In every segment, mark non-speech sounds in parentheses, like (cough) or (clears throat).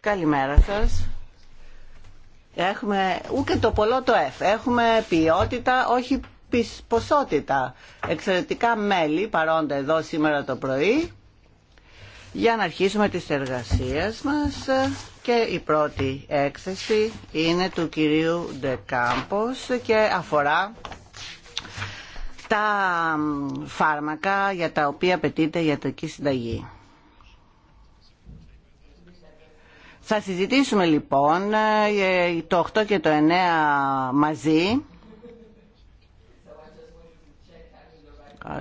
Καλημέρα σας. Έχουμε ούτε το πολλό το F. Έχουμε ποιότητα, όχι ποσότητα. Εξαιρετικά μέλη παρόντα εδώ σήμερα το πρωί για να αρχίσουμε τις εργασίες μας και η πρώτη έκθεση είναι του κυρίου Ντεκάμπος και αφορά τα φάρμακα για τα οποία απαιτείται ιατρική συνταγή. Θα συζητήσουμε λοιπόν ε, το 8 και το 9 μαζί.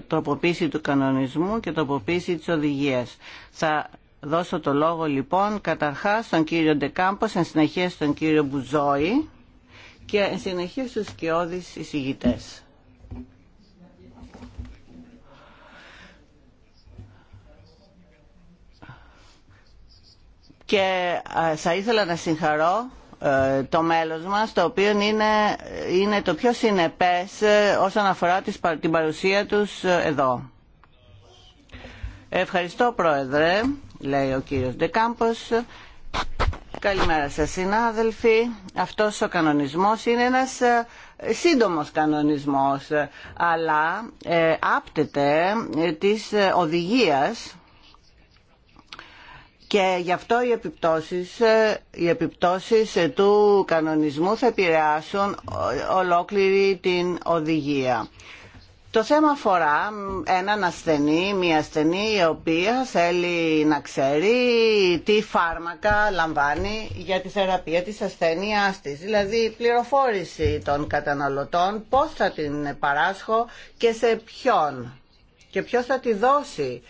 τροποποίηση του κανονισμού και τροποποίηση της οδηγίας. Θα δώσω το λόγο λοιπόν καταρχάς στον κύριο Ντεκάμπο, εν συνεχεία στον κύριο Μπουζόη και εν συνεχεία στους σκιώδεις εισηγητές. και ε, θα ήθελα να συγχαρώ ε, το μέλος μας, το οποίο είναι, είναι το πιο συνεπές ε, όσον αφορά την παρουσία τους εδώ. Ευχαριστώ Πρόεδρε, λέει ο κύριος Ντεκάμπος. Καλημέρα σας συνάδελφοι. Αυτός ο κανονισμός είναι ένας σύντομος κανονισμός, αλλά ε, άπτεται της οδηγίας και γι' αυτό οι επιπτώσεις, ε, οι επιπτώσεις ε, του κανονισμού θα επηρεάσουν ολόκληρη την οδηγία. Το θέμα αφορά έναν ασθενή, μια ασθενή η οποία θέλει να ξέρει τι φάρμακα λαμβάνει για τη θεραπεία της ασθένειάς της. Δηλαδή η πληροφόρηση των καταναλωτών, πώς θα την παράσχω και σε ποιον και ποιος θα τη δώσει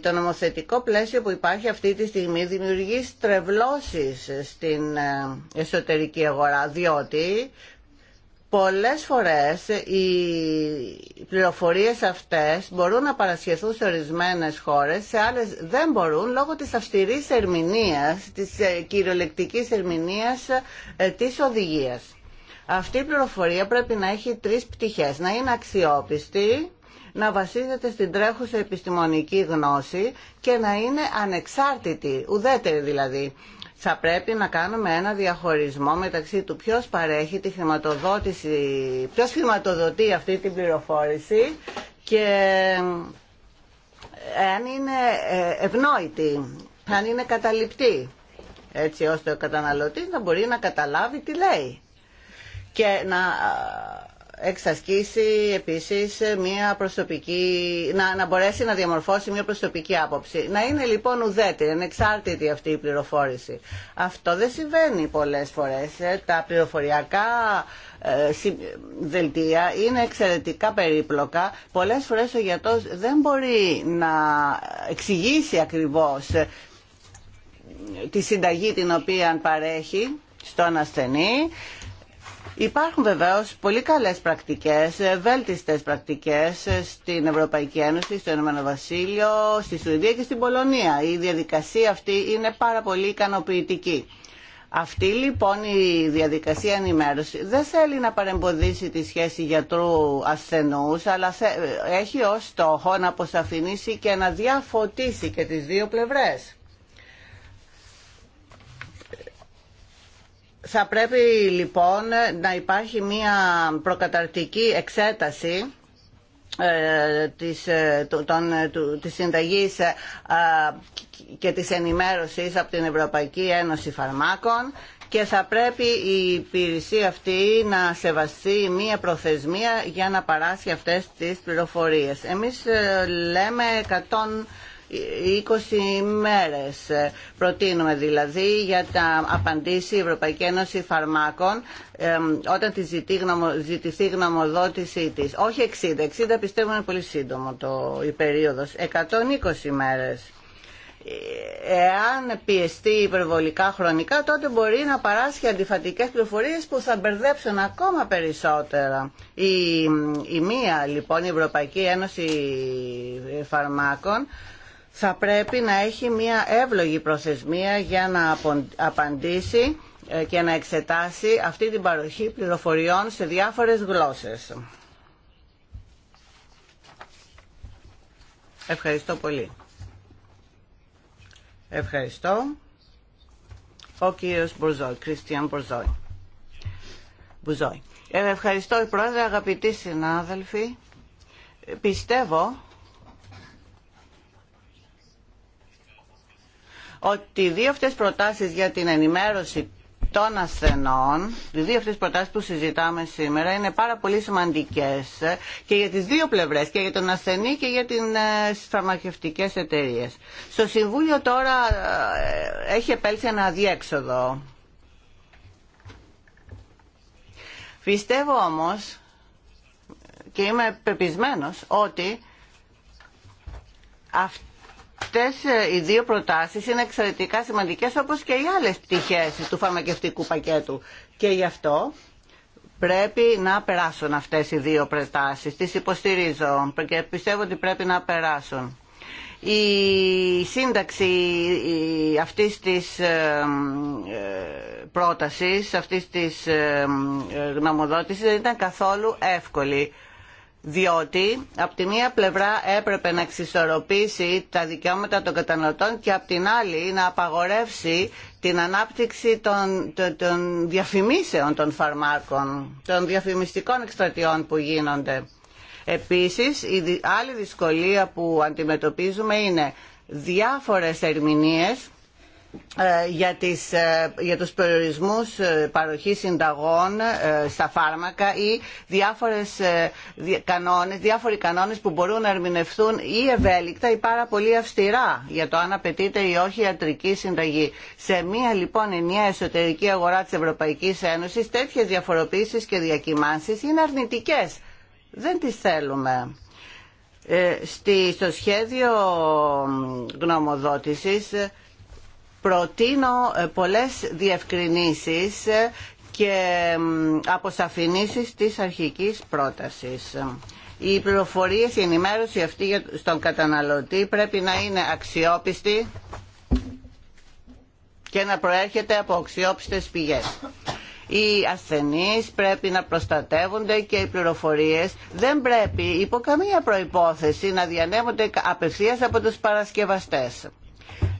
το νομοθετικό πλαίσιο που υπάρχει αυτή τη στιγμή δημιουργεί στρεβλώσεις στην ε, εσωτερική αγορά, διότι πολλές φορές οι πληροφορίες αυτές μπορούν να παρασχεθούν σε ορισμένες χώρες, σε άλλες δεν μπορούν λόγω της αυστηρής ερμηνείας, της ε, κυριολεκτικής ερμηνείας ε, της οδηγίας. Αυτή η πληροφορία πρέπει να έχει τρεις πτυχές. Να είναι αξιόπιστη, να βασίζεται στην τρέχουσα επιστημονική γνώση και να είναι ανεξάρτητη, ουδέτερη δηλαδή. Θα πρέπει να κάνουμε ένα διαχωρισμό μεταξύ του ποιος παρέχει τη χρηματοδότηση, ποιος χρηματοδοτεί αυτή την πληροφόρηση και ε, αν είναι ε, ευνόητη, αν είναι καταληπτή, έτσι ώστε ο καταναλωτής να μπορεί να καταλάβει τι λέει και να εξασκήσει επίσης μια προσωπική, να, να μπορέσει να διαμορφώσει μια προσωπική άποψη. Να είναι λοιπόν ουδέτερη, ανεξάρτητη αυτή η πληροφόρηση. Αυτό δεν συμβαίνει πολλές φορές. Ε, τα πληροφοριακά ε, δελτία είναι εξαιρετικά περίπλοκα. Πολλές φορές ο γιατός δεν μπορεί να εξηγήσει ακριβώς ε, τη συνταγή την οποία παρέχει στον ασθενή Υπάρχουν βεβαίως πολύ καλές πρακτικές, ε, βέλτιστες πρακτικές ε, στην Ευρωπαϊκή Ένωση, στο Ηνωμένο Βασίλειο, στη Σουηδία και στην Πολωνία. Η διαδικασία αυτή είναι πάρα πολύ ικανοποιητική. Αυτή λοιπόν η διαδικασία ενημέρωση δεν θέλει να παρεμποδίσει τη σχέση γιατρού ασθενούς, αλλά έχει ως στόχο να αποσαφηνίσει και να διαφωτίσει και τις δύο πλευρές. Θα πρέπει λοιπόν να υπάρχει μια προκαταρτική εξέταση ε, της, ε, των, ε, της συνταγής και της ενημέρωσης από την Ευρωπαϊκή Ένωση Φαρμάκων και θα πρέπει η υπηρεσία αυτή να σεβαστεί μία προθεσμία για να παράσει αυτές τις πληροφορίες. Εμείς λέμε 100 20 μέρες προτείνουμε δηλαδή για τα απαντήσει η Ευρωπαϊκή Ένωση Φαρμάκων όταν τη ζητηθεί γνωμοδότησή της. Όχι 60, 60 πιστεύουμε είναι πολύ σύντομο το, η περίοδος, 120 μέρες. Εάν πιεστεί υπερβολικά χρονικά, τότε μπορεί να παράσχει αντιφατικές πληροφορίες που θα μπερδέψουν ακόμα περισσότερα. Η, η μία, λοιπόν, η Ευρωπαϊκή Ένωση Φαρμάκων, θα πρέπει να έχει μια εύλογη προθεσμία για να απαντήσει ε, και να εξετάσει αυτή την παροχή πληροφοριών σε διάφορες γλώσσες. Ευχαριστώ πολύ. Ευχαριστώ. Ο κύριος Μπουρζόη, Κριστιαν Μπουρζόη. Μπουζόη. Ε, ευχαριστώ, Πρόεδρε, αγαπητοί συνάδελφοι. Πιστεύω ότι οι δύο αυτές προτάσεις για την ενημέρωση των ασθενών, οι δύο αυτές προτάσεις που συζητάμε σήμερα είναι πάρα πολύ σημαντικές και για τις δύο πλευρές, και για τον ασθενή και για ε, τις φαρμακευτικές εταιρείε. Στο Συμβούλιο τώρα ε, έχει επέλθει ένα αδιέξοδο. Πιστεύω όμως και είμαι πεπισμένος ότι αυτή αυτές ε, οι δύο προτάσεις είναι εξαιρετικά σημαντικές όπως και οι άλλες πτυχές του φαρμακευτικού πακέτου. Και γι' αυτό πρέπει να περάσουν αυτές οι δύο προτάσεις. Τις υποστηρίζω και πιστεύω ότι πρέπει να περάσουν. Η σύνταξη αυτής της ε, ε, πρότασης, αυτής της γνωμοδότησης δεν ήταν καθόλου εύκολη διότι από τη μία πλευρά έπρεπε να εξισορροπήσει τα δικαιώματα των καταναλωτών και από την άλλη να απαγορεύσει την ανάπτυξη των, των, διαφημίσεων των φαρμάκων, των διαφημιστικών εκστρατιών που γίνονται. Επίσης, η άλλη δυσκολία που αντιμετωπίζουμε είναι διάφορες ερμηνείες ε, για, τις, ε, για τους περιορισμούς ε, παροχής συνταγών στα φάρμακα ή διάφορες κανόνες, διάφοροι κανόνες που μπορούν να ερμηνευθούν ή ευέλικτα ή πάρα πολύ αυστηρά για το αν απαιτείται ή όχι ιατρική συνταγή. Σε μία λοιπόν ενιαία εσωτερική αγορά της Ευρωπαϊκής Ένωσης τέτοιες διαφοροποίησεις και διακοιμάνσεις είναι αρνητικές. Δεν τις θέλουμε στο σχέδιο γνωμοδότησης προτείνω ε, πολλές διευκρινήσεις ε, και αποσαφηνήσεις της αρχικής πρότασης. Οι πληροφορίε, η ενημέρωση αυτή στον καταναλωτή πρέπει να είναι αξιόπιστη και να προέρχεται από αξιόπιστες πηγές. Οι ασθενείς πρέπει να προστατεύονται και οι πληροφορίες δεν πρέπει υπό καμία προϋπόθεση να διανέμονται απευθείας από τους παρασκευαστές.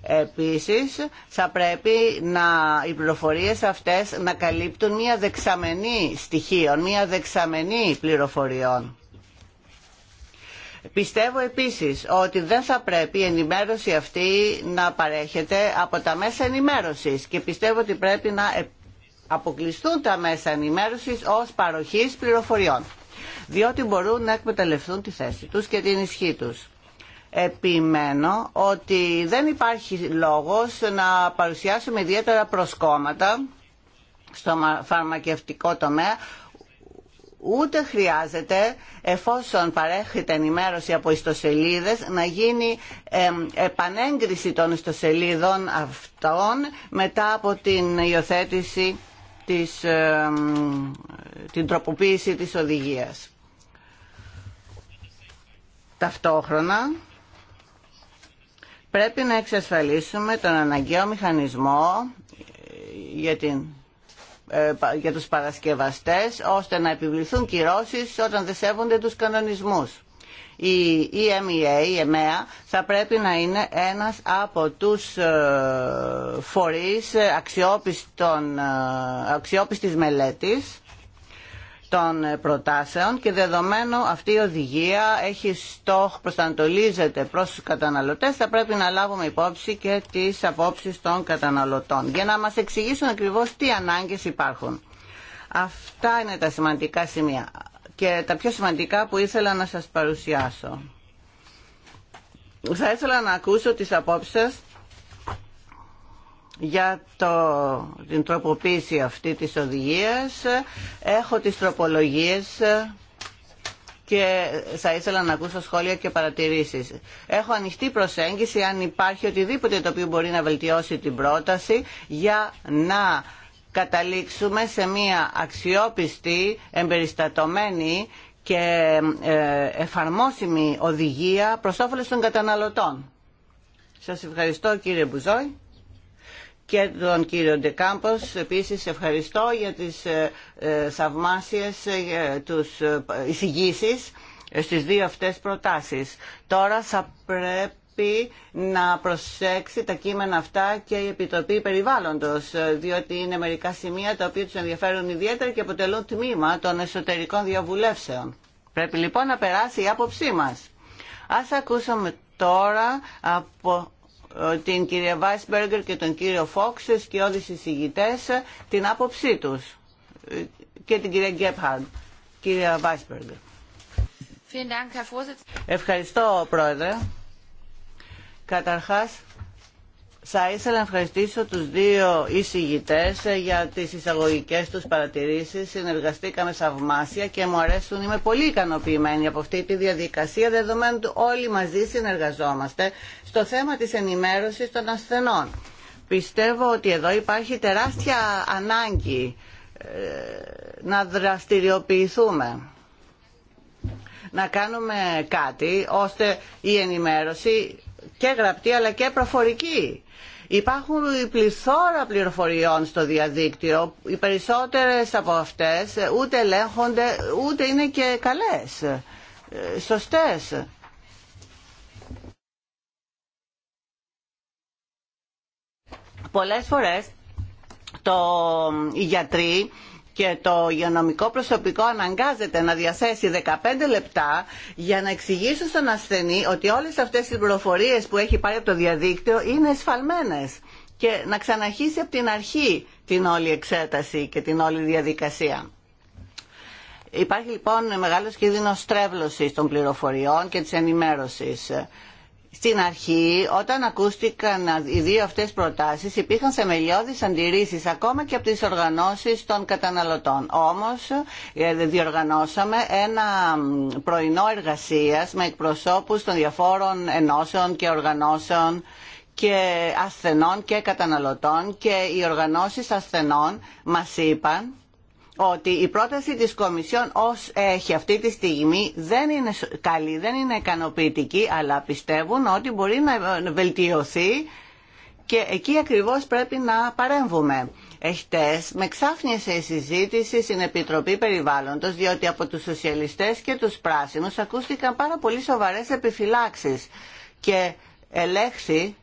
Επίσης θα πρέπει να, οι πληροφορίες αυτές να καλύπτουν μια δεξαμενή στοιχείων, μια δεξαμενή πληροφοριών. Πιστεύω επίσης ότι δεν θα πρέπει η ενημέρωση αυτή να παρέχεται από τα μέσα ενημέρωσης και πιστεύω ότι πρέπει να ε, αποκλειστούν τα μέσα ενημέρωσης ως παροχής πληροφοριών διότι μπορούν να εκμεταλλευτούν τη θέση τους και την ισχύ τους επιμένω ότι δεν υπάρχει λόγος να παρουσιάσουμε ιδιαίτερα προσκόμματα στο φαρμακευτικό τομέα ούτε χρειάζεται εφόσον παρέχεται ενημέρωση από ιστοσελίδες να γίνει επανέγκριση των ιστοσελίδων αυτών μετά από την υιοθέτηση της, την τροποποίηση της οδηγίας. Ταυτόχρονα πρέπει να εξασφαλίσουμε τον αναγκαίο μηχανισμό ε, για, την, ε, για τους παρασκευαστές ώστε να επιβληθούν κυρώσεις όταν δεν σέβονται τους κανονισμούς. Η EMEA, η ΕΜΕΑ, e e θα πρέπει να είναι ένας από τους ε, φορείς αξιόπιστων, αξιόπιστης μελέτης των ε, προτάσεων και δεδομένου αυτή η οδηγία έχει στόχο, αντολίζεται προς τους καταναλωτές, θα πρέπει να λάβουμε υπόψη και τις απόψεις των καταναλωτών για να μας εξηγήσουν ακριβώς τι ανάγκες υπάρχουν. Αυτά είναι τα σημαντικά σημεία και τα πιο σημαντικά που ήθελα να σας παρουσιάσω. Θα ήθελα να ακούσω τις απόψεις για το, την τροποποίηση αυτή της οδηγίας. Έχω τις τροπολογίες και θα ήθελα να ακούσω σχόλια και παρατηρήσεις. Έχω ανοιχτή προσέγγιση αν υπάρχει οτιδήποτε το οποίο μπορεί να βελτιώσει την πρόταση για να καταλήξουμε σε μια αξιόπιστη, εμπεριστατωμένη και ε, εφαρμόσιμη οδηγία προς όφελος των καταναλωτών. Σας ευχαριστώ κύριε Μπουζόη και τον κύριο Ντεκάμπος. Επίσης ευχαριστώ για τις ε, ε, θαυμάσιες ε, τους εισηγήσεις στις δύο αυτές προτάσεις. Τώρα θα πρέπει να προσέξει τα κείμενα αυτά και η Επιτροπή Περιβάλλοντος, διότι είναι μερικά σημεία τα οποία τους ενδιαφέρουν ιδιαίτερα και αποτελούν τμήμα των εσωτερικών διαβουλεύσεων. Πρέπει λοιπόν να περάσει η άποψή μας. Ας ακούσουμε τώρα από την κυρία Βάισμπεργκερ και τον κύριο Φόξ και όλοι οι την άποψή τους και την κυρία Γκέπχαρντ. Κυρία Βάισμπεργκερ. Ευχαριστώ, Πρόεδρε. Καταρχάς, θα ήθελα να ευχαριστήσω τους δύο εισηγητές ε, για τις εισαγωγικές τους παρατηρήσεις. Συνεργαστήκαμε σαυμάσια και μου αρέσουν. Είμαι πολύ ικανοποιημένη από αυτή τη διαδικασία, δεδομένου ότι όλοι μαζί συνεργαζόμαστε στο θέμα της ενημέρωσης των ασθενών. Πιστεύω ότι εδώ υπάρχει τεράστια ανάγκη ε, να δραστηριοποιηθούμε να κάνουμε κάτι ώστε η ενημέρωση και γραπτή αλλά και προφορική Υπάρχουν πληθώρα πληροφοριών στο διαδίκτυο, οι περισσότερες από αυτές ούτε ελέγχονται, ούτε είναι και καλές, ε, σωστές. Πολλές φορές το, οι και το υγειονομικό προσωπικό αναγκάζεται να διαθέσει 15 λεπτά για να εξηγήσει στον ασθενή ότι όλες αυτές οι πληροφορίες που έχει πάρει από το διαδίκτυο είναι εσφαλμένες και να ξαναρχίσει από την αρχή την όλη εξέταση και την όλη διαδικασία. Υπάρχει λοιπόν μεγάλος κίνδυνος στρέβλωσης των πληροφοριών και της ενημέρωσης. Στην αρχή, όταν ακούστηκαν οι δύο αυτές προτάσεις, υπήρχαν θεμελιώδεις αντιρρήσεις ακόμα και από τις οργανώσεις των καταναλωτών. Όμως, ε, διοργανώσαμε ένα πρωινό εργασίας με εκπροσώπους των διαφόρων ενώσεων και οργανώσεων και ασθενών και καταναλωτών και οι οργανώσεις ασθενών μας είπαν ότι η πρόταση της Κομισιόν ως έχει αυτή τη στιγμή δεν είναι καλή, δεν είναι ικανοποιητική, αλλά πιστεύουν ότι μπορεί να βελτιωθεί και εκεί ακριβώς πρέπει να παρέμβουμε. Εχτες με ξάφνιασε η συζήτηση στην Επιτροπή Περιβάλλοντος διότι από τους σοσιαλιστές και τους πράσινους ακούστηκαν πάρα πολύ σοβαρές επιφυλάξεις και ελέγχθη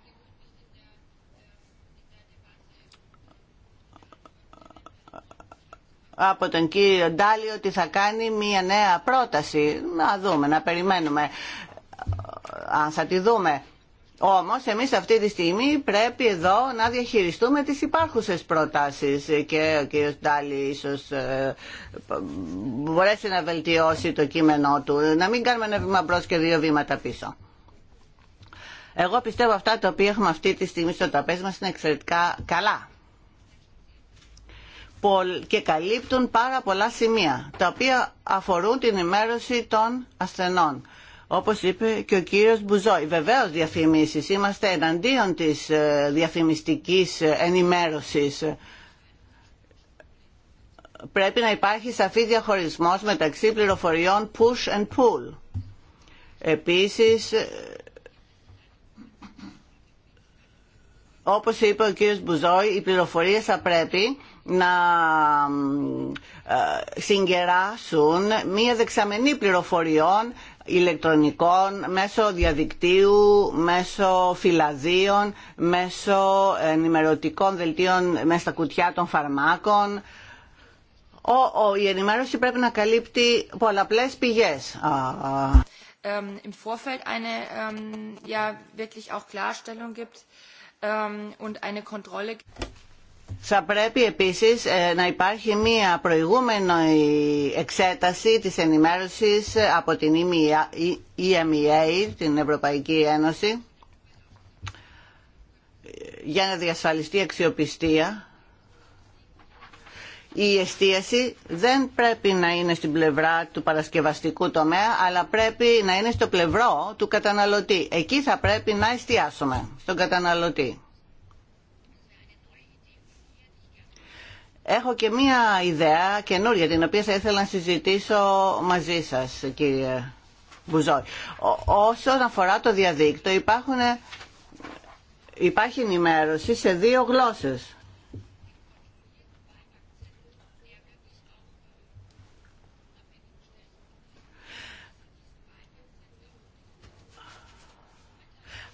από τον κύριο Ντάλι ότι θα κάνει μια νέα πρόταση. Να δούμε, να περιμένουμε αν θα τη δούμε. Όμως εμείς αυτή τη στιγμή πρέπει εδώ να διαχειριστούμε τις υπάρχουσες προτάσεις και ο κύριος Ντάλι ίσως ε, μπορέσει να βελτιώσει το κείμενό του, να μην κάνουμε ένα βήμα μπρος και δύο βήματα πίσω. Εγώ πιστεύω αυτά τα οποία έχουμε αυτή τη στιγμή στο τραπέζι μας είναι εξαιρετικά καλά και καλύπτουν πάρα πολλά σημεία, τα οποία αφορούν την ενημέρωση των ασθενών. Όπως είπε και ο κύριος Μπουζόη, βεβαίως διαφημίσεις. Είμαστε εναντίον της ε, διαφημιστικής ενημέρωσης. Πρέπει να υπάρχει σαφή διαχωρισμός μεταξύ πληροφοριών push and pull. Επίσης, ε, όπως είπε ο κύριος Μπουζόη, οι πληροφορίες θα πρέπει να ε, συγκεράσουν μία δεξαμενή πληροφοριών ηλεκτρονικών, μέσω διαδικτύου, μέσω φυλαδίων, μέσω ενημερωτικών δελτίων μέσα στα κουτιά των φαρμάκων. Ο, η ενημέρωση πρέπει να καλύπτει πολλαπλές πηγές. Um, Im Vorfeld eine um, ja wirklich ähm, θα πρέπει επίσης ε, να υπάρχει μία προηγούμενη εξέταση της ενημέρωσης από την EMEA, e e την Ευρωπαϊκή Ένωση, για να διασφαλιστεί αξιοπιστία. Η εστίαση δεν πρέπει να είναι στην πλευρά του παρασκευαστικού τομέα, αλλά πρέπει να είναι στο πλευρό του καταναλωτή. Εκεί θα πρέπει να εστιάσουμε, στον καταναλωτή. Έχω και μία ιδέα καινούργια την οποία θα ήθελα να συζητήσω μαζί σας κύριε Μπουζόη. Όσον αφορά το διαδίκτυο υπάρχουν, υπάρχει ενημέρωση σε δύο γλώσσες.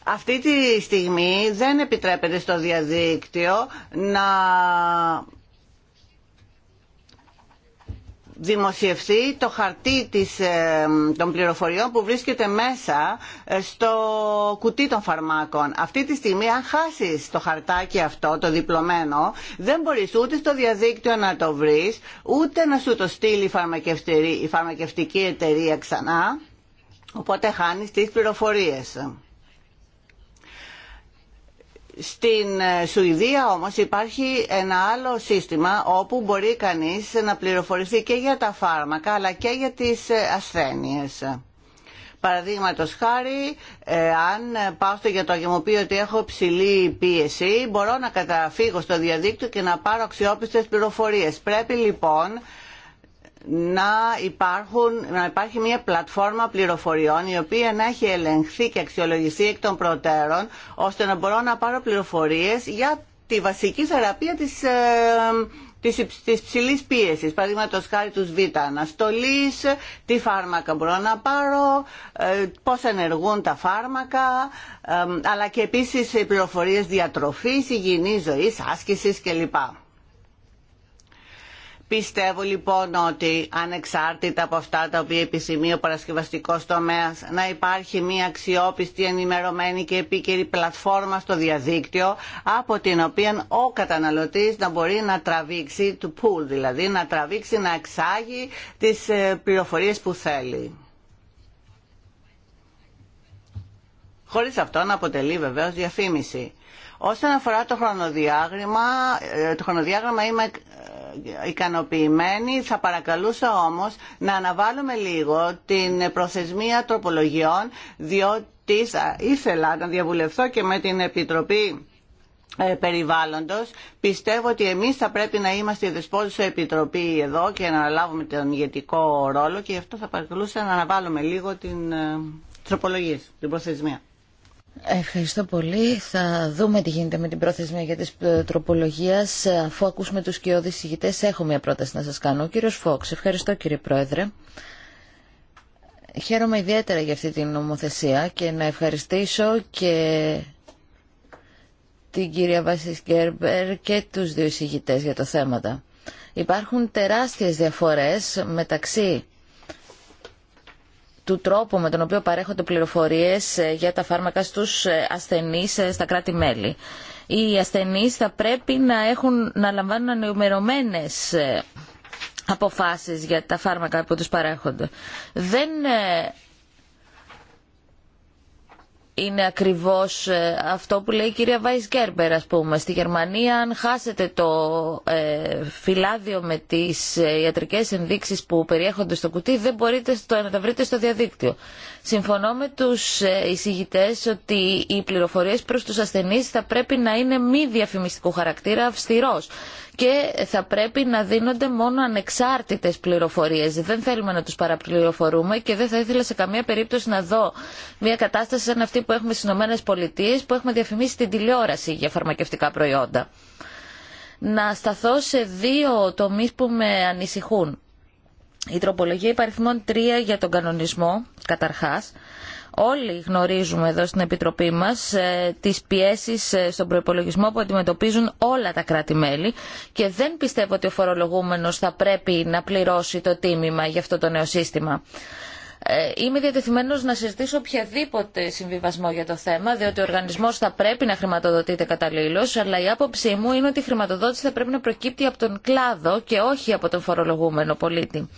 Αυτή τη στιγμή δεν επιτρέπεται στο διαδίκτυο να δημοσιευθεί το χαρτί της, ε, των πληροφοριών που βρίσκεται μέσα ε, στο κουτί των φαρμάκων. Αυτή τη στιγμή αν χάσεις το χαρτάκι αυτό, το διπλωμένο, δεν μπορείς ούτε στο διαδίκτυο να το βρεις, ούτε να σου το στείλει η φαρμακευτική εταιρεία ξανά, οπότε χάνεις τις πληροφορίες. Στην ε, Σουηδία όμως υπάρχει ένα άλλο σύστημα όπου μπορεί κανείς να πληροφορηθεί και για τα φάρμακα αλλά και για τις ε, ασθένειες. Παραδείγματο χάρη, ε, αν πάω στο γιατρό μου ότι έχω ψηλή πίεση, μπορώ να καταφύγω στο διαδίκτυο και να πάρω αξιόπιστες πληροφορίες. Πρέπει λοιπόν να, να υπάρχει μια πλατφόρμα πληροφοριών η οποία να έχει ελεγχθεί και αξιολογηθεί εκ των προτέρων ώστε να μπορώ να πάρω πληροφορίες για τη βασική θεραπεία της, ε, της, της ψηλής πίεσης, παραδείγματος χάρη τους β' αναστολής, τι φάρμακα μπορώ να πάρω, ε, πώς ενεργούν τα φάρμακα, ε, αλλά και επίσης πληροφορίες διατροφής, υγιεινής ζωής, άσκησης κλπ. Πιστεύω λοιπόν ότι ανεξάρτητα από αυτά τα οποία επισημεί ο παρασκευαστικό τομέα, να υπάρχει μια αξιόπιστη, ενημερωμένη και επίκαιρη πλατφόρμα στο διαδίκτυο, από την οποία ο καταναλωτή να μπορεί να τραβήξει, του pool δηλαδή, να τραβήξει, να εξάγει τι ε, πληροφορίε που θέλει. Χωρίς αυτό να αποτελεί βεβαίως διαφήμιση. Όσον αφορά το χρονοδιάγραμμα, ε, το χρονοδιάγραμμα είμαι ικανοποιημένη. Θα παρακαλούσα όμως να αναβάλουμε λίγο την προθεσμία τροπολογιών, διότι θα ήθελα να διαβουλευθώ και με την Επιτροπή ε, περιβάλλοντος. Πιστεύω ότι εμείς θα πρέπει να είμαστε η δεσπόζουσα επιτροπή εδώ και να λάβουμε τον ηγετικό ρόλο και γι' αυτό θα παρακαλούσα να αναβάλουμε λίγο την ε, τροπολογία, την προθεσμία. Ευχαριστώ πολύ. Θα δούμε τι γίνεται με την πρόθεσμια για τις ε, τροπολογία ε, Αφού ακούσουμε τους κοιόδης ηγητές, έχω μια πρόταση να σας κάνω. Ο κύριος Φόξ, ευχαριστώ κύριε Πρόεδρε. Χαίρομαι ιδιαίτερα για αυτή την νομοθεσία και να ευχαριστήσω και την κυρία Βάσης Γκέρμπερ και τους δύο εισηγητές για το θέματα. Υπάρχουν τεράστιες διαφορές μεταξύ του τρόπου με τον οποίο παρέχονται πληροφορίες ε, για τα φάρμακα στους ε, ασθενείς ε, στα κράτη-μέλη. Οι ασθενείς θα πρέπει να, έχουν, να λαμβάνουν ανεωμερωμένε αποφάσεις για τα φάρμακα που τους παρέχονται. Δεν είναι ακριβώς ε, αυτό που λέει η κυρία Βάις Γκέρμπερ ας πούμε. Στη Γερμανία αν χάσετε το ε, φυλάδιο με τις ε, ιατρικές ενδείξεις που περιέχονται στο κουτί δεν μπορείτε το να τα βρείτε στο διαδίκτυο. Συμφωνώ με τους ε, εισηγητές ότι οι πληροφορίες προς τους ασθενείς θα πρέπει να είναι μη διαφημιστικού χαρακτήρα αυστηρός και θα πρέπει να δίνονται μόνο ανεξάρτητες πληροφορίες. Δεν θέλουμε να τους παραπληροφορούμε και δεν θα ήθελα σε καμία περίπτωση να δω μια κατάσταση σαν αυτή που έχουμε στι Ηνωμένες Πολιτείες που έχουμε διαφημίσει την τηλεόραση για φαρμακευτικά προϊόντα. Να σταθώ σε δύο τομείς που με ανησυχούν. Η τροπολογία υπαριθμών 3 για τον κανονισμό, καταρχάς, όλοι γνωρίζουμε εδώ στην Επιτροπή μας ε, τις πιέσεις ε, στον προϋπολογισμό που αντιμετωπίζουν όλα τα κράτη-μέλη και δεν πιστεύω ότι ο φορολογούμενος θα πρέπει να πληρώσει το τίμημα για αυτό το νέο σύστημα. Ε, είμαι διατεθειμένος να συζητήσω οποιαδήποτε συμβιβασμό για το θέμα, διότι ο οργανισμός θα πρέπει να χρηματοδοτείται καταλήλως, αλλά η άποψή μου είναι ότι η χρηματοδότηση θα πρέπει να προκύπτει από τον κλάδο και όχι από τον φορολογούμενο πολίτη.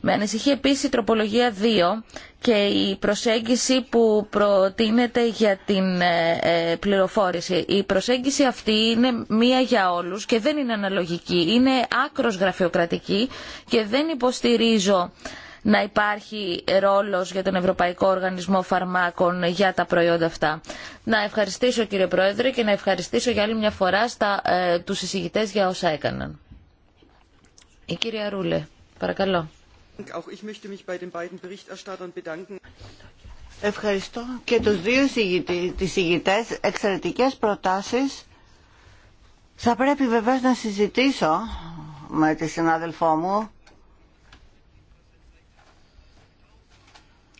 Με ανησυχεί επίση η τροπολογία 2 και η προσέγγιση που προτείνεται για την ε, ε, πληροφόρηση. Η προσέγγιση αυτή είναι μία για όλους και δεν είναι αναλογική. Είναι άκρος γραφειοκρατική και δεν υποστηρίζω να υπάρχει ρόλος για τον Ευρωπαϊκό Οργανισμό Φαρμάκων για τα προϊόντα αυτά. Να ευχαριστήσω κύριε Πρόεδρε και να ευχαριστήσω για άλλη μια φορά στα, ε, τους εισηγητές για όσα έκαναν. Η κυρία Ρούλε, παρακαλώ. Ευχαριστώ και τους δύο συγητές εξαιρετικές προτάσεις. Θα πρέπει βεβαίως να συζητήσω με τη συνάδελφό μου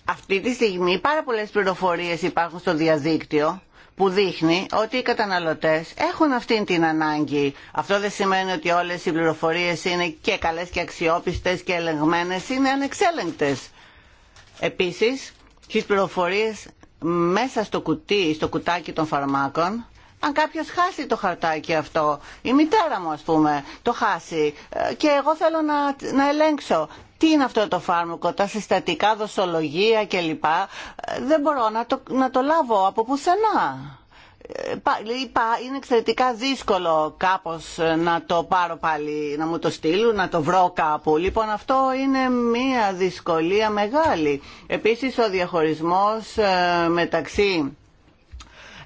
αυτή τη στιγμή πάρα πολλές πληροφορίες υπάρχουν στο διαδίκτυο που δείχνει ότι οι καταναλωτές έχουν αυτήν την ανάγκη. Αυτό δεν σημαίνει ότι όλες οι πληροφορίες είναι και καλές και αξιόπιστες και ελεγμένες, είναι ανεξέλεγκτες. Επίσης, τι πληροφορίες μέσα στο κουτί, στο κουτάκι των φαρμάκων, αν κάποιο χάσει το χαρτάκι αυτό, η μητέρα μου ας πούμε το χάσει ε, και εγώ θέλω να, να ελέγξω, τι είναι αυτό το φάρμακο, τα συστατικά, δοσολογία κλπ. Ε, δεν μπορώ να το, να το λάβω από πουθενά. Ε, είναι εξαιρετικά δύσκολο κάπως ε, να το πάρω πάλι, να μου το στείλουν, να το βρω κάπου. Λοιπόν, αυτό είναι μία δυσκολία μεγάλη. Επίσης, ο διαχωρισμός μεταξύ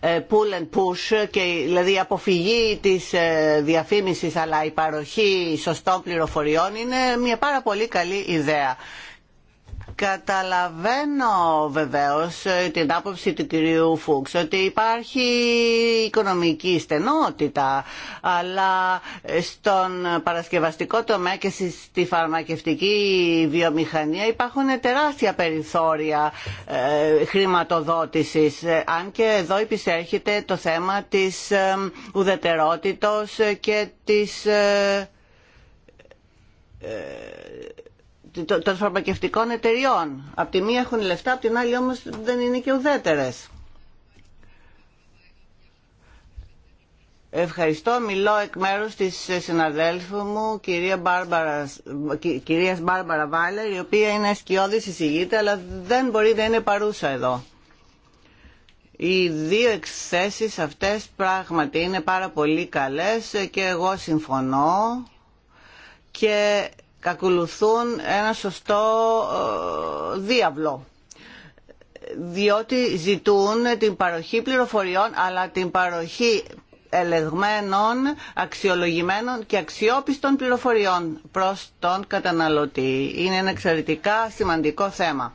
ε, pull and push και δηλαδή η αποφυγή της ε, διαφήμισης αλλά η παροχή σωστών πληροφοριών είναι μια πάρα πολύ καλή ιδέα. Καταλαβαίνω βεβαίως ε, την άποψη του κυρίου Φούξ ότι υπάρχει οικονομική στενότητα αλλά ε, στον παρασκευαστικό τομέα και στη φαρμακευτική βιομηχανία υπάρχουν τεράστια περιθώρια ε, χρηματοδότησης αν και εδώ επισέρχεται το θέμα της ουδετερότητος και της των φαρμακευτικών εταιριών. Απ' τη μία έχουν λεφτά, απ' την άλλη όμως δεν είναι και ουδέτερες. Ευχαριστώ. Μιλώ εκ μέρους της συναδέλφου μου, κυρία Μπάρμπαρα, κυρίας Μπάρμπαρα Βάλερ, η οποία είναι σκιώδης, εισηγήτη, αλλά δεν μπορεί να είναι παρούσα εδώ. Οι δύο εκθέσεις αυτές πράγματι είναι πάρα πολύ καλές και εγώ συμφωνώ και Κακολουθούν ένα σωστό ε, διάβλο διότι ζητούν την παροχή πληροφοριών αλλά την παροχή ελεγμένων, αξιολογημένων και αξιόπιστων πληροφοριών προς τον καταναλωτή. Είναι ένα εξαιρετικά σημαντικό θέμα.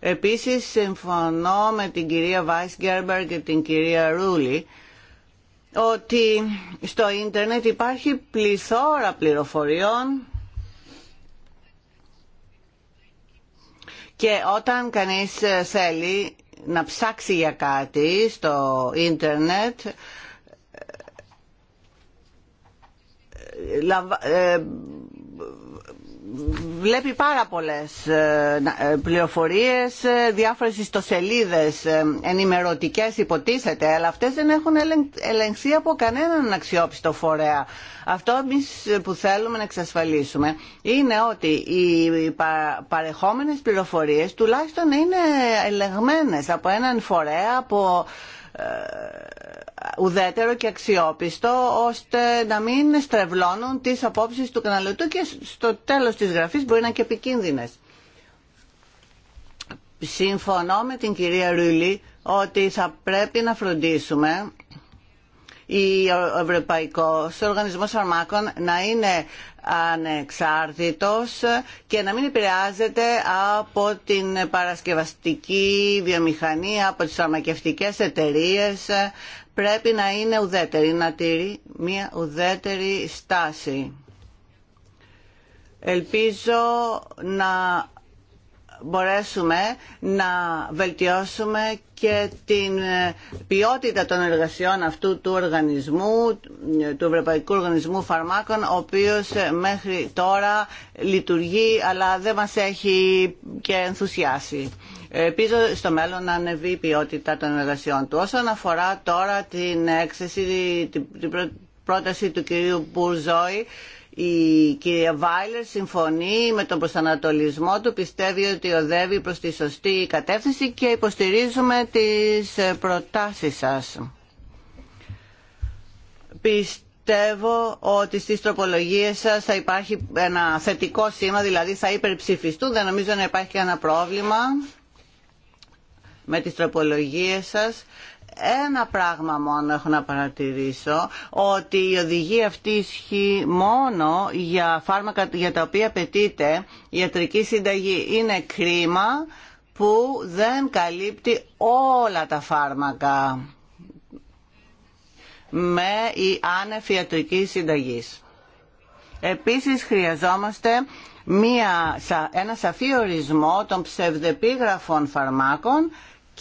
Επίσης, συμφωνώ με την κυρία Βάις Γκέρμπερ και την κυρία Ρούλη ότι στο ίντερνετ υπάρχει πληθώρα πληροφοριών Και όταν κανείς ε, θέλει να ψάξει για κάτι στο ίντερνετ, ε, ε, βλέπει πάρα πολλές ε, ε, πληροφορίες, ε, διάφορες ιστοσελίδες ενημερωτικές υποτίθεται, αλλά αυτές δεν έχουν ελεγχθεί από κανέναν αξιόπιστο φορέα. Αυτό εμεί που θέλουμε να εξασφαλίσουμε είναι ότι οι παρεχόμενες πληροφορίες τουλάχιστον είναι ελεγμένες από έναν φορέα, από ουδέτερο και αξιόπιστο ώστε να μην στρεβλώνουν τις απόψεις του καναλωτού και στο τέλος της γραφής μπορεί να είναι και επικίνδυνες. Συμφωνώ με την κυρία Ρουλή ότι θα πρέπει να φροντίσουμε ο Ευρωπαϊκός Οργανισμός Φαρμάκων να είναι ανεξάρτητος και να μην επηρεάζεται από την παρασκευαστική βιομηχανία, από τις φαρμακευτικές εταιρείες, πρέπει να είναι ουδέτερη, να τηρεί μια ουδέτερη στάση. Ελπίζω να μπορέσουμε να βελτιώσουμε και την ε, ποιότητα των εργασιών αυτού του οργανισμού, του Ευρωπαϊκού Οργανισμού Φαρμάκων, ο οποίος ε, μέχρι τώρα λειτουργεί αλλά δεν μας έχει και ενθουσιάσει. Ελπίζω στο μέλλον να ανεβεί η ποιότητα των εργασιών του. Όσον αφορά τώρα την έξεση, την πρόταση του κυρίου Μπουρζόη, η κυρία Βάιλερ συμφωνεί με τον προσανατολισμό του, πιστεύει ότι οδεύει προς τη σωστή κατεύθυνση και υποστηρίζουμε τις ε, προτάσεις σας. Πιστεύω ότι στις τροπολογίες σας θα υπάρχει ένα θετικό σήμα, δηλαδή θα υπερψηφιστούν, δεν νομίζω να υπάρχει ένα πρόβλημα με τις τροπολογίες σας. Ένα πράγμα μόνο έχω να παρατηρήσω, ότι η οδηγία αυτή ισχύει μόνο για φάρμακα για τα οποία απαιτείται ιατρική συνταγή. Είναι κρίμα που δεν καλύπτει όλα τα φάρμακα με η άνευ ιατρική συνταγής. Επίσης χρειαζόμαστε μία, ένα σαφή ορισμό των ψευδεπίγραφων φαρμάκων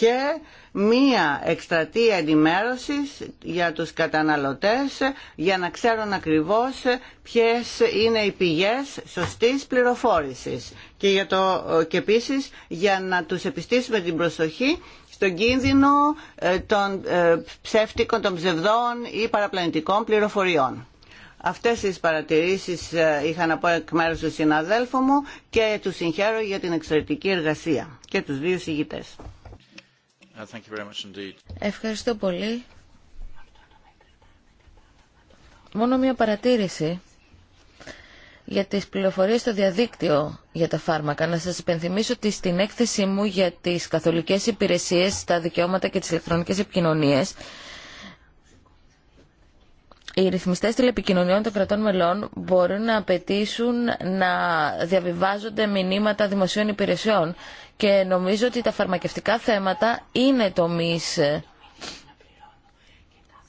και μία εκστρατεία ενημέρωσης για τους καταναλωτές για να ξέρουν ακριβώς ποιες είναι οι πηγές σωστής πληροφόρησης και, για το, και επίσης για να τους επιστήσουμε την προσοχή στον κίνδυνο ε, των ε, ψεύτικων, των ψευδών ή παραπλανητικών πληροφοριών. Αυτές τις παρατηρήσεις ε, είχα να πω εκ μέρους του συναδέλφου μου και του συγχαίρω για την εξαιρετική εργασία και τους δύο συγητές. Uh, Ευχαριστώ πολύ. Μόνο μία παρατήρηση για τις πληροφορίες στο διαδίκτυο για τα φάρμακα. Να σας υπενθυμίσω ότι στην έκθεσή μου για τις καθολικές υπηρεσίες, τα δικαιώματα και τις ηλεκτρονικές επικοινωνίες οι ρυθμιστέ τηλεπικοινωνιών των κρατών μελών μπορούν να απαιτήσουν να διαβιβάζονται μηνύματα δημοσίων υπηρεσιών και νομίζω ότι τα φαρμακευτικά θέματα είναι τομεί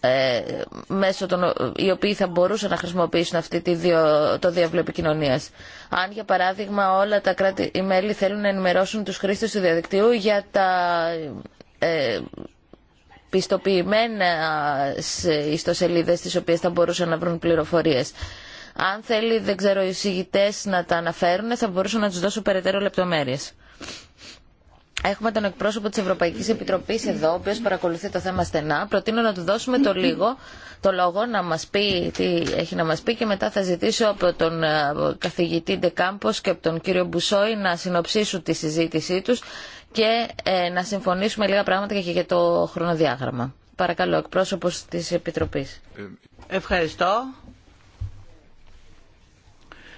ε, μέσω των, οι οποίοι θα μπορούσαν να χρησιμοποιήσουν αυτή τη διο, το διάβλο επικοινωνία. Αν για παράδειγμα όλα τα κράτη, οι μέλη θέλουν να ενημερώσουν τους χρήστες του διαδικτύου για τα ε, πιστοποιημένες ιστοσελίδες τις οποίες θα μπορούσαν να βρουν πληροφορίες. Αν θέλει, δεν ξέρω, οι συγητές να τα αναφέρουν, θα μπορούσα να τους δώσω περαιτέρω λεπτομέρειες. Έχουμε τον εκπρόσωπο της Ευρωπαϊκής Επιτροπής εδώ, ο οποίος παρακολουθεί το θέμα στενά. Προτείνω να του δώσουμε το, λίγο, το λόγο να μας πει τι έχει να μας πει και μετά θα ζητήσω από τον ε, καθηγητή Ντεκάμπος και από τον κύριο Μπουσόη να συνοψίσουν τη συζήτησή τους και ε, να συμφωνήσουμε λίγα πράγματα και για το χρονοδιάγραμμα. Παρακαλώ, εκπρόσωπος της Επιτροπής. Ευχαριστώ.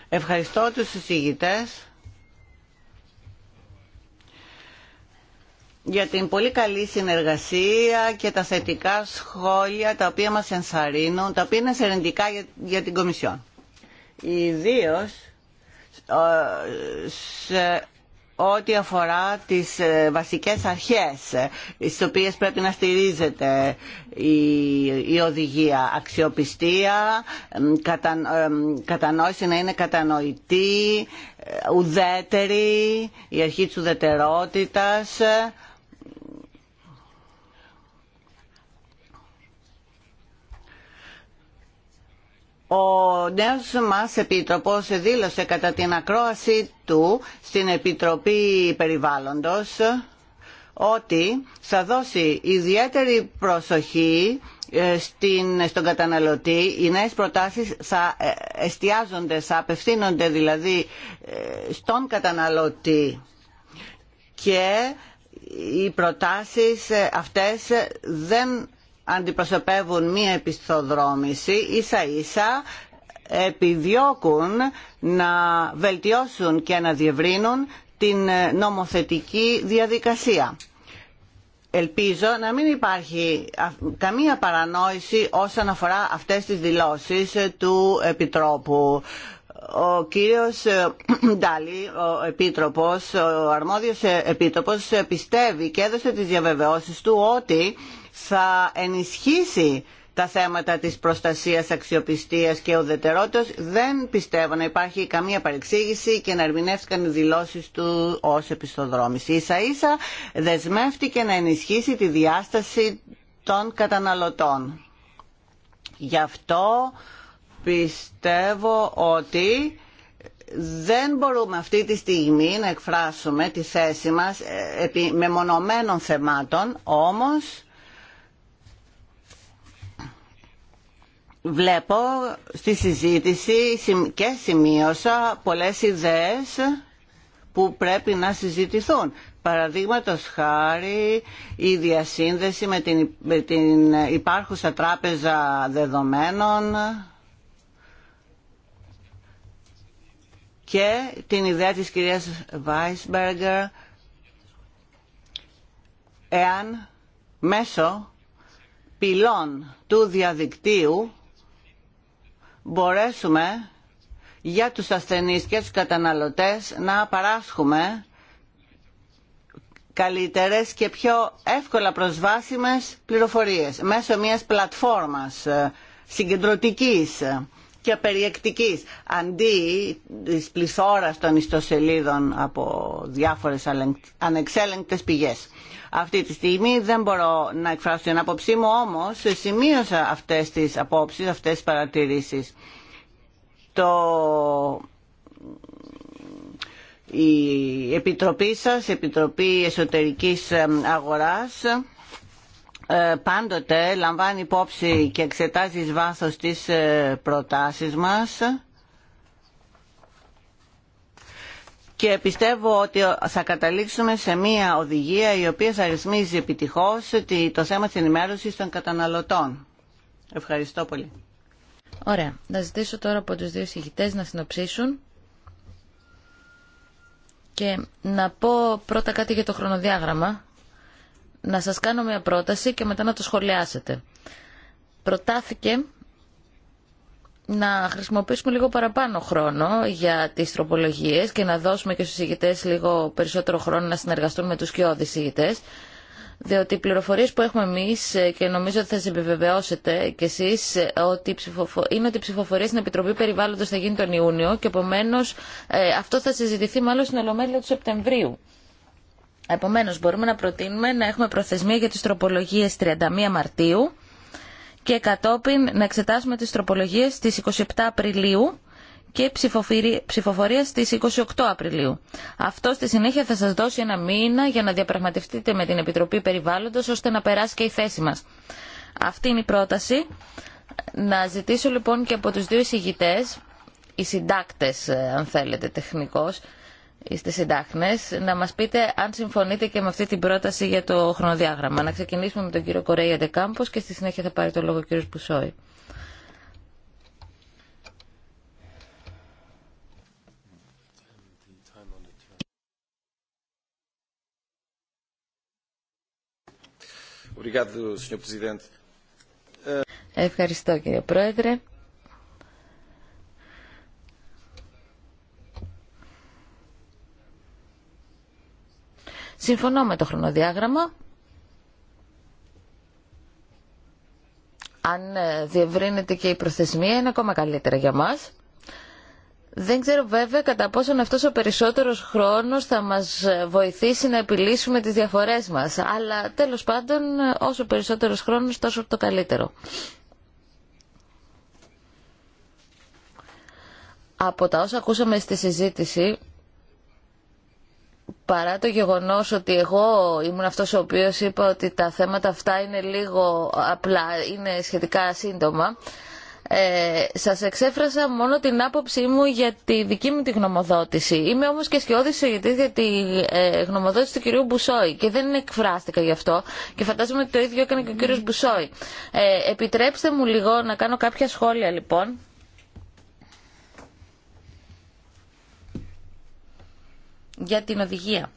Ευχαριστώ τους συζητητές για την πολύ καλή συνεργασία και τα θετικά σχόλια τα οποία μας ενθαρρύνουν, τα οποία είναι σερεντικά για, την Κομισιόν. Ιδίω ε, σε ό,τι αφορά τις ε, βασικές αρχές στις οποίες πρέπει να στηρίζεται η, οδηγία αξιοπιστία, κατανόηση να είναι κατανοητή, ε, ουδέτερη, η αρχή της ουδετερότητας, Ο νέος μας Επίτροπος δήλωσε κατά την ακρόαση του στην Επιτροπή Περιβάλλοντος ότι θα δώσει ιδιαίτερη προσοχή ε, στην, στον καταναλωτή. Οι νέες προτάσεις θα ε, εστιάζονται, θα απευθύνονται δηλαδή ε, στον καταναλωτή και οι προτάσεις αυτές δεν αντιπροσωπεύουν μία επιστοδρόμηση ίσα ίσα επιδιώκουν να βελτιώσουν και να διευρύνουν την νομοθετική διαδικασία. Ελπίζω να μην υπάρχει καμία παρανόηση όσον αφορά αυτές τις δηλώσεις του Επιτρόπου. Ο κύριος ε, (clears throat) Ντάλι, ο Επίτροπος, ο αρμόδιος ε, Επίτροπος ε, πιστεύει και έδωσε τις διαβεβαιώσεις του ότι θα ενισχύσει τα θέματα της προστασίας, αξιοπιστίας και ουδετερότητας δεν πιστεύω να υπάρχει καμία παρεξήγηση και να ερμηνεύτηκαν οι δηλώσεις του ως επιστοδρόμηση. Ίσα ίσα δεσμεύτηκε να ενισχύσει τη διάσταση των καταναλωτών. Γι' αυτό πιστεύω ότι δεν μπορούμε αυτή τη στιγμή να εκφράσουμε τη θέση μας ε, με μονομένων θεμάτων, όμως Βλέπω στη συζήτηση και σημείωσα πολλές ιδέες που πρέπει να συζητηθούν. Παραδείγματο χάρη η διασύνδεση με την, την υπάρχουσα τράπεζα δεδομένων και την ιδέα της κυρίας Βάισμπεργκερ εάν μέσω πυλών του διαδικτύου μπορέσουμε για τους ασθενείς και τους καταναλωτές να παράσχουμε καλύτερες και πιο εύκολα προσβάσιμες πληροφορίες μέσω μιας πλατφόρμας ε, συγκεντρωτικής και περιεκτικής αντί της πληθώρας των ιστοσελίδων από διάφορες ανεξέλεγκτες πηγές. Αυτή τη στιγμή δεν μπορώ να εκφράσω την απόψή μου, όμως σημείωσα αυτές τις απόψεις, αυτές τις παρατηρήσεις. Το... Η Επιτροπή σας, η Επιτροπή Εσωτερικής Αγοράς, ε, πάντοτε λαμβάνει υπόψη και εξετάζει εις βάθος τις ε, προτάσεις μας και πιστεύω ότι θα καταλήξουμε σε μια οδηγία η οποία θα ρυθμίζει επιτυχώς το θέμα της ενημέρωσης των καταναλωτών. Ευχαριστώ πολύ. Ωραία. Να ζητήσω τώρα από τους δύο συγχυτές να συνοψίσουν και να πω πρώτα κάτι για το χρονοδιάγραμμα να σας κάνω μια πρόταση και μετά να το σχολιάσετε. Προτάθηκε να χρησιμοποιήσουμε λίγο παραπάνω χρόνο για τις τροπολογίες και να δώσουμε και στους ηγητές λίγο περισσότερο χρόνο να συνεργαστούν με τους κοιόδης ηγητές διότι οι πληροφορίες που έχουμε εμείς ε, και νομίζω ότι θα σας επιβεβαιώσετε κι εσείς ε, ότι είναι ότι η ψηφοφορία στην Επιτροπή Περιβάλλοντος θα γίνει τον Ιούνιο και επομένω ε, αυτό θα συζητηθεί μάλλον στην Ολομέλεια του Σεπτεμβρίου. Επομένω, μπορούμε να προτείνουμε να έχουμε προθεσμία για τις τροπολογίες 31 Μαρτίου και κατόπιν να εξετάσουμε τις τροπολογίες στι 27 Απριλίου και ψηφοφορία στι 28 Απριλίου. Αυτό στη συνέχεια θα σας δώσει ένα μήνα για να διαπραγματευτείτε με την Επιτροπή περιβάλλοντο ώστε να περάσει και η θέση μα. Αυτή είναι η πρόταση. Να ζητήσω λοιπόν και από του δύο εισηγητές, οι συντάκτε, ε, αν θέλετε τεχνικώ, είστε συντάχνε. να μα πείτε αν συμφωνείτε και με αυτή την πρόταση για το χρονοδιάγραμμα. Να ξεκινήσουμε με τον κύριο Κορέια Ντεκάμπο και στη συνέχεια θα πάρει το λόγο ο κύριος Πουσόη. Ευχαριστώ κύριε Πρόεδρε. Συμφωνώ με το χρονοδιάγραμμα. Αν ε, διευρύνεται και η προθεσμία είναι ακόμα καλύτερα για μας. Δεν ξέρω βέβαια κατά πόσον αυτός ο περισσότερος χρόνος θα μας ε, βοηθήσει να επιλύσουμε τις διαφορές μας. Αλλά τέλος πάντων ε, όσο περισσότερος χρόνος τόσο το καλύτερο. Από τα όσα ακούσαμε στη συζήτηση παρά το γεγονός ότι εγώ ήμουν αυτός ο οποίος είπα ότι τα θέματα αυτά είναι λίγο απλά, είναι σχετικά σύντομα, ε, σας εξέφρασα μόνο την άποψή μου για τη δική μου τη γνωμοδότηση. Είμαι όμως και σκιώδης γιατί για τη ε, γνωμοδότηση του κυρίου Μπουσόη και δεν εκφράστηκα γι' αυτό και φαντάζομαι ότι το ίδιο έκανε και ο κύριος Μπουσόη. Ε, επιτρέψτε μου λίγο να κάνω κάποια σχόλια λοιπόν για την οδηγία.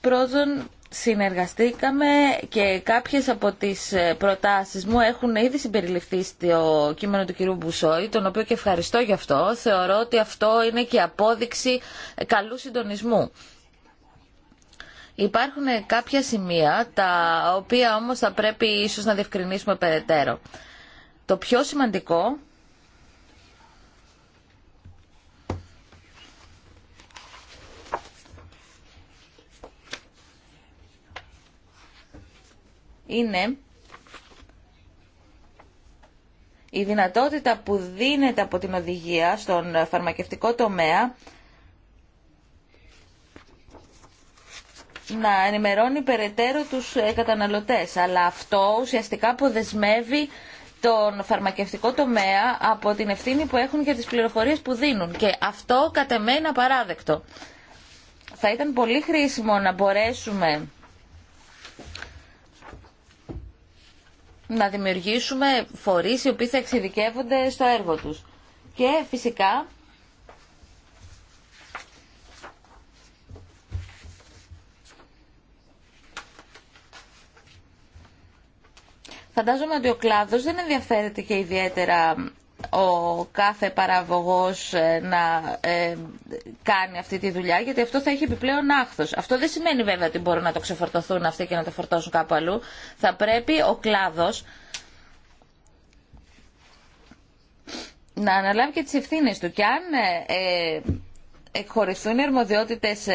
Πρώτον, συνεργαστήκαμε και κάποιες από τις ε, προτάσεις μου έχουν ήδη συμπεριληφθεί στο κείμενο του κυρίου Μπουσόη, τον οποίο και ευχαριστώ γι' αυτό. Θεωρώ ότι αυτό είναι και απόδειξη καλού συντονισμού. Υπάρχουν κάποια σημεία τα οποία όμως θα πρέπει ίσως να διευκρινίσουμε περαιτέρω. Το πιο σημαντικό είναι η δυνατότητα που δίνεται από την οδηγία στον φαρμακευτικό τομέα να ενημερώνει περαιτέρω τους ε, καταναλωτές. Αλλά αυτό ουσιαστικά αποδεσμεύει τον φαρμακευτικό τομέα από την ευθύνη που έχουν για τις πληροφορίες που δίνουν. Και αυτό κατεμένα παράδεκτο. Θα ήταν πολύ χρήσιμο να μπορέσουμε να δημιουργήσουμε φορείς οι οποίοι θα εξειδικεύονται στο έργο τους. Και φυσικά Φαντάζομαι ότι ο κλάδος δεν ενδιαφέρεται και ιδιαίτερα ο κάθε παραγωγός ε, να ε, κάνει αυτή τη δουλειά γιατί αυτό θα έχει επιπλέον άχθος. Αυτό δεν σημαίνει βέβαια ότι μπορούν να το ξεφορτωθούν αυτοί και να το φορτώσουν κάπου αλλού. Θα πρέπει ο κλάδος να αναλάβει και τις ευθύνες του και αν ε, ε οι αρμοδιότητες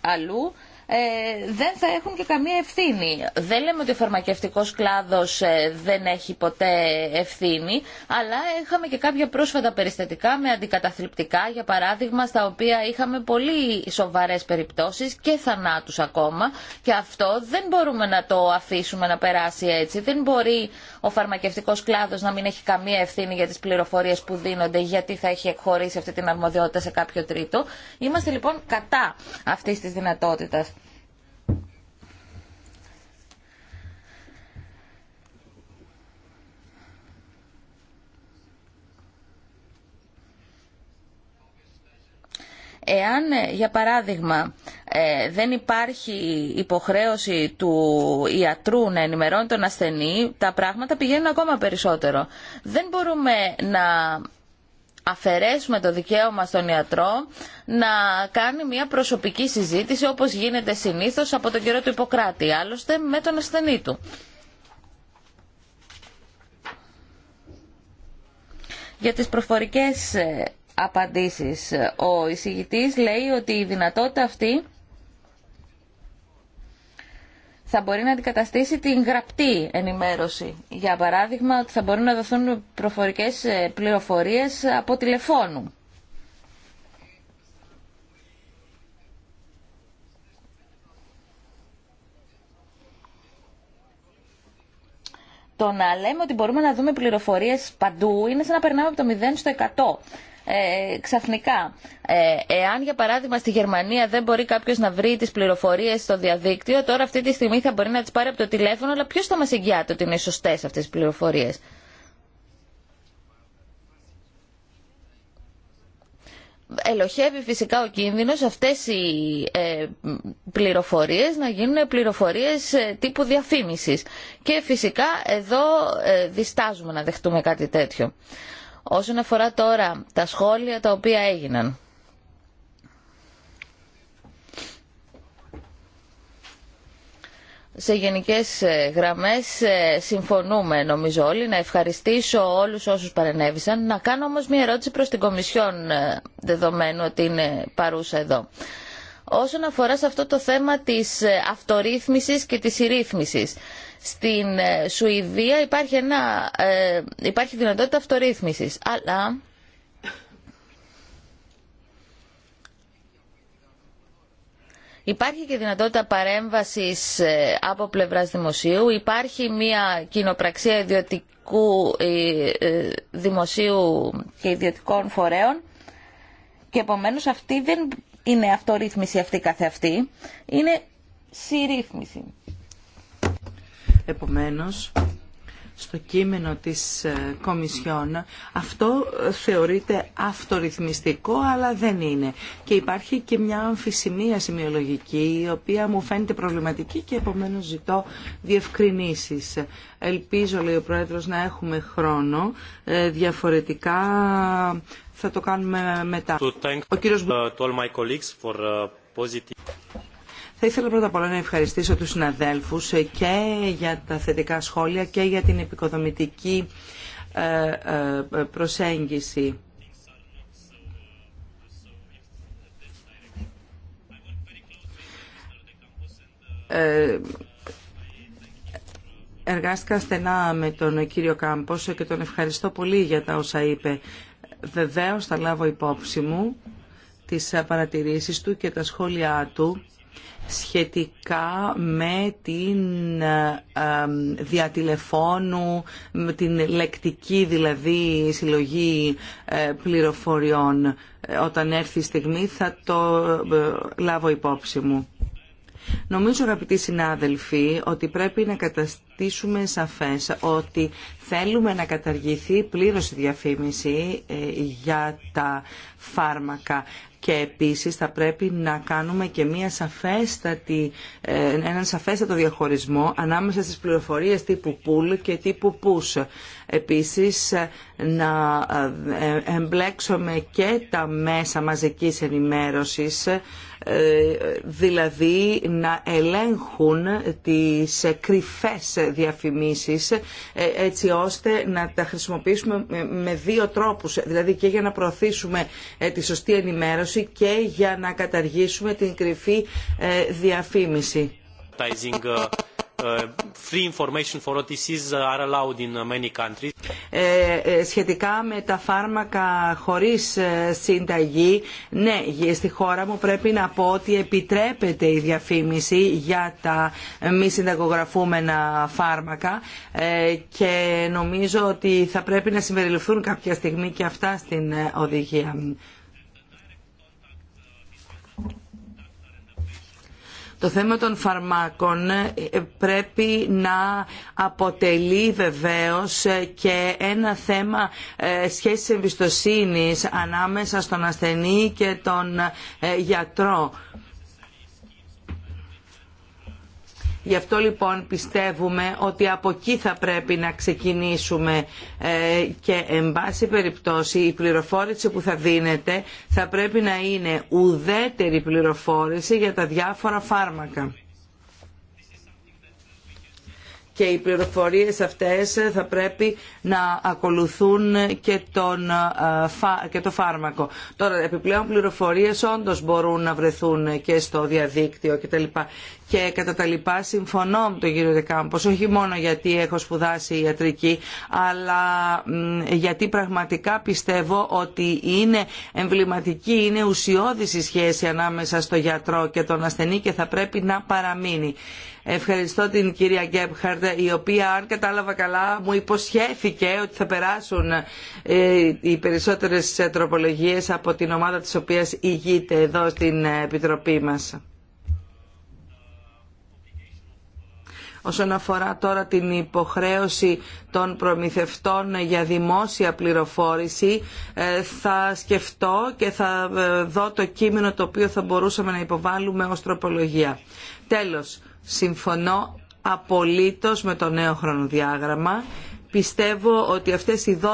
αλλού ε, δεν θα έχουν και καμία ευθύνη. Δεν λέμε ότι ο φαρμακευτικός κλάδος ε, δεν έχει ποτέ ευθύνη, αλλά είχαμε και κάποια πρόσφατα περιστατικά με αντικαταθλιπτικά, για παράδειγμα, στα οποία είχαμε πολύ σοβαρές περιπτώσεις και θανάτους ακόμα και αυτό δεν μπορούμε να το αφήσουμε να περάσει έτσι. Δεν μπορεί ο φαρμακευτικός κλάδος να μην έχει καμία ευθύνη για τις πληροφορίες που δίνονται γιατί θα έχει εκχωρήσει αυτή την αρμοδιότητα σε κάποιο τρίτο. Είμαστε λοιπόν κατά αυτής της δυνατότητας. Εάν, ε, για παράδειγμα, ε, δεν υπάρχει υποχρέωση του ιατρού να ενημερώνει τον ασθενή, τα πράγματα πηγαίνουν ακόμα περισσότερο. Δεν μπορούμε να αφαιρέσουμε το δικαίωμα στον ιατρό να κάνει μια προσωπική συζήτηση όπως γίνεται συνήθως από τον καιρό του Ιπποκράτη, άλλωστε με τον ασθενή του. Για τις προφορικές ε, απαντήσεις. Ο εισηγητής λέει ότι η δυνατότητα αυτή θα μπορεί να αντικαταστήσει την γραπτή ενημέρωση. Για παράδειγμα, ότι θα μπορούν να δοθούν προφορικές ε, πληροφορίες από τηλεφώνου. Το να λέμε ότι μπορούμε να δούμε πληροφορίες παντού είναι σαν να περνάμε από το 0 στο 100. Ε, ξαφνικά. Ε, εάν για παράδειγμα στη Γερμανία δεν μπορεί κάποιο να βρει τις πληροφορίες στο διαδίκτυο, τώρα αυτή τη στιγμή θα μπορεί να τις πάρει από το τηλέφωνο, αλλά ποιο θα μας εγγυάται ότι είναι σωστέ αυτές τις πληροφορίες. ελοχεύει φυσικά ο κίνδυνος αυτές οι ε, πληροφορίες να γίνουν πληροφορίες ε, τύπου διαφήμισης. Και φυσικά εδώ ε, διστάζουμε να δεχτούμε κάτι τέτοιο. Όσον αφορά τώρα τα σχόλια τα οποία έγιναν. σε γενικές ε, γραμμές ε, συμφωνούμε νομίζω όλοι να ευχαριστήσω όλους όσους παρενέβησαν να κάνω όμως μια ερώτηση προς την Κομισιόν ε, δεδομένου ότι είναι παρούσα εδώ όσον αφορά σε αυτό το θέμα της ε, αυτορύθμισης και της ρύθμισης. Στην ε, Σουηδία υπάρχει, ένα, ε, υπάρχει δυνατότητα αυτορύθμισης, αλλά... Υπάρχει και δυνατότητα παρέμβασης από πλευράς δημοσίου. Υπάρχει μια κοινοπραξία ιδιωτικού, δημοσίου και ιδιωτικών φορέων και επομένως αυτή δεν είναι αυτορύθμιση αυτή καθεαυτή, είναι συρρύθμιση. Επομένως, στο κείμενο της ε, Κομισιόν αυτό θεωρείται αυτορυθμιστικό αλλά δεν είναι. Και υπάρχει και μια αμφισημία σημειολογική η οποία μου φαίνεται προβληματική και επομένως ζητώ διευκρινήσεις. Ελπίζω, λέει ο Πρόεδρος, να έχουμε χρόνο. Ε, διαφορετικά θα το κάνουμε μετά. Ο Θα ήθελα πρώτα απ' όλα να ευχαριστήσω τους συναδέλφους ε, και για τα θετικά σχόλια και για την επικοδομητική ε, ε, προσέγγιση. Εργάστηκα στενά με τον κύριο Κάμπος και τον ευχαριστώ πολύ για τα όσα είπε βεβαίως θα λάβω υπόψη μου τις παρατηρήσεις του και τα σχόλιά του σχετικά με την διατηλεφώνου, με την λεκτική δηλαδή συλλογή ε, πληροφοριών. Ε, όταν έρθει η στιγμή θα το ε, λάβω υπόψη μου. Νομίζω αγαπητοί συνάδελφοι ότι πρέπει να καταστήσουμε σαφές ότι θέλουμε να καταργηθεί πλήρως η διαφήμιση ε, για τα φάρμακα και επίσης θα πρέπει να κάνουμε και μια σαφέστατη, ε, έναν σαφέστατο διαχωρισμό ανάμεσα στις πληροφορίες τύπου pull και τύπου push. Επίσης ε, να εμπλέξουμε και τα μέσα μαζικής ενημέρωσης ε, δηλαδή να ελέγχουν τις κρυφές διαφημίσεις ε, έτσι ώστε να τα χρησιμοποιήσουμε με δύο τρόπους, δηλαδή και για να προωθήσουμε ε, τη σωστή ενημέρωση και για να καταργήσουμε την κρυφή διαφήμιση. Uh, free information for uh, are allowed in uh, ε, ε, σχετικά με τα φάρμακα χωρίς ε, συνταγή, ναι, στη χώρα μου πρέπει να πω ότι επιτρέπεται η διαφήμιση για τα μη συνταγογραφούμενα φάρμακα και νομίζω ότι θα πρέπει να συμπεριληφθούν κάποια στιγμή και αυτά στην οδηγία. Το θέμα των φαρμάκων ε, ε, πρέπει να αποτελεί βεβαίως ε, και ένα θέμα σχέσης εμπιστοσύνης ανάμεσα στον ασθενή και τον γιατρό Γι' αυτό λοιπόν πιστεύουμε ότι από εκεί θα πρέπει να ξεκινήσουμε ε, και εν πάση περιπτώσει η πληροφόρηση που θα δίνεται θα πρέπει να είναι ουδέτερη πληροφόρηση για τα διάφορα φάρμακα και οι πληροφορίες αυτές θα πρέπει να ακολουθούν και, τον, ε, το φάρμακο. Τώρα, επιπλέον πληροφορίες όντως μπορούν να βρεθούν και στο διαδίκτυο κτλ και κατά τα λοιπά συμφωνώ με τον κύριο Δεκάμπος όχι μόνο γιατί έχω σπουδάσει ιατρική αλλά γιατί πραγματικά πιστεύω ότι είναι εμβληματική, είναι ουσιώδης η σχέση ανάμεσα στο γιατρό και τον ασθενή και θα πρέπει να παραμείνει. Ευχαριστώ την κυρία Γκέμπχαρντ η οποία αν κατάλαβα καλά μου υποσχέθηκε ότι θα περάσουν ε, οι περισσότερες τροπολογίες από την ομάδα της οποίας ηγείται εδώ στην Επιτροπή μας. Όσον αφορά τώρα την υποχρέωση των προμηθευτών για δημόσια πληροφόρηση, ε, θα σκεφτώ και θα ε, δω το κείμενο το οποίο θα μπορούσαμε να υποβάλουμε ως τροπολογία. Τέλος, συμφωνώ απολύτως με το νέο χρονοδιάγραμμα πιστεύω ότι αυτές οι 12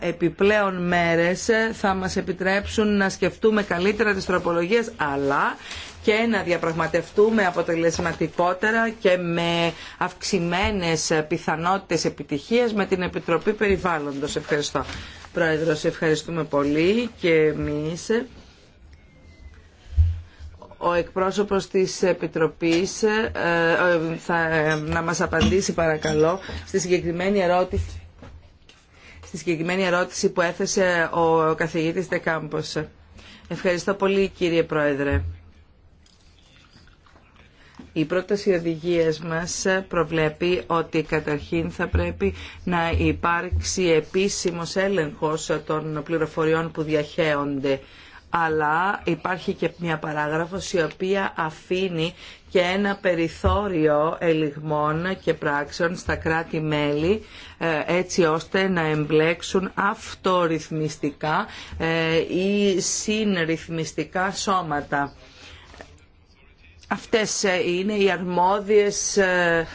επιπλέον μέρες θα μας επιτρέψουν να σκεφτούμε καλύτερα τις τροπολογίες αλλά και να διαπραγματευτούμε αποτελεσματικότερα και με αυξημένες πιθανότητες επιτυχίας με την Επιτροπή Περιβάλλοντος. Ευχαριστώ. Πρόεδρος, ευχαριστούμε πολύ και εμείς. Ο εκπρόσωπος της Επιτροπής ε, ε, θα ε, να μας απαντήσει παρακαλώ στη συγκεκριμένη ερώτηση, στη που έθεσε ο καθηγητής Δεκάμπος. Ευχαριστώ πολύ κύριε Πρόεδρε. Η πρόταση οδηγίας μας προβλέπει ότι καταρχήν θα πρέπει να υπάρξει επίσημος έλεγχος των πληροφοριών που διαχέονται αλλά υπάρχει και μια παράγραφος η οποία αφήνει και ένα περιθώριο ελιγμών και πράξεων στα κράτη-μέλη ε, έτσι ώστε να εμπλέξουν αυτορυθμιστικά ε, ή συνρυθμιστικά σώματα. Αυτές ε, είναι οι αρμόδιες ε,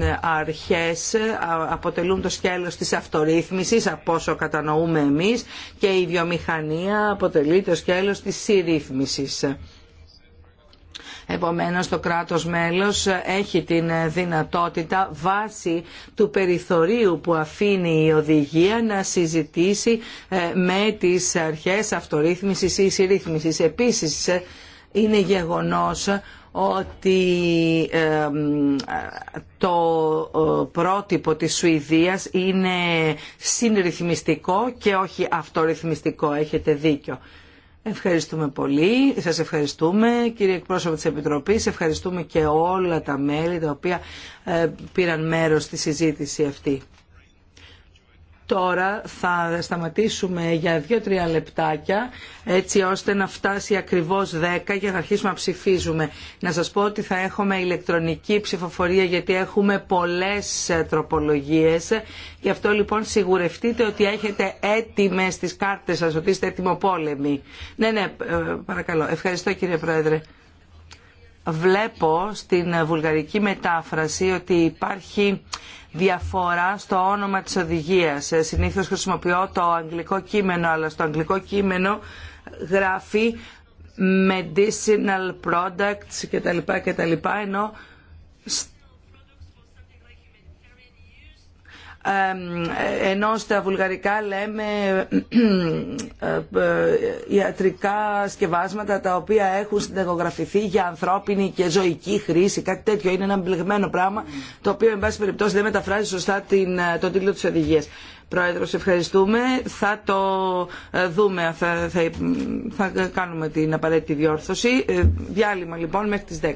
ε, αρχές αποτελούν το σκέλος της αυτορύθμισης από όσο κατανοούμε εμείς και η βιομηχανία αποτελεί το σκέλος της συρρύθμισης. Επομένως το κράτος μέλος έχει την δυνατότητα βάσει του περιθωρίου που αφήνει η οδηγία να συζητήσει με τις αρχές αυτορύθμισης ή συρρύθμισης. Επίσης είναι γεγονός ότι το πρότυπο της Σουηδίας είναι συνρυθμιστικό και όχι αυτορυθμιστικό. Έχετε δίκιο. Ευχαριστούμε πολύ. Σας ευχαριστούμε κύριε εκπρόσωπο της Επιτροπής. Ευχαριστούμε και όλα τα μέλη τα οποία ε, πήραν μέρος στη συζήτηση αυτή. Τώρα θα σταματήσουμε για δύο-τρία λεπτάκια έτσι ώστε να φτάσει ακριβώς 10 και θα αρχίσουμε να ψηφίζουμε. Να σας πω ότι θα έχουμε ηλεκτρονική ψηφοφορία γιατί έχουμε πολλές ε, τροπολογίες. Γι' αυτό λοιπόν σιγουρευτείτε ότι έχετε έτοιμες τις κάρτες σας, ότι είστε έτοιμο πόλεμοι. Ναι, ναι, ε, παρακαλώ. Ευχαριστώ κύριε Πρόεδρε βλέπω στην βουλγαρική μετάφραση ότι υπάρχει διαφορά στο όνομα της οδηγίας. Ε, συνήθως χρησιμοποιώ το αγγλικό κείμενο, αλλά στο αγγλικό κείμενο γράφει medicinal products κτλ. κτλ ενώ ενώ στα βουλγαρικά λέμε (clears throat) ε, ε, ιατρικά σκευάσματα τα οποία έχουν συνταγογραφηθεί για ανθρώπινη και ζωική χρήση, κάτι τέτοιο είναι ένα μπλεγμένο πράγμα το οποίο εν πάση περιπτώσει δεν μεταφράζει σωστά την, ε, τον τίτλο της οδηγίας. Πρόεδρος, ευχαριστούμε. Θα το δούμε, θα, θα, θα κάνουμε την απαραίτητη διόρθωση. Διάλειμμα λοιπόν μέχρι τις 10.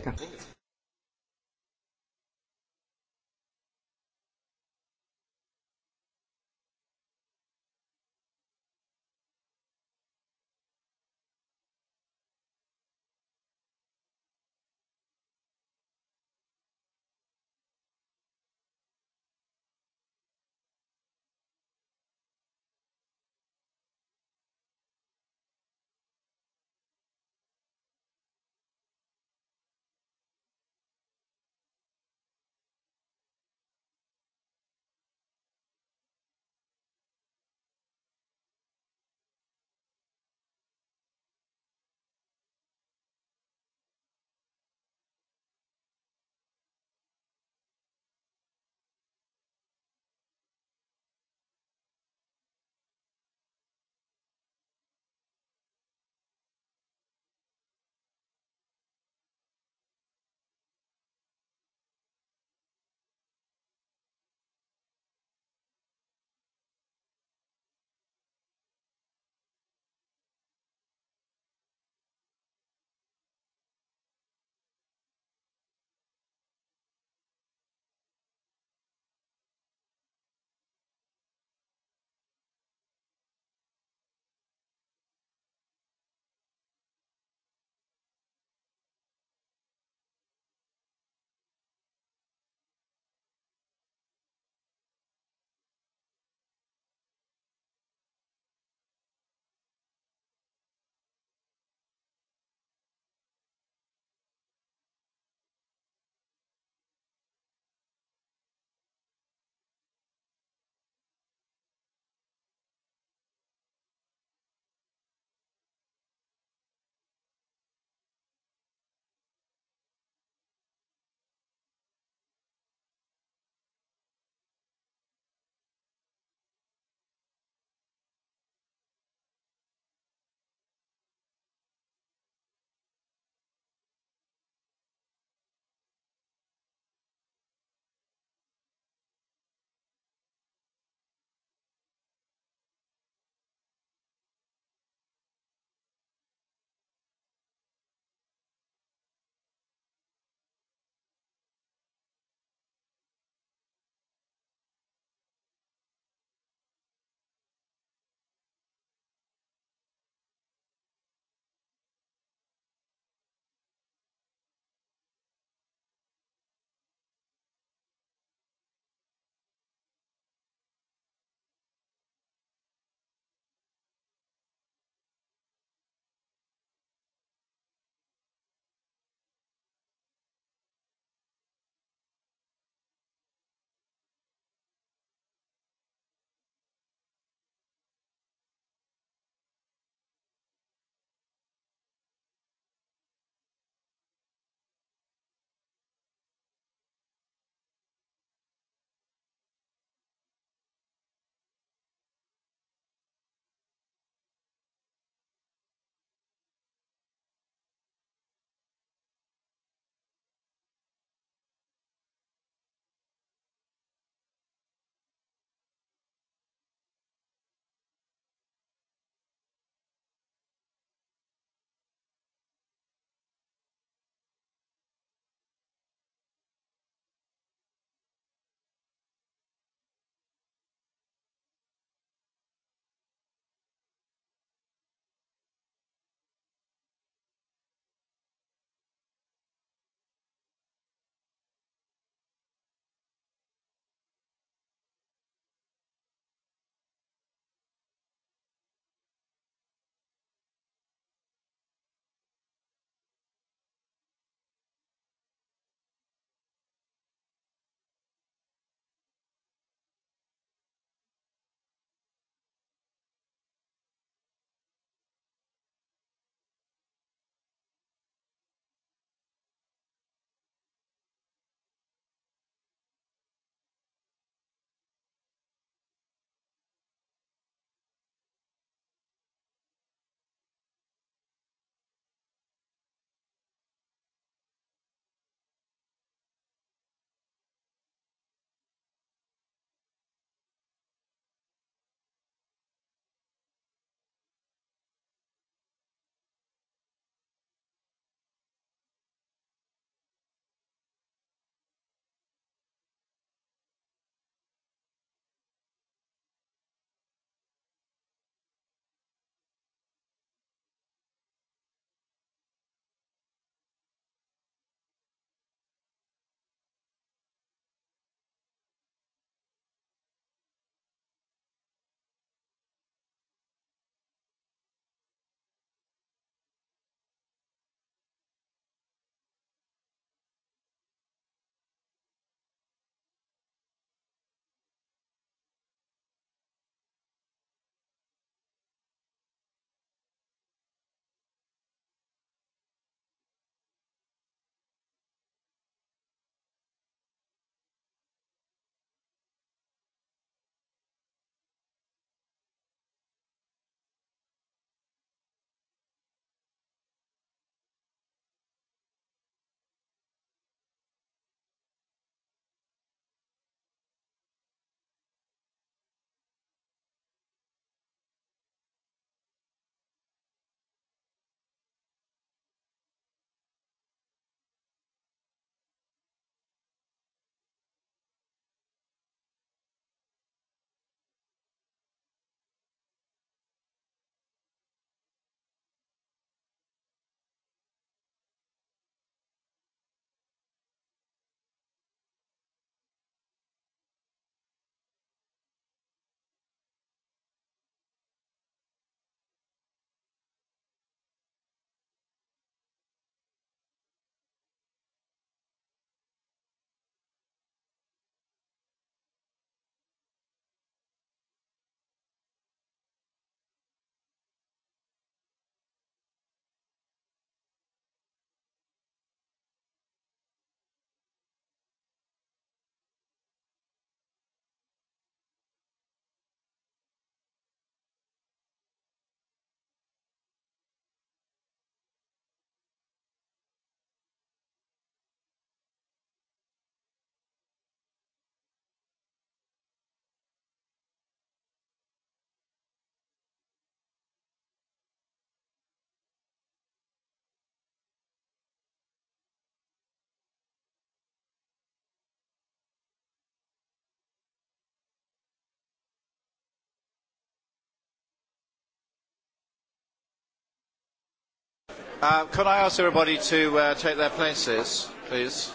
Uh, could I ask everybody to uh, take their places, please?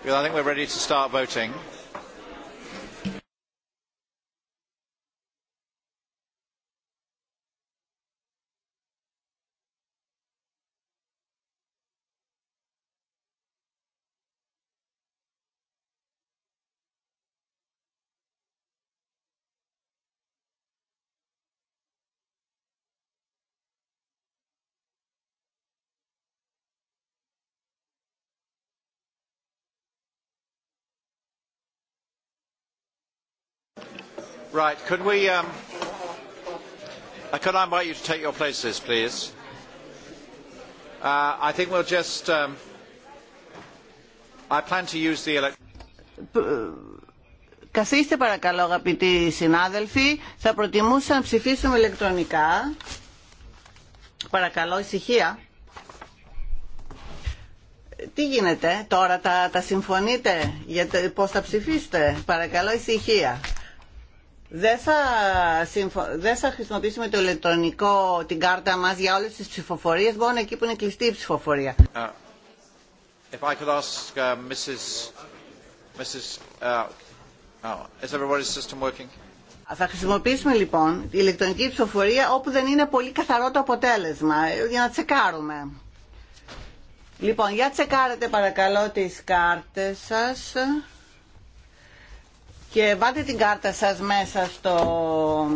Because I think we're ready to start voting. Right, Καθίστε παρακαλώ αγαπητοί συνάδελφοι, θα προτιμούσα να ψηφίσουμε ηλεκτρονικά. Παρακαλώ, ησυχία. Τι γίνεται τώρα, τα, τα συμφωνείτε για πώς θα ψηφίσετε. Παρακαλώ, ησυχία δεν θα, συμφω... χρησιμοποιήσουμε το ηλεκτρονικό, την κάρτα μας για όλες τις ψηφοφορίες, μόνο εκεί που είναι κλειστή η ψηφοφορία. Θα χρησιμοποιήσουμε λοιπόν την ηλεκτρονική ψηφοφορία όπου δεν είναι πολύ καθαρό το αποτέλεσμα, ε, για να τσεκάρουμε. Λοιπόν, για τσεκάρετε παρακαλώ τις κάρτες σας και βάλτε την κάρτα σας μέσα στο,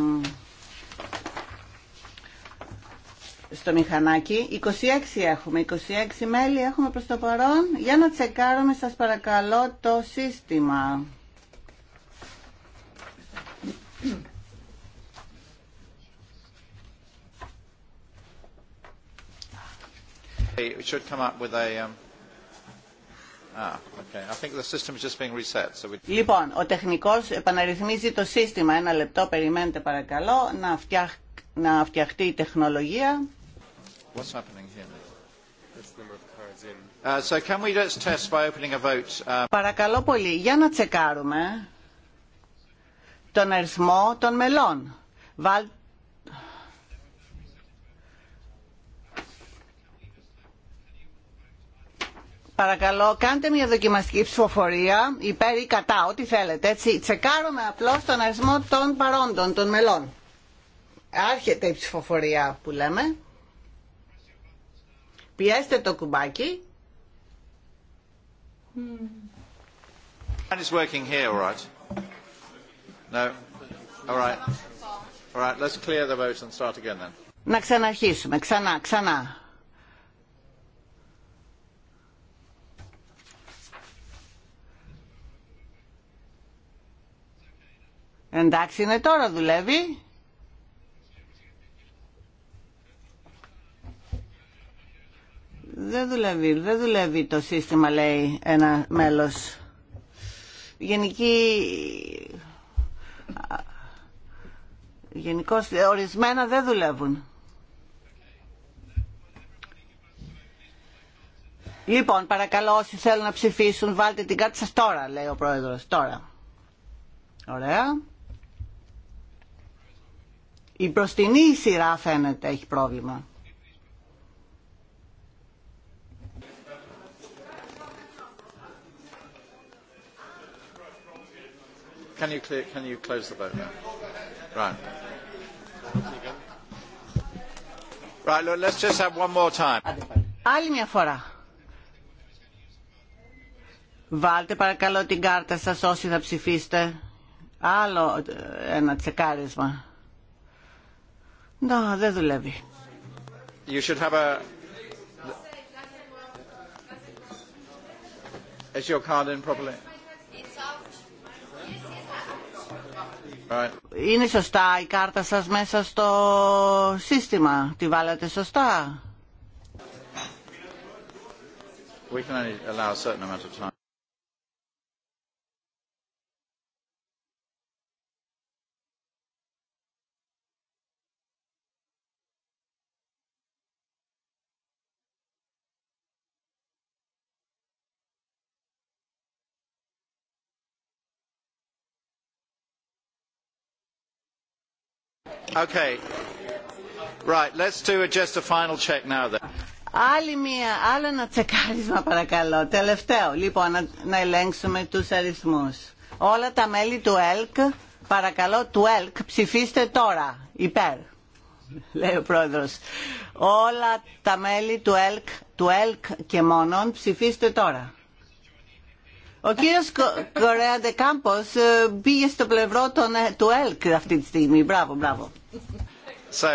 στο μηχανάκι. 26 έχουμε, 26 μέλη έχουμε προς το παρόν. Για να τσεκάρουμε σας παρακαλώ το σύστημα. should come up with a, um, Λοιπόν, ο τεχνικός επαναρρυθμίζει το σύστημα. Ένα λεπτό, περιμένετε παρακαλώ, να, φτιαχ... φτιαχτεί η τεχνολογία. Παρακαλώ πολύ, για να τσεκάρουμε τον αριθμό των μελών. Βάλτε... Παρακαλώ, κάντε μια δοκιμαστική ψηφοφορία υπέρ ή κατά, ό,τι θέλετε. Έτσι, τσεκάρουμε απλώς τον αριθμό των παρόντων, των μελών. Άρχεται η ψηφοφορία που λέμε. Πιέστε το κουμπάκι. working here, all right. No. All right. All right, let's clear the and start again then. Να ξαναρχίσουμε, ξανά, ξανά. Εντάξει είναι τώρα δουλεύει. Δεν δουλεύει, δεν δουλεύει το σύστημα λέει ένα μέλος. Γενική... Γενικώ ορισμένα δεν δουλεύουν. Λοιπόν, παρακαλώ όσοι θέλουν να ψηφίσουν, βάλτε την κάρτα σας τώρα, λέει ο πρόεδρος, τώρα. Ωραία. Η μπροστινή σειρά φαίνεται έχει πρόβλημα. Can you, clear, can you close the vote now? Right. Right, look, let's just have one more time. Άλλη μια φορά. Βάλτε παρακαλώ την κάρτα σας όσοι θα ψηφίσετε. Άλλο ε, ένα τσεκάρισμα. Να, δεν δουλεύει. You should have a... Is your card in properly? Right. Είναι σωστά η κάρτα σας μέσα στο σύστημα. Τη βάλατε σωστά. We can only allow a certain amount of time. Άλλη μία, άλλο ένα τσεκάρισμα παρακαλώ. Τελευταίο. Λοιπόν, να, να ελέγξουμε τους αριθμούς. Όλα τα μέλη του ΕΛΚ, παρακαλώ του ΕΛΚ, ψηφίστε τώρα. Υπέρ, λέει ο πρόεδρος. Όλα τα μέλη του ΕΛΚ, του ΕΛΚ και μόνον, ψηφίστε τώρα. Ο κύριο Δε Κάμπο ε, πήγε στο πλευρό των, ε, του ΕΛΚ αυτή τη στιγμή. Μπράβο, μπράβο. So,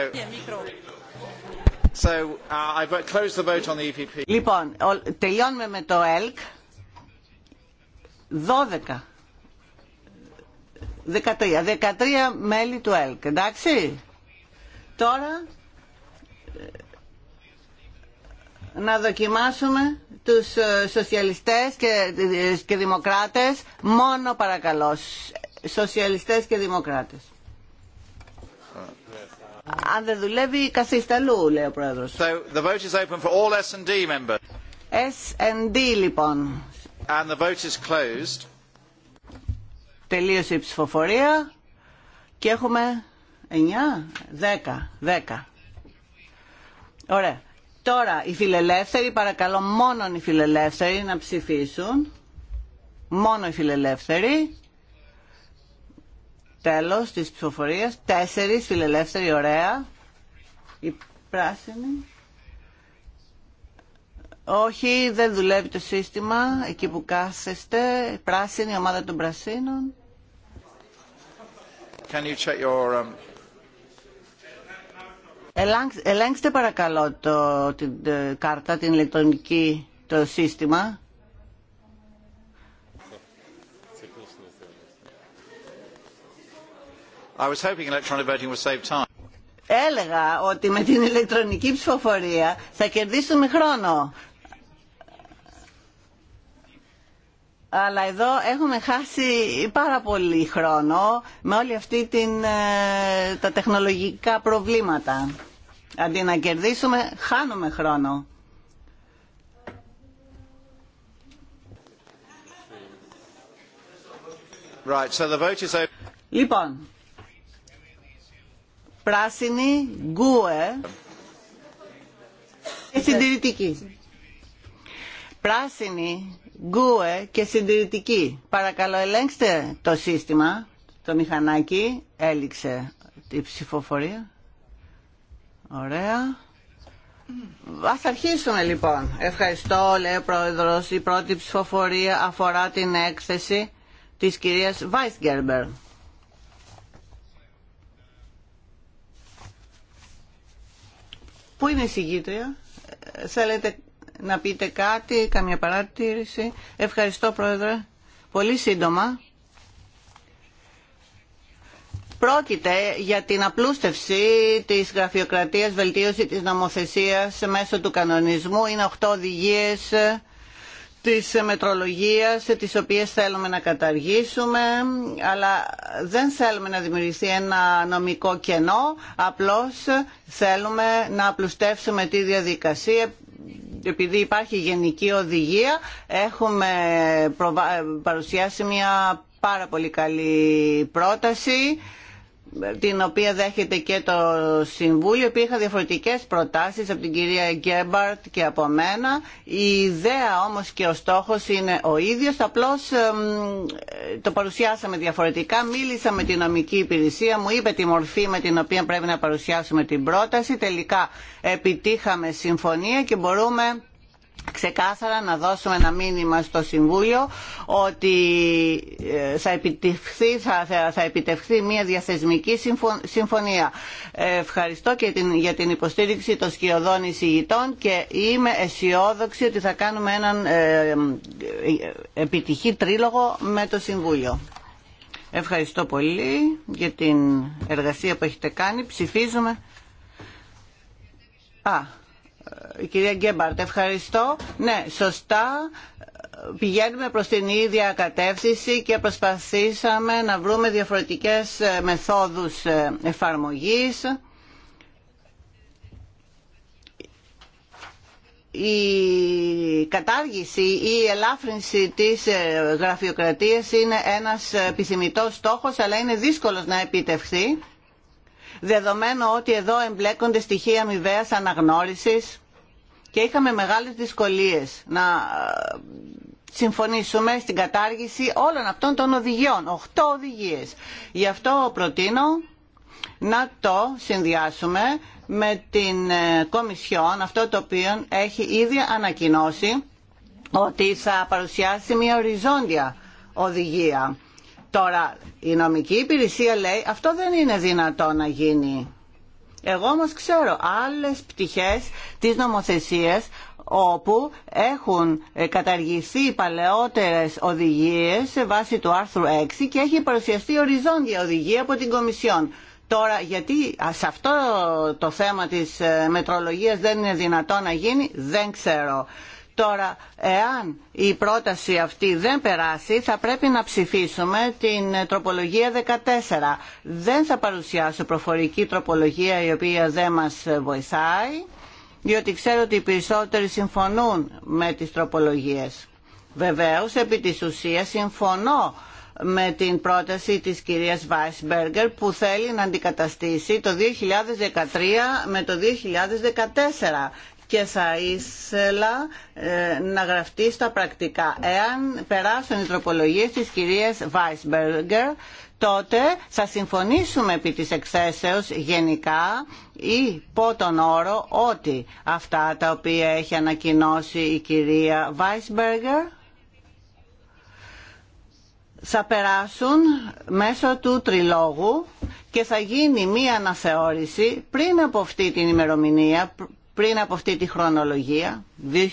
so, uh, I've closed the vote on the EPP. Λοιπόν, τελειώνουμε με το ΕΛΚ. 12. 13. 13 μέλη του ΕΛΚ, εντάξει. Τώρα να δοκιμάσουμε τους ε, σοσιαλιστές και, ε, και δημοκράτες μόνο παρακαλώ σοσιαλιστές και δημοκράτες αν δεν δουλεύει καθίστε αλλού λέει ο πρόεδρος so, the vote is open for all S&D members S&D λοιπόν and the vote is closed τελείωσε η ψηφοφορία και έχουμε 9, 10, 10 ωραία Τώρα, οι φιλελεύθεροι, παρακαλώ μόνο οι φιλελεύθεροι να ψηφίσουν. Μόνο οι φιλελεύθεροι. Τέλος της ψηφοφορίας. Τέσσερις φιλελεύθεροι, ωραία. Η πράσινη. Όχι, δεν δουλεύει το σύστημα. Εκεί που κάθεστε, πράσινη, ομάδα των πρασίνων. Can you check um, Ελέγξτε παρακαλώ το, την ε, κάρτα, την ηλεκτρονική, το σύστημα. Έλεγα ότι με την ηλεκτρονική ψηφοφορία θα κερδίσουμε χρόνο. Αλλά εδώ έχουμε χάσει πάρα πολύ χρόνο με όλη αυτή την, ε, τα τεχνολογικά προβλήματα. Αντί να κερδίσουμε, χάνουμε χρόνο. Right, so the vote is... Λοιπόν, πράσινη, γκουε και συντηρητική. Πράσινη, γκουε και συντηρητική. Παρακαλώ ελέγξτε το σύστημα, το μηχανάκι, έληξε η ψηφοφορία. Ωραία. Ας αρχίσουμε λοιπόν. Ευχαριστώ, λέει ο Πρόεδρος. Η πρώτη ψηφοφορία αφορά την έκθεση της κυρίας Γκέρμπερ. Πού είναι η συγκήτρια? Ε, θέλετε να πείτε κάτι, καμία παρατήρηση. Ευχαριστώ Πρόεδρε. Πολύ σύντομα. Πρόκειται για την απλούστευση της γραφειοκρατίας, βελτίωση της νομοθεσίας μέσω του κανονισμού. Είναι οχτώ οδηγίες της μετρολογίας, τις οποίες θέλουμε να καταργήσουμε, αλλά δεν θέλουμε να δημιουργηθεί ένα νομικό κενό, απλώς θέλουμε να απλουστεύσουμε τη διαδικασία επειδή υπάρχει γενική οδηγία, έχουμε ε, παρουσιάσει μια πάρα πολύ καλή πρόταση την οποία δέχεται και το Συμβούλιο υπήρχαν διαφορετικές προτάσεις από την κυρία Γκέμπαρτ και από μένα η ιδέα όμως και ο στόχος είναι ο ίδιος απλώς το παρουσιάσαμε διαφορετικά μίλησα με την νομική υπηρεσία μου είπε τη μορφή με την οποία πρέπει να παρουσιάσουμε την πρόταση τελικά επιτύχαμε συμφωνία και μπορούμε ξεκάθαρα να δώσουμε ένα μήνυμα στο Συμβούλιο ότι ε, θα επιτευχθεί, θα, επιτευχθεί μια διαθεσμική συμφωνία. Ε, ευχαριστώ και την, για την υποστήριξη των σκιωδών εισηγητών και είμαι αισιόδοξη ότι θα κάνουμε έναν ε, επιτυχή τρίλογο με το Συμβούλιο. Ευχαριστώ πολύ για την εργασία που έχετε κάνει. Ψηφίζουμε. Α, κυρία Γκέμπαρτ, ευχαριστώ. Ναι, σωστά πηγαίνουμε προς την ίδια κατεύθυνση και προσπαθήσαμε να βρούμε διαφορετικές ε, μεθόδους ε, εφαρμογής. η κατάργηση ή η ελάφρυνση της ε, γραφειοκρατίας είναι ένας επιθυμητός στόχος αλλά είναι δύσκολος να επιτευχθεί δεδομένου ότι εδώ εμπλέκονται στοιχεία αμοιβαία αναγνώρισης και είχαμε μεγάλες δυσκολίες να ε, συμφωνήσουμε στην κατάργηση όλων αυτών των οδηγιών, οχτώ οδηγίες. Γι' αυτό προτείνω να το συνδυάσουμε με την ε, Κομισιόν, αυτό το οποίο έχει ήδη ανακοινώσει ότι θα παρουσιάσει μια οριζόντια οδηγία. Τώρα, η νομική υπηρεσία λέει αυτό δεν είναι δυνατό να γίνει εγώ όμως ξέρω άλλες πτυχές της νομοθεσίας όπου έχουν καταργηθεί παλαιότερες οδηγίες σε βάση του άρθρου 6 και έχει παρουσιαστεί οριζόντια οδηγία από την Κομισιόν. Τώρα γιατί σε αυτό το θέμα της ε, μετρολογίας δεν είναι δυνατό να γίνει δεν ξέρω. Τώρα, εάν η πρόταση αυτή δεν περάσει, θα πρέπει να ψηφίσουμε την ε, τροπολογία 14. Δεν θα παρουσιάσω προφορική τροπολογία η οποία δεν μας ε, βοηθάει, διότι ξέρω ότι οι περισσότεροι συμφωνούν με τις τροπολογίες. Βεβαίως, επί της ουσίας, συμφωνώ με την πρόταση της κυρίας Βάισμπεργκερ που θέλει να αντικαταστήσει το 2013 με το 2014 και θα ήθελα ε, να γραφτεί στα πρακτικά. Εάν περάσουν οι τροπολογίε της κυρίας Βάισμπεργκερ, τότε θα συμφωνήσουμε επί της εξαίσεως γενικά ή πω τον όρο ότι αυτά τα οποία έχει ανακοινώσει η κυρία Βάισμπεργκερ θα περάσουν μέσω του τριλόγου και θα γίνει μία αναθεώρηση πριν από αυτή την ημερομηνία πριν από αυτή τη χρονολογία, 2012-2013.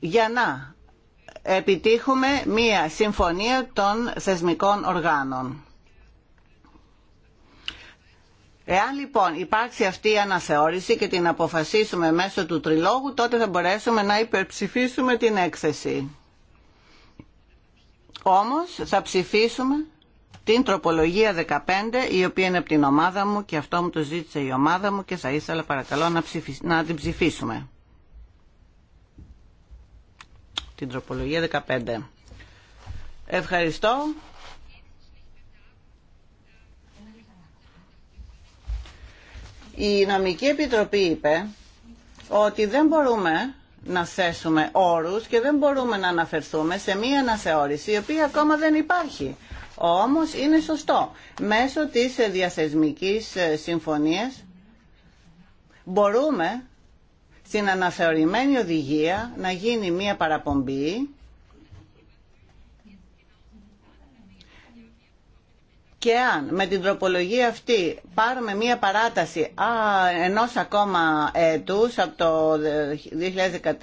Για να επιτύχουμε μία συμφωνία των θεσμικών οργάνων. Εάν λοιπόν υπάρξει αυτή η αναθεώρηση και την αποφασίσουμε μέσω του τριλόγου, τότε θα μπορέσουμε να υπερψηφίσουμε την έκθεση. Όμως θα ψηφίσουμε την τροπολογία 15 η οποία είναι από την ομάδα μου και αυτό μου το ζήτησε η ομάδα μου και θα ήθελα παρακαλώ να, την ψηφίσουμε. Την τροπολογία 15. Ευχαριστώ. Η Νομική Επιτροπή είπε ότι δεν μπορούμε να θέσουμε όρους και δεν μπορούμε να αναφερθούμε σε μία αναθεώρηση η οποία ακόμα δεν υπάρχει. Όμως είναι σωστό. Μέσω της διαθεσμικής ε, συμφωνίας μπορούμε στην αναθεωρημένη οδηγία να γίνει μία παραπομπή και αν με την τροπολογία αυτή πάρουμε μία παράταση α, ενός ακόμα έτους από το 2014 ε,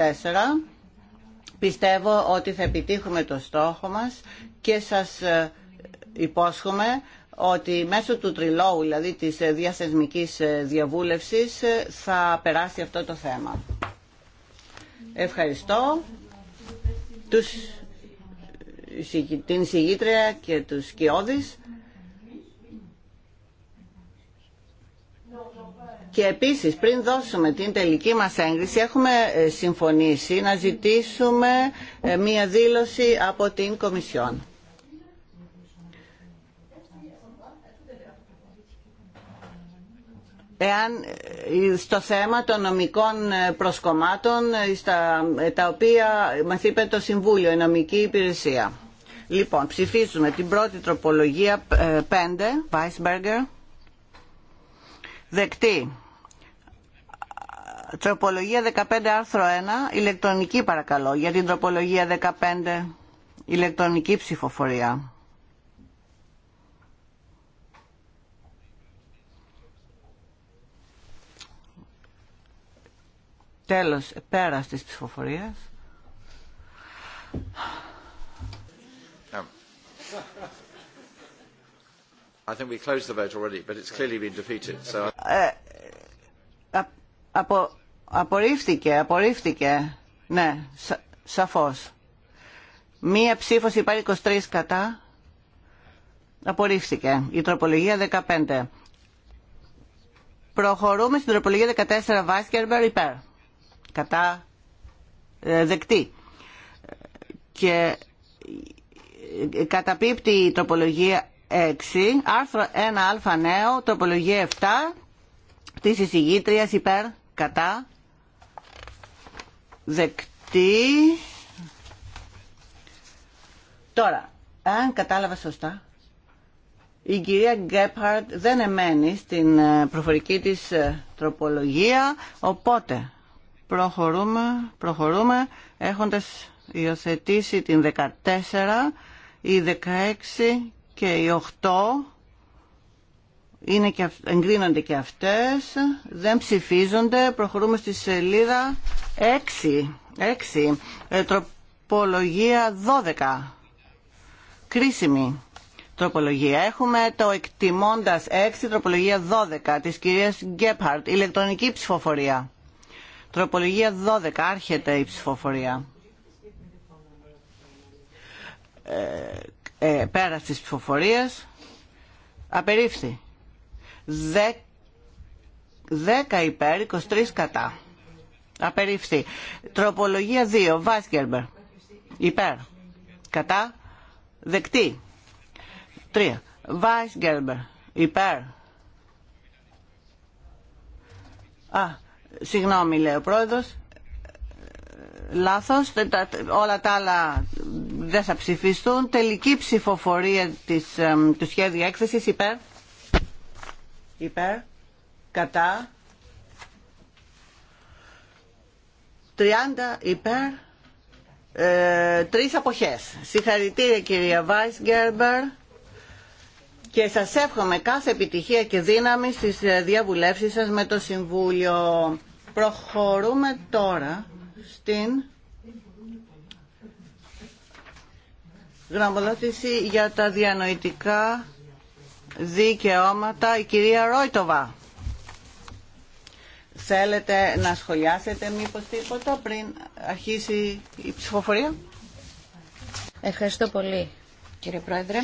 πιστεύω ότι θα επιτύχουμε το στόχο μας και σας ε, υπόσχομαι ότι μέσω του τριλόγου, δηλαδή της ε, διασεσμικής ε, διαβούλευσης, ε, θα περάσει αυτό το θέμα. Ευχαριστώ τους, την συγγήτρια και τους κοιόδης. Και επίσης πριν δώσουμε την τελική μας έγκριση έχουμε συμφωνήσει να ζητήσουμε μία δήλωση από την Κομισιόν. εάν ε, στο θέμα των νομικών ε, προσκομμάτων ε, στα, τα οποία μας είπε το Συμβούλιο, η νομική υπηρεσία. Λοιπόν, ψηφίζουμε την πρώτη τροπολογία 5, Weisberger, δεκτή. Τροπολογία 15 άρθρο 1, ηλεκτρονική παρακαλώ, για την τροπολογία 15 ηλεκτρονική ψηφοφορία. Τέλος, πέρας της ψηφοφορίας. I απορρίφθηκε, απορρίφθηκε. Ναι, σα, σαφώς. Μία ψήφος υπάρχει 23 κατά. Απορρίφθηκε. Η τροπολογία 15. Προχωρούμε στην τροπολογία 14 Βάσκερμπερ υπέρ κατά ε, δεκτή. Και ε, καταπίπτει η τροπολογία 6, άρθρο 1α νέο, τοπολογία 7 της εισηγήτριας υπέρ κατά δεκτή. Τώρα, αν κατάλαβα σωστά, η κυρία Γκέπαρτ δεν εμένει στην ε, προφορική της τροπολογία, οπότε Προχωρούμε, προχωρούμε έχοντας υιοθετήσει την 14, η 16 και η 8 είναι και, εγκρίνονται και αυτές, δεν ψηφίζονται. Προχωρούμε στη σελίδα 6, 6 ε, τροπολογία 12, κρίσιμη τροπολογία. Έχουμε το εκτιμώντας 6, τροπολογία 12 της κυρίας Γκέπαρτ, ηλεκτρονική ψηφοφορία. Τροπολογία 12. Άρχεται η ψηφοφορία. Ε, ε, πέρα ψηφοφορίας απερίφθη 10 υπέρ 23 κατά απερίφθη τροπολογία 2 Βάσκερμπερ υπέρ κατά δεκτή 3 Βάσκελμπερ υπέρ α Συγγνώμη λέει ο πρόεδρος. Λάθος. Όλα τα άλλα δεν θα ψηφιστούν. Τελική ψηφοφορία της, του σχέδιου έκθεσης υπέρ. Υπέρ. Κατά. 30 υπέρ. Ε, τρεις αποχές. Συγχαρητήρια κυρία Βάις Γκέρμπερ και σας εύχομαι κάθε επιτυχία και δύναμη στις ε, διαβουλεύσεις σας με το Συμβούλιο. Προχωρούμε τώρα στην γραμμολόγηση για τα διανοητικά δικαιώματα. Η κυρία Ρόιτοβα. Θέλετε να σχολιάσετε μήπως τίποτα πριν αρχίσει η ψηφοφορία. Ευχαριστώ πολύ κύριε Πρόεδρε.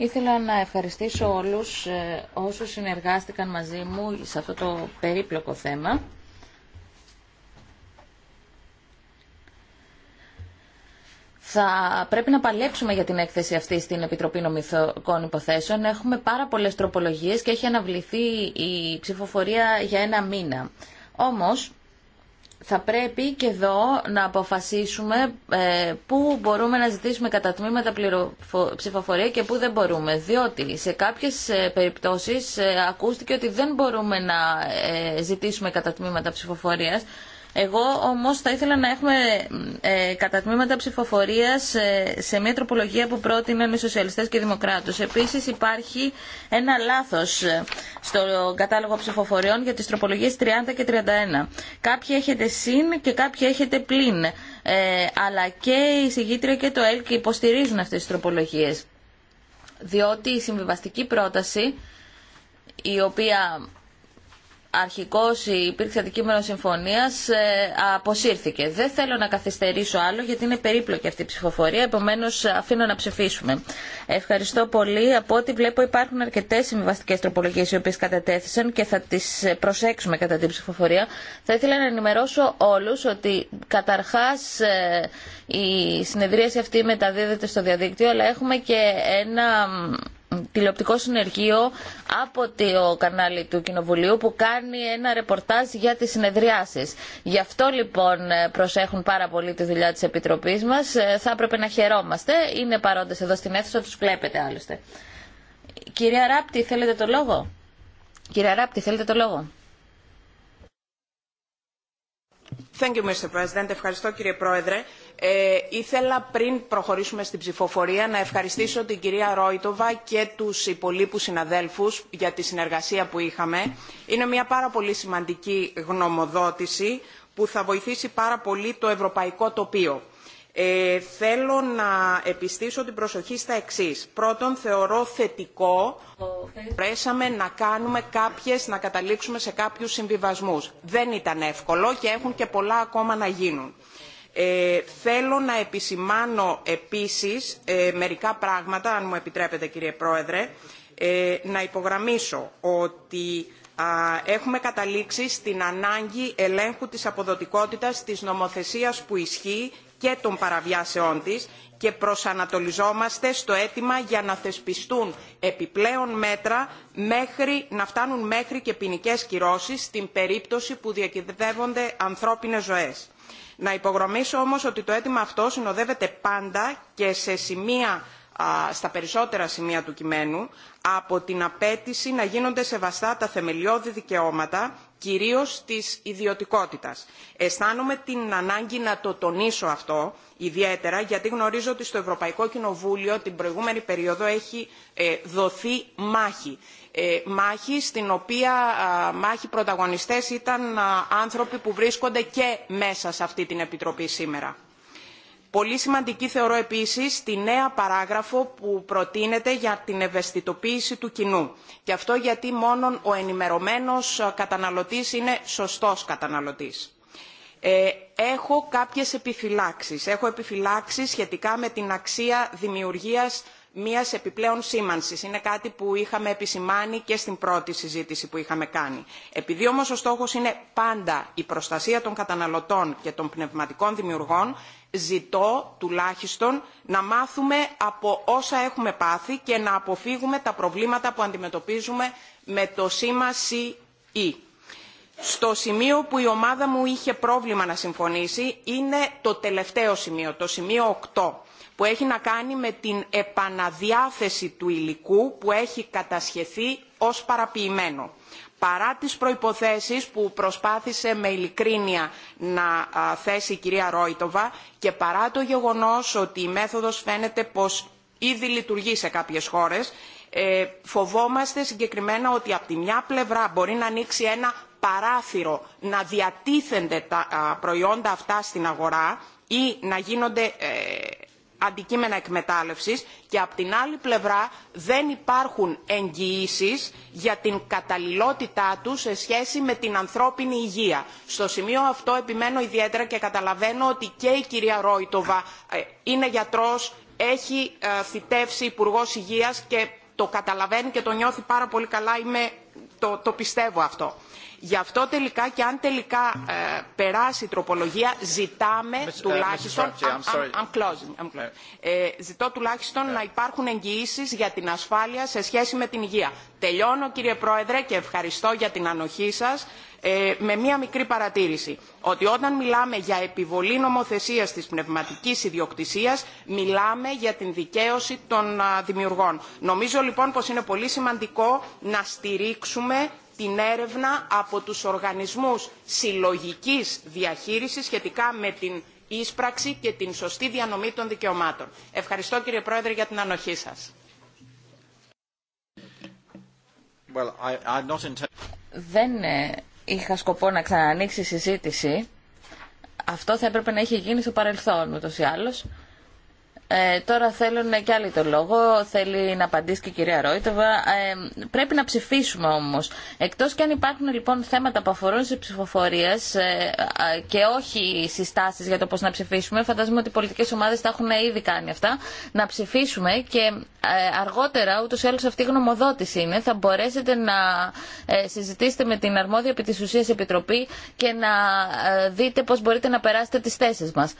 Ήθελα να ευχαριστήσω όλους ε, όσους συνεργάστηκαν μαζί μου σε αυτό το περίπλοκο θέμα. Θα πρέπει να παλέψουμε για την έκθεση αυτή στην Επιτροπή Νομιθωκών Υποθέσεων. Έχουμε πάρα πολλές τροπολογίες και έχει αναβληθεί η ψηφοφορία για ένα μήνα. Όμως, θα πρέπει και εδώ να αποφασίσουμε ε, πού μπορούμε να ζητήσουμε κατά τμήματα ψηφοφορία και πού δεν μπορούμε. Διότι σε κάποιες ε, περιπτώσεις ε, ακούστηκε ότι δεν μπορούμε να ζητήσουμε κατά τμήματα ψηφοφορίας εγώ όμως θα ήθελα να έχουμε ε, κατά ψηφοφορίας ε, σε μια τροπολογία που πρότειναν οι σοσιαλιστέ και οι δημοκράτες. Επίσης υπάρχει ένα λάθος ε, στο κατάλογο ψηφοφοριών για τις τροπολογίε 30 και 31. Κάποιοι έχετε συν και κάποιοι έχετε πλην. Ε, αλλά και η συγγήτρια και το ΕΛΚ υποστηρίζουν αυτέ τι τροπολογίε. Διότι η συμβιβαστική πρόταση η οποία η υπήρξε αντικείμενο συμφωνίας ε, αποσύρθηκε. Δεν θέλω να καθυστερήσω άλλο γιατί είναι περίπλοκη αυτή η ψηφοφορία, επομένως αφήνω να ψηφίσουμε. Ευχαριστώ πολύ. Από ό,τι βλέπω υπάρχουν αρκετές συμβιβαστικέ τροπολογίες οι οποίες κατατέθησαν και θα τις προσέξουμε κατά την ψηφοφορία. Θα ήθελα να ενημερώσω όλους ότι καταρχάς ε, η συνεδρίαση αυτή μεταδίδεται στο διαδίκτυο αλλά έχουμε και ένα τηλεοπτικό συνεργείο από το κανάλι του Κοινοβουλίου που κάνει ένα ρεπορτάζ για τις συνεδριάσεις. Γι' αυτό λοιπόν προσέχουν πάρα πολύ τη δουλειά της Επιτροπής μας. Ε, θα έπρεπε να χαιρόμαστε. Είναι παρόντες εδώ στην αίθουσα, τους βλέπετε άλλωστε. Κυρία Ράπτη, θέλετε το λόγο. Κυρία Ράπτη, θέλετε το λόγο. Ευχαριστώ κύριε Πρόεδρε. Ε, ήθελα πριν προχωρήσουμε στην ψηφοφορία να ευχαριστήσω την κυρία Ρόιτοβα και τους υπολείπους συναδέλφους για τη συνεργασία που είχαμε. Είναι μια πάρα πολύ σημαντική γνωμοδότηση που θα βοηθήσει πάρα πολύ το ευρωπαϊκό τοπίο. Ε, θέλω να επιστήσω την προσοχή στα εξή. Πρώτον, θεωρώ θετικό πρέσαμε να κάνουμε κάποιες, να καταλήξουμε σε κάποιους συμβιβασμούς. Δεν ήταν εύκολο και έχουν και πολλά ακόμα να γίνουν. Ε, θέλω να επισημάνω επίσης ε, μερικά πράγματα, αν μου επιτρέπετε κύριε Πρόεδρε, να υπογραμμίσω ότι έχουμε καταλήξει στην ανάγκη ελέγχου της αποδοτικότητας της νομοθεσίας που ισχύει και των παραβιάσεών της και προσανατολιζόμαστε στο αίτημα για να θεσπιστούν επιπλέον μέτρα μέχρι, να φτάνουν μέχρι και ποινικέ κυρώσεις στην περίπτωση που διακυδεύονται ανθρώπινες ζωές. Να υπογραμμίσω όμως ότι το αίτημα αυτό συνοδεύεται πάντα και σε σημεία στα περισσότερα σημεία του κειμένου από την απέτηση να γίνονται σεβαστά τα θεμελιώδη δικαιώματα κυρίως της ιδιωτικότητας. Αισθάνομαι την ανάγκη να το τονίσω αυτό ιδιαίτερα γιατί γνωρίζω ότι στο Ευρωπαϊκό Κοινοβούλιο την προηγούμενη περίοδο έχει ε, δοθεί μάχη. Ε, μάχη στην οποία μάχη πρωταγωνιστές ήταν άνθρωποι που βρίσκονται και μέσα σε αυτή την Επιτροπή σήμερα. Πολύ σημαντική θεωρώ επίσης τη νέα παράγραφο που προτείνεται για την ευαισθητοποίηση του κοινού. Και αυτό γιατί μόνον ο ενημερωμένος καταναλωτής είναι σωστός καταναλωτής. Ε, έχω κάποιες επιφυλάξεις. Έχω επιφυλάξεις σχετικά με την αξία δημιουργίας μιας επιπλέον σήμανσης. Είναι κάτι που είχαμε επισημάνει και στην πρώτη συζήτηση που είχαμε κάνει. Επειδή όμως ο στόχος είναι πάντα η προστασία των καταναλωτών και των πνευματικών δημιουργών, ζητώ τουλάχιστον να μάθουμε από όσα έχουμε πάθει και να αποφύγουμε τα προβλήματα που αντιμετωπίζουμε με το σήμα CE. Στο σημείο που η ομάδα μου είχε πρόβλημα να συμφωνήσει είναι το τελευταίο σημείο, το σημείο 8, που έχει να κάνει με την επαναδιάθεση του υλικού που έχει κατασχεθεί ως παραποιημένο παρά τις προϋποθέσεις που προσπάθησε με ειλικρίνεια να θέσει η κυρία Ρόιτοβα και παρά το γεγονός ότι η μέθοδος φαίνεται πως ήδη λειτουργεί σε κάποιες χώρες, ε, φοβόμαστε συγκεκριμένα ότι από τη μια πλευρά μπορεί να ανοίξει ένα παράθυρο να διατίθενται τα προϊόντα αυτά στην αγορά ή να γίνονται ε, αντικείμενα εκμετάλλευσης και από την άλλη πλευρά δεν υπάρχουν εγγυήσεις για την καταλληλότητά του σε σχέση με την ανθρώπινη υγεία. Στο σημείο αυτό επιμένω ιδιαίτερα και καταλαβαίνω ότι και η κυρία Ρόιτοβα ε, είναι γιατρός, έχει ε, θητεύσει υπουργό Υγείας και το καταλαβαίνει και το νιώθει πάρα πολύ καλά, το πιστεύω αυτό. Γι' αυτό τελικά και αν τελικά ε, περάσει η τροπολογία ζητάμε τουλάχιστον ζητώ τουλάχιστον να υπάρχουν εγγυήσει για την ασφάλεια σε σχέση με την υγεία. Τελειώνω κύριε Πρόεδρε και ευχαριστώ για την ανοχή σας ε, με μία μικρή παρατήρηση. Ότι όταν μιλάμε για επιβολή νομοθεσίας της πνευματικής ιδιοκτησίας μιλάμε για την δικαίωση των δημιουργών. Νομίζω λοιπόν πως είναι πολύ σημαντικό να στηρίξουμε την έρευνα από τους οργανισμούς συλλογικής διαχείρισης σχετικά με την ίσπραξη και την σωστή διανομή των δικαιωμάτων. Ευχαριστώ κύριε Πρόεδρε για την ανοχή σας. Δεν ε, είχα σκοπό να ξανανοίξει η συζήτηση. Αυτό θα έπρεπε να είχε γίνει στο παρελθόν ούτως ή άλλως. Ε, τώρα θέλουν και άλλοι το λόγο. Θέλει να απαντήσει και η κυρία Ρόιτοβα. Ε, πρέπει να ψηφίσουμε όμως. Εκτός και αν υπάρχουν λοιπόν θέματα που αφορούν σε ψηφοφορίες ε, και όχι συστάσεις για το πώς να ψηφίσουμε, φαντάζομαι ότι οι πολιτικές ομάδες τα έχουν ήδη κάνει αυτά, να ψηφίσουμε και ε, αργότερα ούτως ή άλλως αυτή η γνωμοδότηση είναι. Θα μπορέσετε να ε, συζητήσετε με την αρμόδια επί της ουσίας επιτροπή και να δείτε πώς μπορείτε να περάσετε τις θέσεις μας.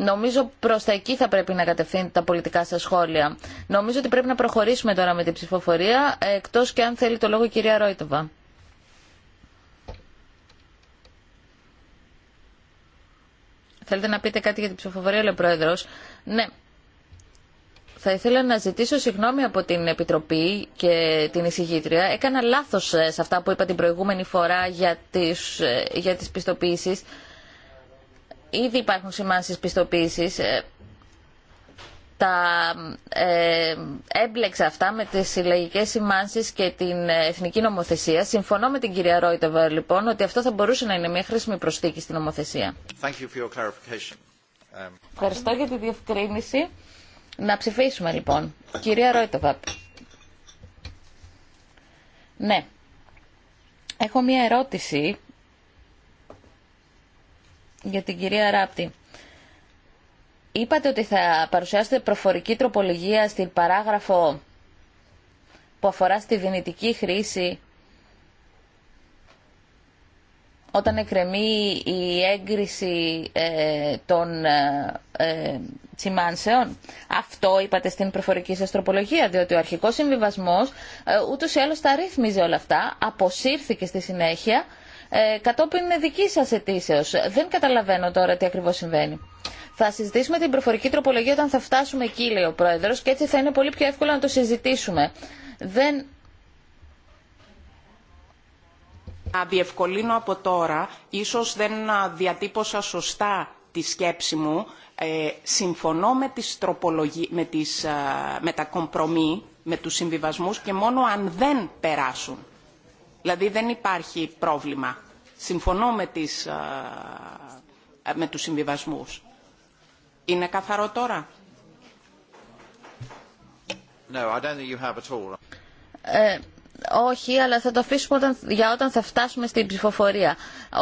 Νομίζω προ τα εκεί θα πρέπει να κατευθύνετε τα πολιτικά σα σχόλια. Νομίζω ότι πρέπει να προχωρήσουμε τώρα με την ψηφοφορία, εκτό και αν θέλει το λόγο η κυρία Ρόιτοβα. Θέλετε να πείτε κάτι για την ψηφοφορία, λέει ο Πρόεδρο. Ναι. Θα ήθελα να ζητήσω συγγνώμη από την Επιτροπή και την εισηγήτρια. Έκανα λάθος ε, σε αυτά που είπα την προηγούμενη φορά για τις, ε, για τις πιστοποίησεις ήδη υπάρχουν σημάνσεις πιστοποίησης. Ε, τα ε, έμπλεξα αυτά με τις συλλαγικές σημάνσεις και την εθνική νομοθεσία. Συμφωνώ με την κυρία Ρόιτεβα λοιπόν ότι αυτό θα μπορούσε να είναι μια χρήσιμη προσθήκη στην νομοθεσία. Um, Ευχαριστώ για τη διευκρίνηση. Να ψηφίσουμε λοιπόν. Κυρία Ρόιτεβα. Ναι. Έχω μια ερώτηση για την κυρία Ράπτη. Είπατε ότι θα παρουσιάσετε προφορική τροπολογία στην παράγραφο που αφορά στη δυνητική χρήση όταν εκκρεμεί η έγκριση ε, των ε, ε, τσιμάνσεων. Αυτό είπατε στην προφορική σας τροπολογία, διότι ο αρχικός συμβιβασμός ε, ούτως ή άλλως τα ρύθμιζε όλα αυτά, αποσύρθηκε στη συνέχεια ε, κατόπιν δική σα αιτήσεω. Δεν καταλαβαίνω τώρα τι ακριβώ συμβαίνει. Θα συζητήσουμε την προφορική τροπολογία όταν θα φτάσουμε εκεί, λέει ο Πρόεδρο, και έτσι θα είναι πολύ πιο εύκολο να το συζητήσουμε. Δεν... Να διευκολύνω από τώρα, ίσως δεν διατύπωσα σωστά τη σκέψη μου, ε, συμφωνώ με τις, τροπολογι... με, τις ε, με τα κομπρομή, με τους συμβιβασμούς και μόνο αν δεν περάσουν Δηλαδή δεν υπάρχει πρόβλημα. Συμφωνώ με, τις, με τους συμβιβασμούς. Είναι καθαρό τώρα. No, I ε, όχι, αλλά θα το αφήσουμε όταν, για όταν θα φτάσουμε στην ψηφοφορία.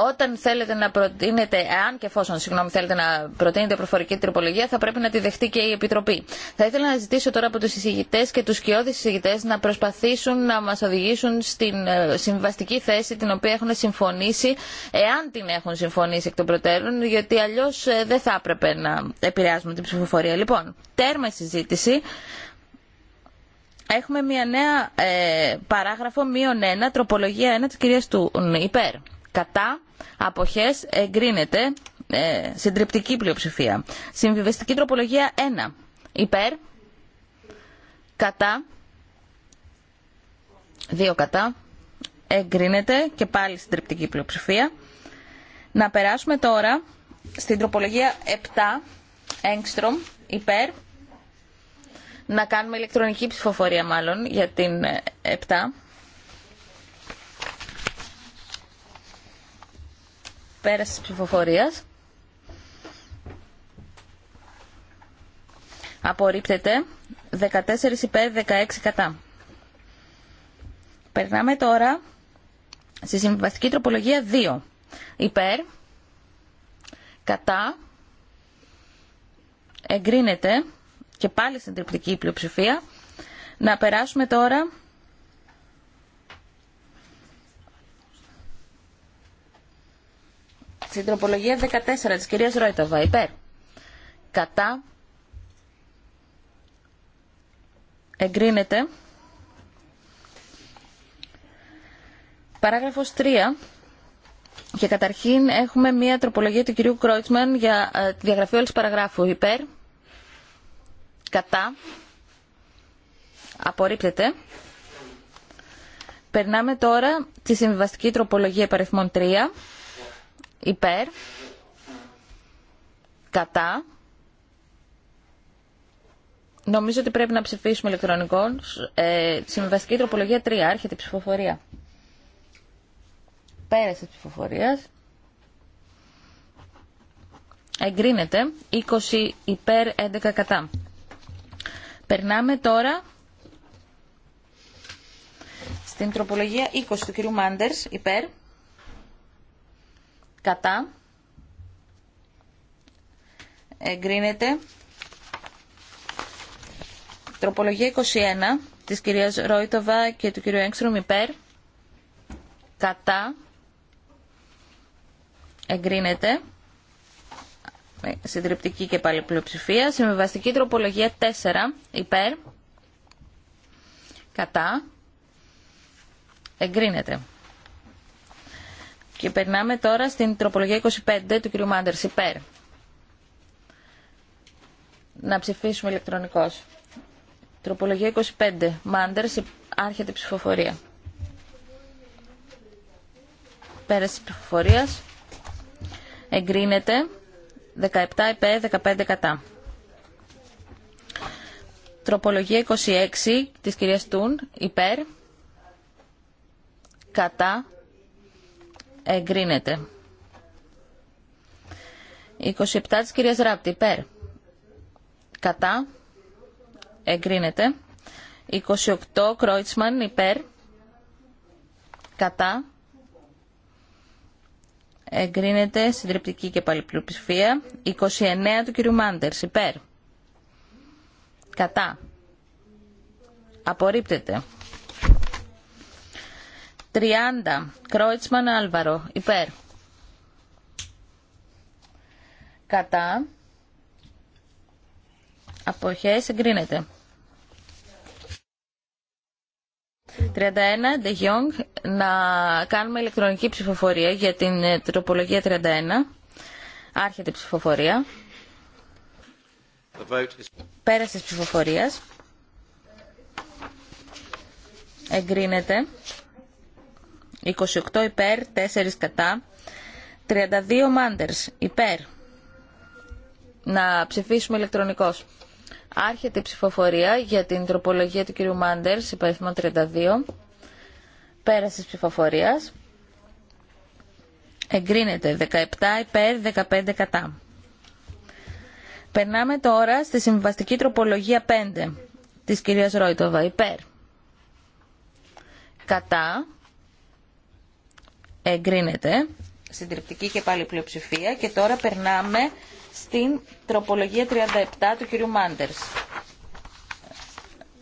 Όταν θέλετε να προτείνετε, εάν και εφόσον συγγνώμη, θέλετε να προτείνετε προφορική τροπολογία, θα πρέπει να τη δεχτεί και η Επιτροπή. Θα ήθελα να ζητήσω τώρα από του εισηγητέ και του κοιόδη συζητητέ να προσπαθήσουν να μα οδηγήσουν στην ε, συμβαστική θέση την οποία έχουν συμφωνήσει, εάν την έχουν συμφωνήσει εκ των προτέρων, γιατί αλλιώ ε, δεν θα έπρεπε να επηρεάζουμε την ψηφοφορία. Λοιπόν, τέρμα συζήτηση έχουμε μια νέα ε, παράγραφο μείον 1, τροπολογία 1 της κυρίας του υπέρ. Κατά, αποχές, εγκρίνεται, ε, συντριπτική πλειοψηφία. Συμβιβεστική τροπολογία 1, υπέρ, κατά, δύο κατά, εγκρίνεται και πάλι συντριπτική πλειοψηφία. Να περάσουμε τώρα στην τροπολογία 7, έγκστρομ, υπέρ, να κάνουμε ηλεκτρονική ψηφοφορία μάλλον για την 7. Ε, Πέραση της ψηφοφορίας. Απορρίπτεται 14 υπέρ 16 κατά. Περνάμε τώρα στη συμβαστική τροπολογία 2. Υπέρ, κατά, εγκρίνεται και πάλι συντριπτική πλειοψηφία. Να περάσουμε τώρα στην τροπολογία 14 της κυρίας Ρόιτοβα. Υπέρ. Κατά. Εγκρίνεται. Παράγραφος 3. Και καταρχήν έχουμε μία τροπολογία του κυρίου Κρόιτσμαν για ε, τη διαγραφή όλης παραγράφου. Υπέρ κατά απορρίπτεται περνάμε τώρα τη συμβιβαστική τροπολογία υπαριθμών 3 υπέρ κατά Νομίζω ότι πρέπει να ψηφίσουμε ηλεκτρονικό. Ε, συμβαστική τροπολογία 3. Άρχεται η ψηφοφορία. Πέρασε της ψηφοφορία. Εγκρίνεται. 20 υπέρ 11 κατά. Περνάμε τώρα στην τροπολογία 20 του κυρίου Μάντερς, υπέρ, κατά, εγκρίνεται, τροπολογία 21 της κυρίας Ρόιτοβα και του κυρίου Έγκστρομ, υπέρ, κατά, εγκρίνεται, συντριπτική και πάλι πλειοψηφία. Συμβιβαστική τροπολογία 4 υπέρ. Κατά. Εγκρίνεται. Και περνάμε τώρα στην τροπολογία 25 του κ. Μάντερς υπέρ. Να ψηφίσουμε ηλεκτρονικώς. Τροπολογία 25. Μάντερς άρχεται η ψηφοφορία. Πέραση ψηφοφορίας. Εγκρίνεται 17 υπέρ, 15 κατά. Τροπολογία 26 της κυρίας Τούν υπέρ, κατά, εγκρίνεται. 27 της κυρίας Ράπτη υπέρ, κατά, εγκρίνεται. 28 Κρόιτσμαν υπέρ, κατά, Εγκρίνεται συντριπτική και πάλι 29 του κυρίου Μάντερς. Υπέρ. Κατά. Απορρίπτεται. 30. Κρόιτσμαν Άλβαρο. Υπέρ. Κατά. Αποχές εγκρίνεται. 31, De Jong, να κάνουμε ηλεκτρονική ψηφοφορία για την ε, τροπολογία 31. Άρχεται η ψηφοφορία. Is... ψηφοφορίας. Εγκρίνεται. 28 υπέρ, 4 κατά. 32 μάντερς υπέρ. Να ψηφίσουμε ηλεκτρονικός. Άρχεται η ψηφοφορία για την τροπολογία του κυρίου σε υπαριθμό 32. Πέραση ψηφοφορίας. Εγκρίνεται 17 υπέρ 15 κατά. Περνάμε τώρα στη συμβαστική τροπολογία 5 της κυρίας Ρόιτοβα. Υπέρ. Κατά. Εγκρίνεται. Συντριπτική και πάλι πλειοψηφία. Και τώρα περνάμε στην τροπολογία 37 του κυρίου Μάντερς.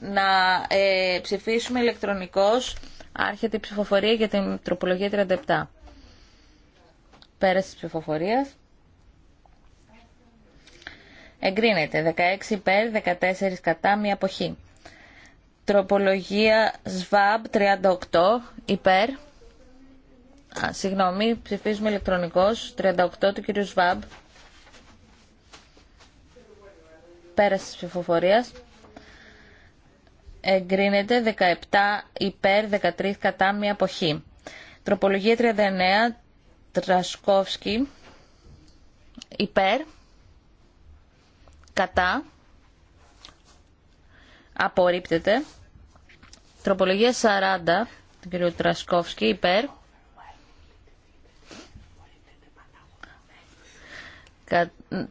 Να ε, ψηφίσουμε ηλεκτρονικώς. Άρχεται η ψηφοφορία για την τροπολογία 37. Πέραση της ψηφοφορίας. Εγκρίνεται. 16 υπέρ, 14 κατά, μία αποχή. Τροπολογία ΣΒΑΜ 38 υπέρ. Α, συγγνώμη, ψηφίζουμε ηλεκτρονικώς. 38 του κυρίου ΣΒΑΜ. Πέραση της ψηφοφορίας εγκρίνεται 17 υπέρ 13 κατά μία αποχή. Τροπολογία 39 Τρασκόφσκι υπέρ κατά απορρίπτεται. Τροπολογία 40 του κ. Τρασκόφσκι υπέρ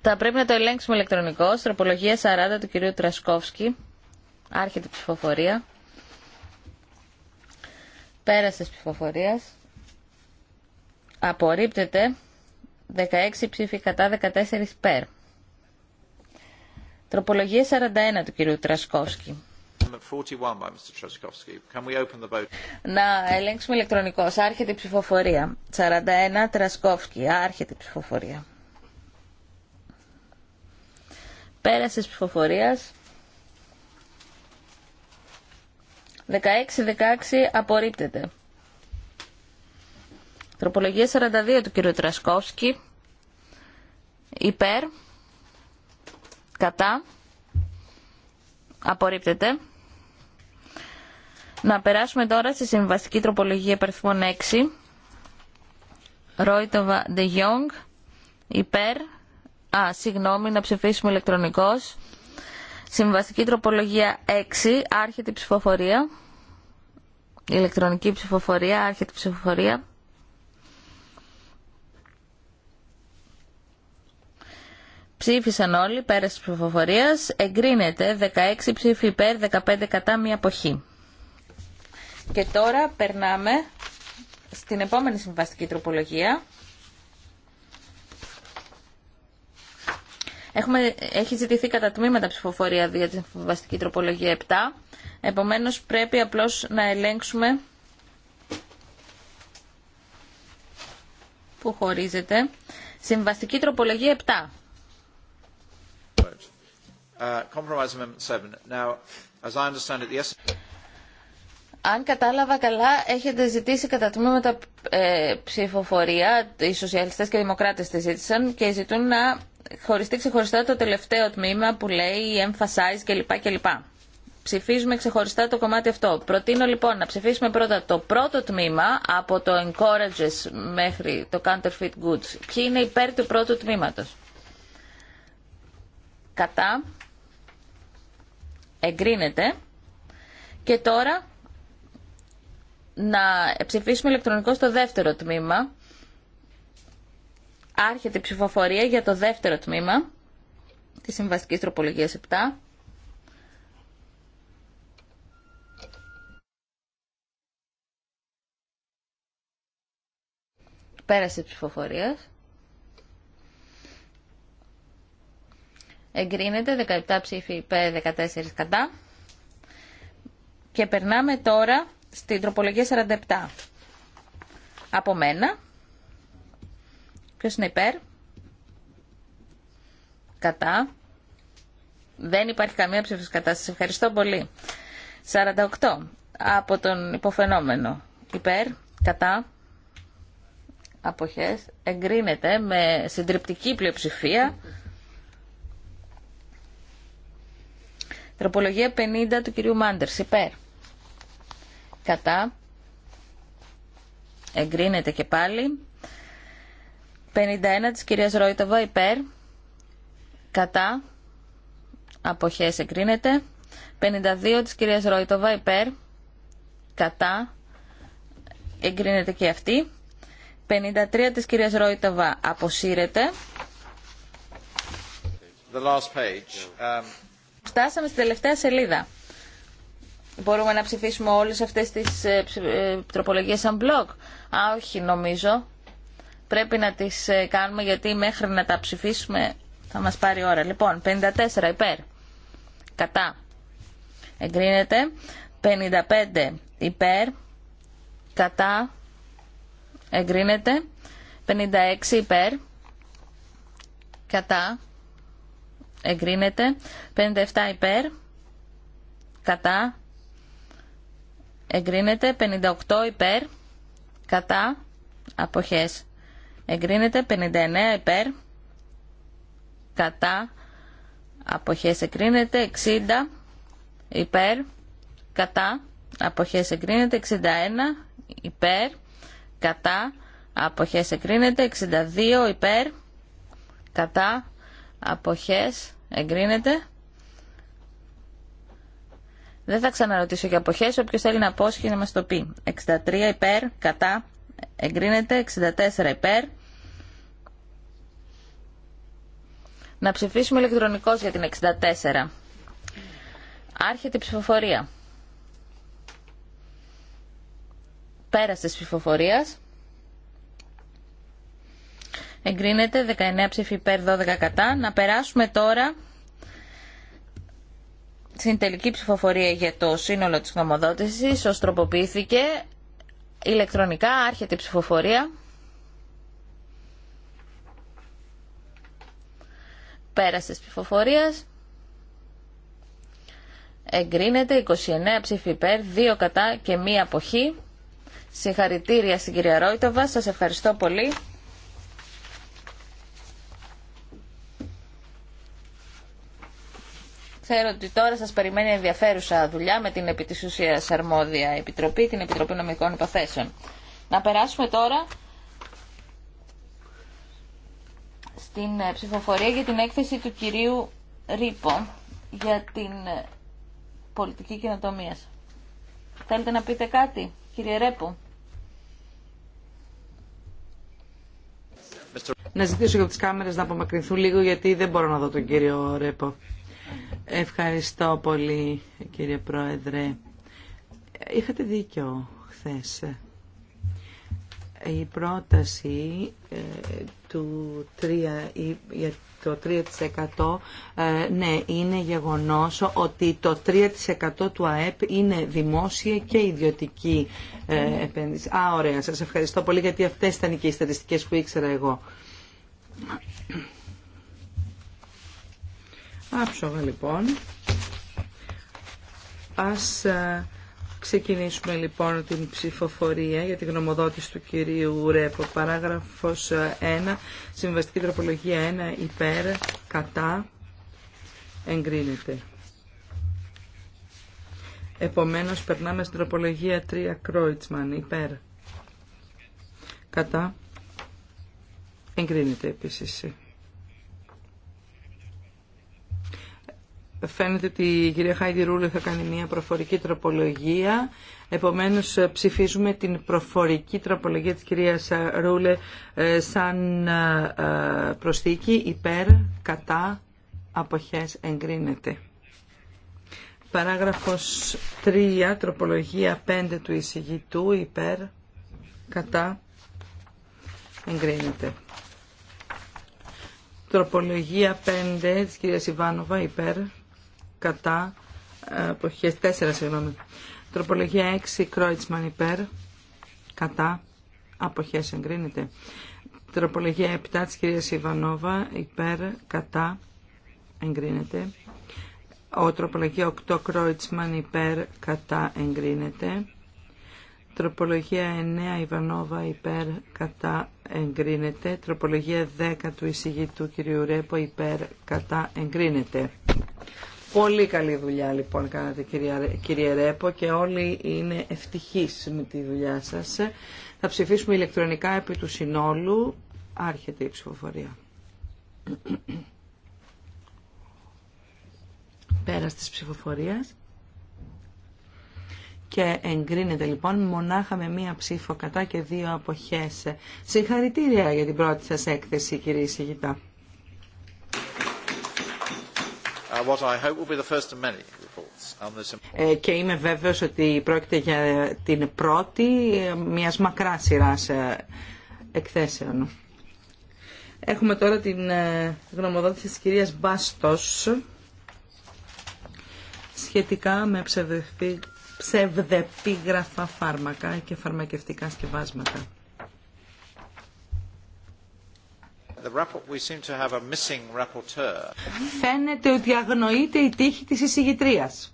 Θα πρέπει να το ελέγξουμε ηλεκτρονικώς. Τροπολογία 40 του κυρίου Τρασκόφσκι. Άρχεται ψηφοφορία. Πέρασε ψηφοφορίας. Απορρίπτεται 16 ψήφοι κατά 14 πέρ. Τροπολογία 41 του κυρίου Τρασκόφσκι. Να ελέγξουμε ηλεκτρονικώς. Άρχεται η ψηφοφορία. 41 Τρασκόφσκι. Άρχεται η ψηφοφορία. Πέρας ψηφοφορια ψηφοφορίας. 16-16 απορρίπτεται. Τροπολογία 42 του κ. Τρασκόφσκι. Υπέρ. Κατά. Απορρίπτεται. Να περάσουμε τώρα στη συμβαστική τροπολογία υπερθμών 6. Ρόιτοβα Ντε Υπέρ. Α, συγγνώμη, να ψηφίσουμε ηλεκτρονικώς. Συμβαστική τροπολογία 6, άρχεται η ψηφοφορία. Ηλεκτρονική ψηφοφορία, άρχεται η ψηφοφορία. Ψήφισαν όλοι, πέρες της ψηφοφορίας. Εγκρίνεται 16 ψήφοι υπέρ, 15 κατά, μία αποχή. Και τώρα περνάμε στην επόμενη συμβαστική τροπολογία. Έχουμε, έχει ζητηθεί κατά τμήματα ψηφοφορία για την συμβαστική τροπολογία 7. Επομένως πρέπει απλώς να ελέγξουμε που χωρίζεται. Συμβαστική τροπολογία 7. Uh, Αν κατάλαβα καλά, έχετε ζητήσει κατά τμήματα ε, ψηφοφορία, οι σοσιαλιστές και οι δημοκράτες τη ζήτησαν και ζητούν να χωριστεί ξεχωριστά το τελευταίο τμήμα που λέει emphasize κλπ. κλπ. Ψηφίζουμε ξεχωριστά το κομμάτι αυτό. Προτείνω λοιπόν να ψηφίσουμε πρώτα το πρώτο τμήμα από το encourages μέχρι το counterfeit goods. Ποιοι είναι υπέρ του πρώτου τμήματος. Κατά. Εγκρίνεται. Και τώρα να ψηφίσουμε ηλεκτρονικό στο δεύτερο τμήμα Άρχεται η ψηφοφορία για το δεύτερο τμήμα τη συμβαστική τροπολογία 7. Πέρασε ψηφοφορία. Εγκρίνεται 17 ψήφοι υπέρ 14 κατά. Και περνάμε τώρα στην τροπολογία 47. Από μένα. Ποιο είναι υπέρ. Κατά. Δεν υπάρχει καμία ψήφος κατά. Σας ευχαριστώ πολύ. 48. Από τον υποφαινόμενο. Υπέρ. Κατά. Αποχές. Εγκρίνεται με συντριπτική πλειοψηφία. Τροπολογία 50 του κυρίου Μάντερ. Υπέρ. Κατά. Εγκρίνεται και πάλι. 51 της κυρίας Ρόιτοβα υπέρ, κατά, αποχές εγκρίνεται. 52 της κυρίας Ρόιτοβα υπέρ, κατά, εγκρίνεται και αυτή. 53 της κυρίας Ρόιτοβα αποσύρεται. The last page. Um, Φτάσαμε στη τελευταία σελίδα. Μπορούμε να ψηφίσουμε όλες αυτές τις ε, ε τροπολογίες σαν blog. Α, όχι, νομίζω πρέπει να τις ε, κάνουμε γιατί μέχρι να τα ψηφίσουμε θα μας πάρει ώρα. Λοιπόν, 54 υπέρ. Κατά. Εγκρίνεται. 55 υπέρ. Κατά. Εγκρίνεται. 56 υπέρ. Κατά. Εγκρίνεται. 57 υπέρ. Κατά. Εγκρίνεται. 58 υπέρ. Κατά. Αποχές εγκρίνεται 59 υπέρ κατά αποχές εγκρίνεται 60 υπέρ κατά αποχές εγκρίνεται 61 υπέρ κατά αποχές εγκρίνεται 62 υπέρ κατά αποχές εγκρίνεται δεν θα ξαναρωτήσω για αποχές όποιος θέλει να απόσχει να μας το πει 63 υπέρ κατά εγκρίνεται 64 υπέρ. Να ψηφίσουμε ηλεκτρονικώς για την 64. Άρχεται η ψηφοφορία. Πέρας της ψηφοφορίας. Εγκρίνεται 19 ψήφι υπέρ 12 κατά. Να περάσουμε τώρα στην τελική ψηφοφορία για το σύνολο της γνωμοδότησης. Ως τροποποιήθηκε ηλεκτρονικά άρχεται η ψηφοφορία. Πέρασε της ψηφοφορίας. Εγκρίνεται 29 ψήφοι υπέρ, 2 κατά και 1 αποχή. Συγχαρητήρια στην κυρία Ρόιτοβα. Σας ευχαριστώ πολύ. Ξέρω ότι τώρα σας περιμένει ενδιαφέρουσα δουλειά με την επί της αρμόδια επιτροπή, την Επιτροπή Νομικών Υποθέσεων. Να περάσουμε τώρα στην ε, ψηφοφορία για την έκθεση του κυρίου Ρίπο για την ε, πολιτική καινοτομία. Θέλετε να πείτε κάτι, κύριε Ρέπο. Να ζητήσω από τις κάμερες να απομακρυνθούν λίγο γιατί δεν μπορώ να δω τον κύριο Ρέπο. Ευχαριστώ πολύ κύριε Πρόεδρε. Είχατε δίκιο χθες. Η πρόταση ε, του 3, για το 3% ε, ναι, είναι γεγονός ότι το 3% του ΑΕΠ είναι δημόσια και ιδιωτική ε, επένδυση. Α, ωραία. Σας ευχαριστώ πολύ γιατί αυτές ήταν και οι στατιστικές που ήξερα εγώ. Άψογα λοιπόν. Ας ε, ξεκινήσουμε λοιπόν την ψηφοφορία για την γνωμοδότηση του κυρίου Ρέπο. Παράγραφος 1, ε, συμβαστική τροπολογία 1, υπέρ, κατά, εγκρίνεται. Επομένως περνάμε στην τροπολογία 3, Κρόιτσμαν, υπέρ, κατά, εγκρίνεται επίσης. Φαίνεται ότι η κυρία Χάιντι Ρούλε θα κάνει μια προφορική τροπολογία. Επομένως ψηφίζουμε την προφορική τροπολογία της κυρίας Ρούλε ε, σαν ε, προσθήκη υπέρ, κατά, αποχές εγκρίνεται. Παράγραφος 3, τροπολογία 5 του εισηγητού, υπέρ, κατά, εγκρίνεται. Τροπολογία 5 της κυρίας Ιβάνοβα, υπέρ, κατά 4 ε, συγγνώμη τροπολογία 6 Κρόιτσμαν υπέρ κατά αποχές εγκρίνεται τροπολογία 7 τη κυρίας Ιβανόβα υπέρ κατά εγκρίνεται ο τροπολογία 8 Κρόιτσμαν υπέρ κατά εγκρίνεται Τροπολογία 9 Ιβανόβα υπέρ κατά εγκρίνεται. Τροπολογία 10 του εισηγητού κυρίου Ρέπο υπέρ κατά εγκρίνεται. Πολύ καλή δουλειά λοιπόν κάνατε κυρία, κύριε Ρέπο και όλοι είναι ευτυχείς με τη δουλειά σας. Θα ψηφίσουμε ηλεκτρονικά επί του συνόλου. Άρχεται η ψηφοφορία. Πέρας της ψηφοφορίας. Και εγκρίνεται λοιπόν μονάχα με μία ψήφο κατά και δύο αποχές. Συγχαρητήρια για την πρώτη σας έκθεση κύριε Σιγητά και είμαι βέβαιος ότι πρόκειται για την πρώτη ε, μιας μακράς σειράς ε, εκθέσεων. Έχουμε τώρα την ε, γνωμοδότηση της κυρίας Μπάστος σχετικά με ψευδεπίγραφα φάρμακα και φαρμακευτικά σκευάσματα. Φαίνεται ότι αγνοείται η τύχη της εισηγητρίας.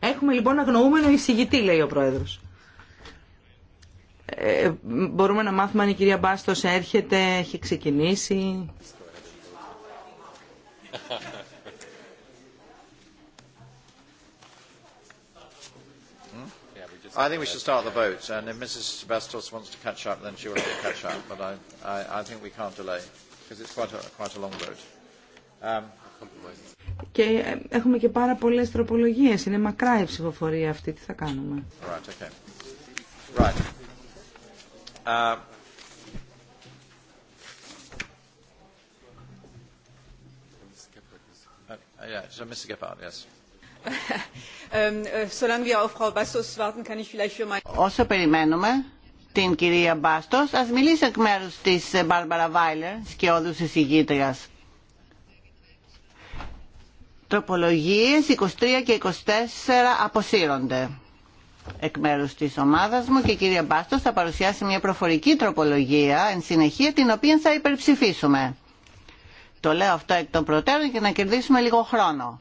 Έχουμε λοιπόν αγνοούμενο εισηγητή, λέει ο Πρόεδρος. Ε, μπορούμε να μάθουμε αν η κυρία Μπάστος έρχεται, έχει ξεκινήσει. I think we should start the vote, and if Mrs. Sebastos wants to catch up, then she will have to catch up, but I, I, I think we can't delay, because it's quite a, quite a long vote. Um, και έχουμε και πάρα πολλές τροπολογίες. Είναι μακρά η ψηφοφορία αυτή. Τι θα κάνουμε. Right, okay. Right. Uh, yeah, so Mr. Gephardt, yes. Όσο περιμένουμε την κυρία Μπάστος, ας μιλήσει εκ μέρους της ε, Μπάρμπαρα Βάιλερ, σκιώδους εισηγήτριας. Τροπολογίες 23 και 24 αποσύρονται εκ μέρους της ομάδας μου και η κυρία Μπάστος θα παρουσιάσει μια προφορική τροπολογία εν συνεχεία την οποία θα υπερψηφίσουμε. Το λέω αυτό εκ των προτέρων για να κερδίσουμε λίγο χρόνο.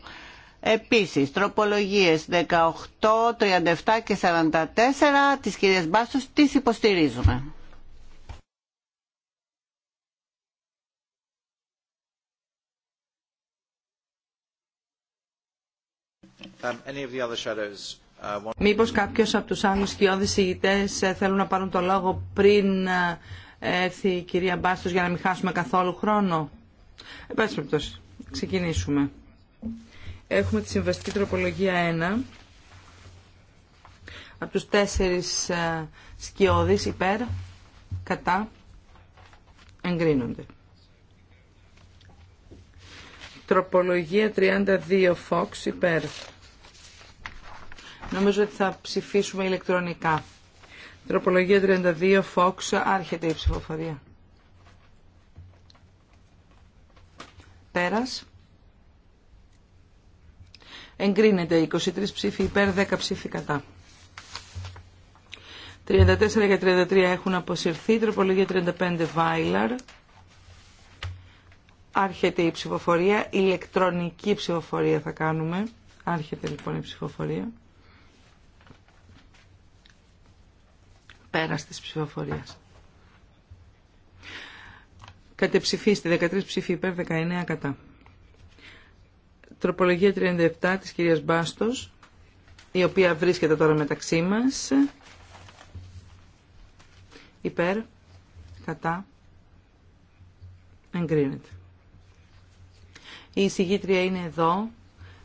Επίσης, τροπολογίες 18, 37 και 44 της κυρίας Μπάστος τις υποστηρίζουμε. Um, uh, Μήπως κάποιος από τους άλλους σκιώδης ηγητές ε, θέλουν να πάρουν το λόγο πριν ε, έρθει η κυρία Μπάστος για να μην χάσουμε καθόλου χρόνο. Επίσης, ξεκινήσουμε. Έχουμε τη συμβαστική τροπολογία 1 από τους τέσσερις ε, σκιώδεις υπέρ, κατά, εγκρίνονται. Τροπολογία 32 Fox υπέρ. Νομίζω ότι θα ψηφίσουμε ηλεκτρονικά. Τροπολογία 32 Fox άρχεται η ψηφοφορία. Πέρας. Εγκρίνεται 23 ψήφοι υπέρ, 10 ψήφοι κατά. 34 και 33 έχουν αποσυρθεί. Τροπολογία 35 Βάιλαρ. Άρχεται η ψηφοφορία. Ηλεκτρονική ψηφοφορία θα κάνουμε. Άρχεται λοιπόν η ψηφοφορία. Πέρας της ψηφοφορίας. Κατεψηφίστε 13 ψήφοι υπέρ 19 κατά. Τροπολογία 37 της κυρίας Μπάστος, η οποία βρίσκεται τώρα μεταξύ μας. Υπέρ, κατά, εγκρίνεται. Η εισηγήτρια είναι εδώ.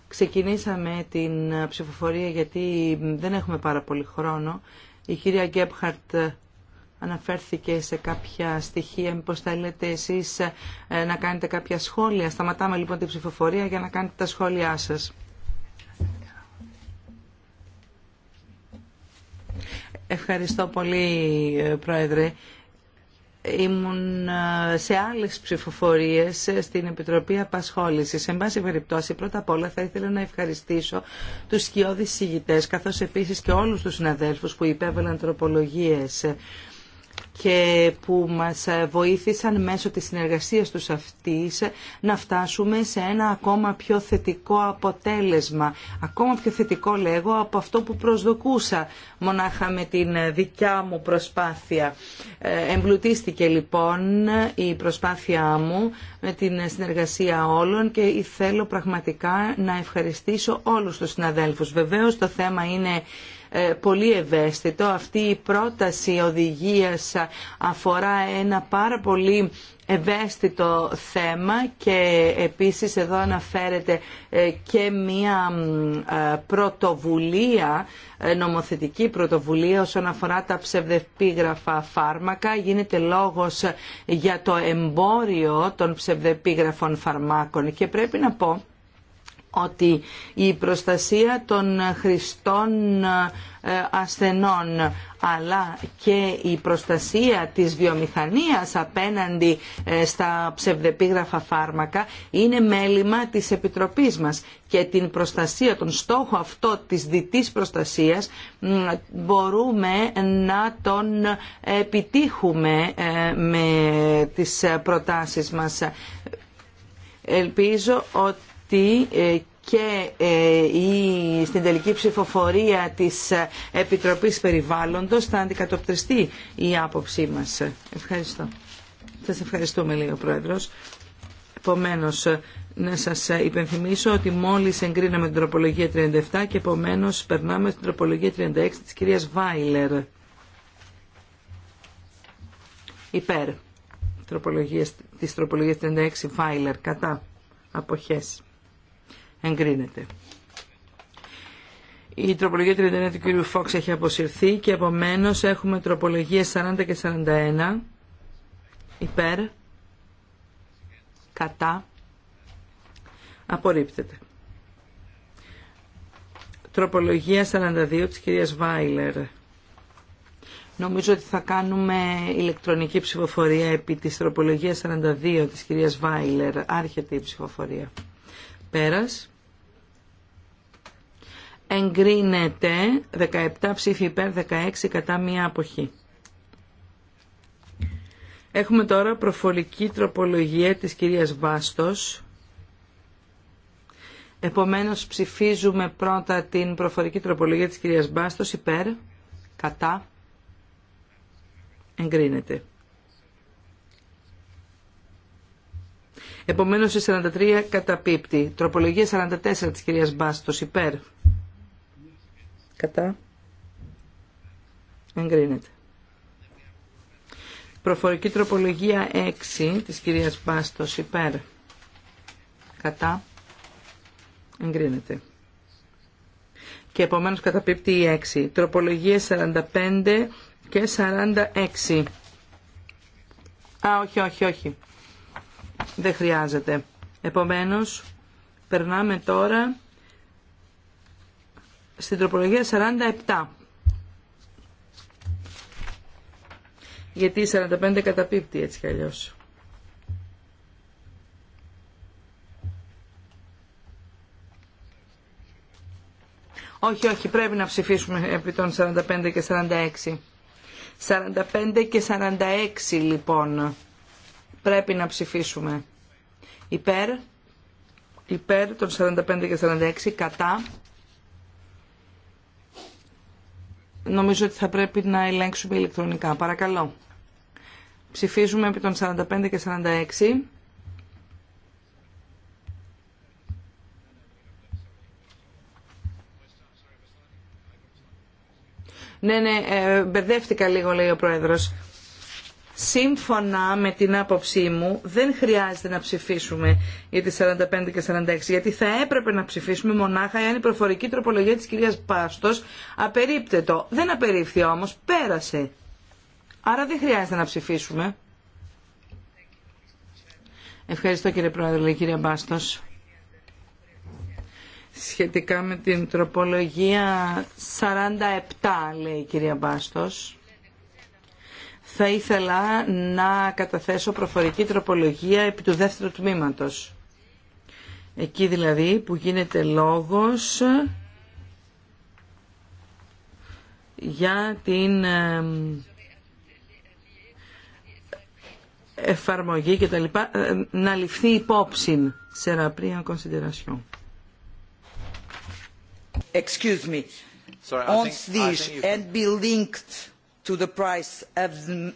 Ξεκινήσαμε την ψηφοφορία γιατί δεν έχουμε πάρα πολύ χρόνο. Η κυρία Γκέπχαρτ αναφέρθηκε σε κάποια στοιχεία. Μήπως θέλετε εσείς ε, να κάνετε κάποια σχόλια. Σταματάμε λοιπόν την ψηφοφορία για να κάνετε τα σχόλιά σας. Ευχαριστώ πολύ, ε, Πρόεδρε. Ήμουν ε, σε άλλες ψηφοφορίες στην Επιτροπή Απασχόλησης. Σε πάση περιπτώσει, πρώτα απ' όλα θα ήθελα να ευχαριστήσω τους σκιώδεις συγητές, καθώς επίσης και όλους τους συναδέλφους που υπέβαλαν τροπολογίες και που μας βοήθησαν μέσω της συνεργασίας τους αυτής να φτάσουμε σε ένα ακόμα πιο θετικό αποτέλεσμα. Ακόμα πιο θετικό λέγω από αυτό που προσδοκούσα μονάχα με την δικιά μου προσπάθεια. Ε, εμπλουτίστηκε λοιπόν η προσπάθειά μου με την συνεργασία όλων και θέλω πραγματικά να ευχαριστήσω όλους τους συναδέλφους. Βεβαίως το θέμα είναι ε, πολύ ευαίσθητο. Αυτή η πρόταση οδηγίας αφορά ένα πάρα πολύ ευαίσθητο θέμα και επίσης εδώ αναφέρεται ε, και μία ε, πρωτοβουλία, νομοθετική πρωτοβουλία όσον αφορά τα ψευδεπίγραφα φάρμακα. Γίνεται λόγος για το εμπόριο των ψευδεπίγραφων φαρμάκων και πρέπει να πω ότι η προστασία των χρηστών ε, ασθενών αλλά και η προστασία της βιομηχανίας απέναντι ε, στα ψευδεπίγραφα φάρμακα είναι μέλημα της Επιτροπής μας και την προστασία, τον στόχο αυτό της διτής προστασίας μπορούμε να τον επιτύχουμε ε, με τις προτάσεις μας. Ελπίζω ότι ε, και ε, η, στην τελική ψηφοφορία της Επιτροπής Περιβάλλοντος θα αντικατοπτριστεί η άποψή μας. Ευχαριστώ. Σας ευχαριστούμε λέει ο Πρόεδρος. Επομένως, να σας υπενθυμίσω ότι μόλις εγκρίναμε την τροπολογία 37 και επομένως περνάμε στην τροπολογία 36 της κυρίας Βάιλερ. Υπέρ της τροπολογίας 36 Βάιλερ κατά αποχές εγκρίνεται. Η τροπολογία 39 του κύριου Φόξ έχει αποσυρθεί και επομένως έχουμε τροπολογίες 40 και 41 υπέρ, κατά, απορρίπτεται. Τροπολογία 42 της κυρίας Βάιλερ. Νομίζω ότι θα κάνουμε ηλεκτρονική ψηφοφορία επί της τροπολογίας 42 της κυρίας Βάιλερ. Άρχεται η ψηφοφορία. Πέρας εγκρίνεται 17 ψήφι υπέρ 16 κατά μία αποχή. Έχουμε τώρα προφορική τροπολογία της κυρίας Βάστος. Επομένως ψηφίζουμε πρώτα την προφορική τροπολογία της κυρίας Βάστος υπέρ, κατά, εγκρίνεται. Επομένως η 43 καταπίπτει. Τροπολογία 44 της κυρίας Μπάστος υπέρ κατά εγκρίνεται. Προφορική τροπολογία 6 της κυρίας Μπάστος υπέρ κατά εγκρίνεται. Και επομένως καταπίπτει η 6. Τροπολογία 45 και 46. Α, όχι, όχι, όχι. Δεν χρειάζεται. Επομένως, περνάμε τώρα στην τροπολογία 47. Γιατί η 45 καταπίπτει έτσι κι αλλιώς. Όχι, όχι, πρέπει να ψηφίσουμε επί των 45 και 46. 45 και 46 λοιπόν πρέπει να ψηφίσουμε. Υπέρ, υπέρ των 45 και 46, κατά, νομίζω ότι θα πρέπει να ελέγξουμε ηλεκτρονικά. Παρακαλώ. Ψηφίζουμε επί των 45 και 46. Ναι, ναι, ε, μπερδεύτηκα λίγο, λέει ο Πρόεδρος. Σύμφωνα με την άποψή μου, δεν χρειάζεται να ψηφίσουμε για τις 45 και 46, γιατί θα έπρεπε να ψηφίσουμε μονάχα εάν η προφορική τροπολογία της κυρίας Πάστος απερίπτετο. Δεν απερίφθη όμως, πέρασε. Άρα δεν χρειάζεται να ψηφίσουμε. Ευχαριστώ κύριε Πρόεδρε, κυρία Πάστος. Σχετικά με την τροπολογία 47, λέει η κυρία Μπάστο θα ήθελα να καταθέσω προφορική τροπολογία επί του δεύτερου τμήματος. Εκεί δηλαδή που γίνεται λόγος για την εφαρμογή και τα λοιπά, να ληφθεί υπόψη σε ραπρία κονσιντερασιόν. Excuse me. Sorry, I and be linked to the price of the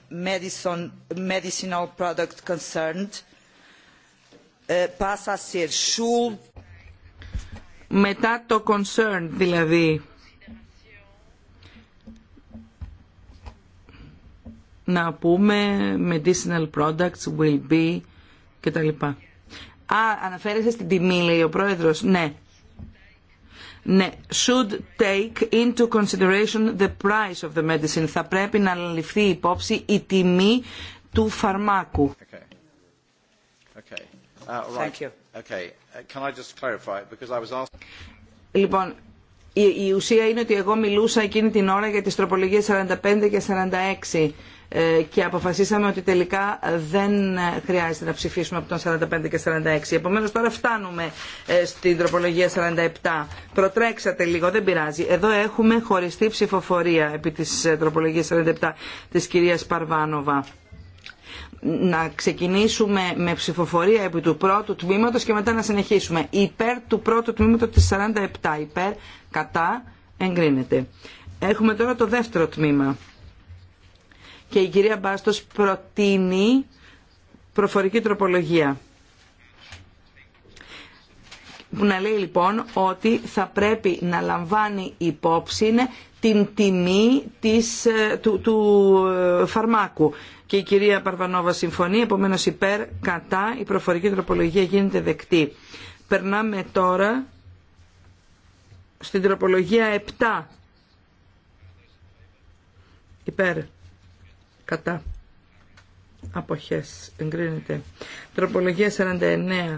medicinal product concerned passa a ser should μετά το concern δηλαδή να πούμε medicinal products will be κτλ. Α, αναφέρεσαι στην τιμή λέει ο πρόεδρος. Ναι. Ναι, should take into consideration the price of the medicine. Θα πρέπει να ληφθεί υπόψη η τιμή του φαρμάκου. Okay. Okay. Uh, right. Thank you. Okay. Can I just clarify? Because I was asked... Λοιπόν, η, η ουσία είναι ότι εγώ μιλούσα εκείνη την ώρα για τις τροπολογίες 45 και 46 ε, και αποφασίσαμε ότι τελικά δεν χρειάζεται να ψηφίσουμε από τον 45 και 46. Επομένως τώρα φτάνουμε ε, στην τροπολογία 47. Προτρέξατε λίγο, δεν πειράζει. Εδώ έχουμε χωριστή ψηφοφορία επί της ε, τροπολογίας 47 της κυρίας Παρβάνοβα να ξεκινήσουμε με ψηφοφορία επί του πρώτου τμήματος και μετά να συνεχίσουμε. Υπέρ του πρώτου τμήματος της 47, υπέρ, κατά, εγκρίνεται. Έχουμε τώρα το δεύτερο τμήμα και η κυρία Μπάστος προτείνει προφορική τροπολογία που να λέει λοιπόν ότι θα πρέπει να λαμβάνει υπόψη την τιμή της, ε, του, του ε, φαρμάκου. Και η κυρία Παρβανόβα συμφωνεί, επομένως υπέρ, κατά, η προφορική τροπολογία γίνεται δεκτή. Περνάμε τώρα στην τροπολογία 7. Υπέρ κατά αποχές εγκρίνεται τροπολογία 49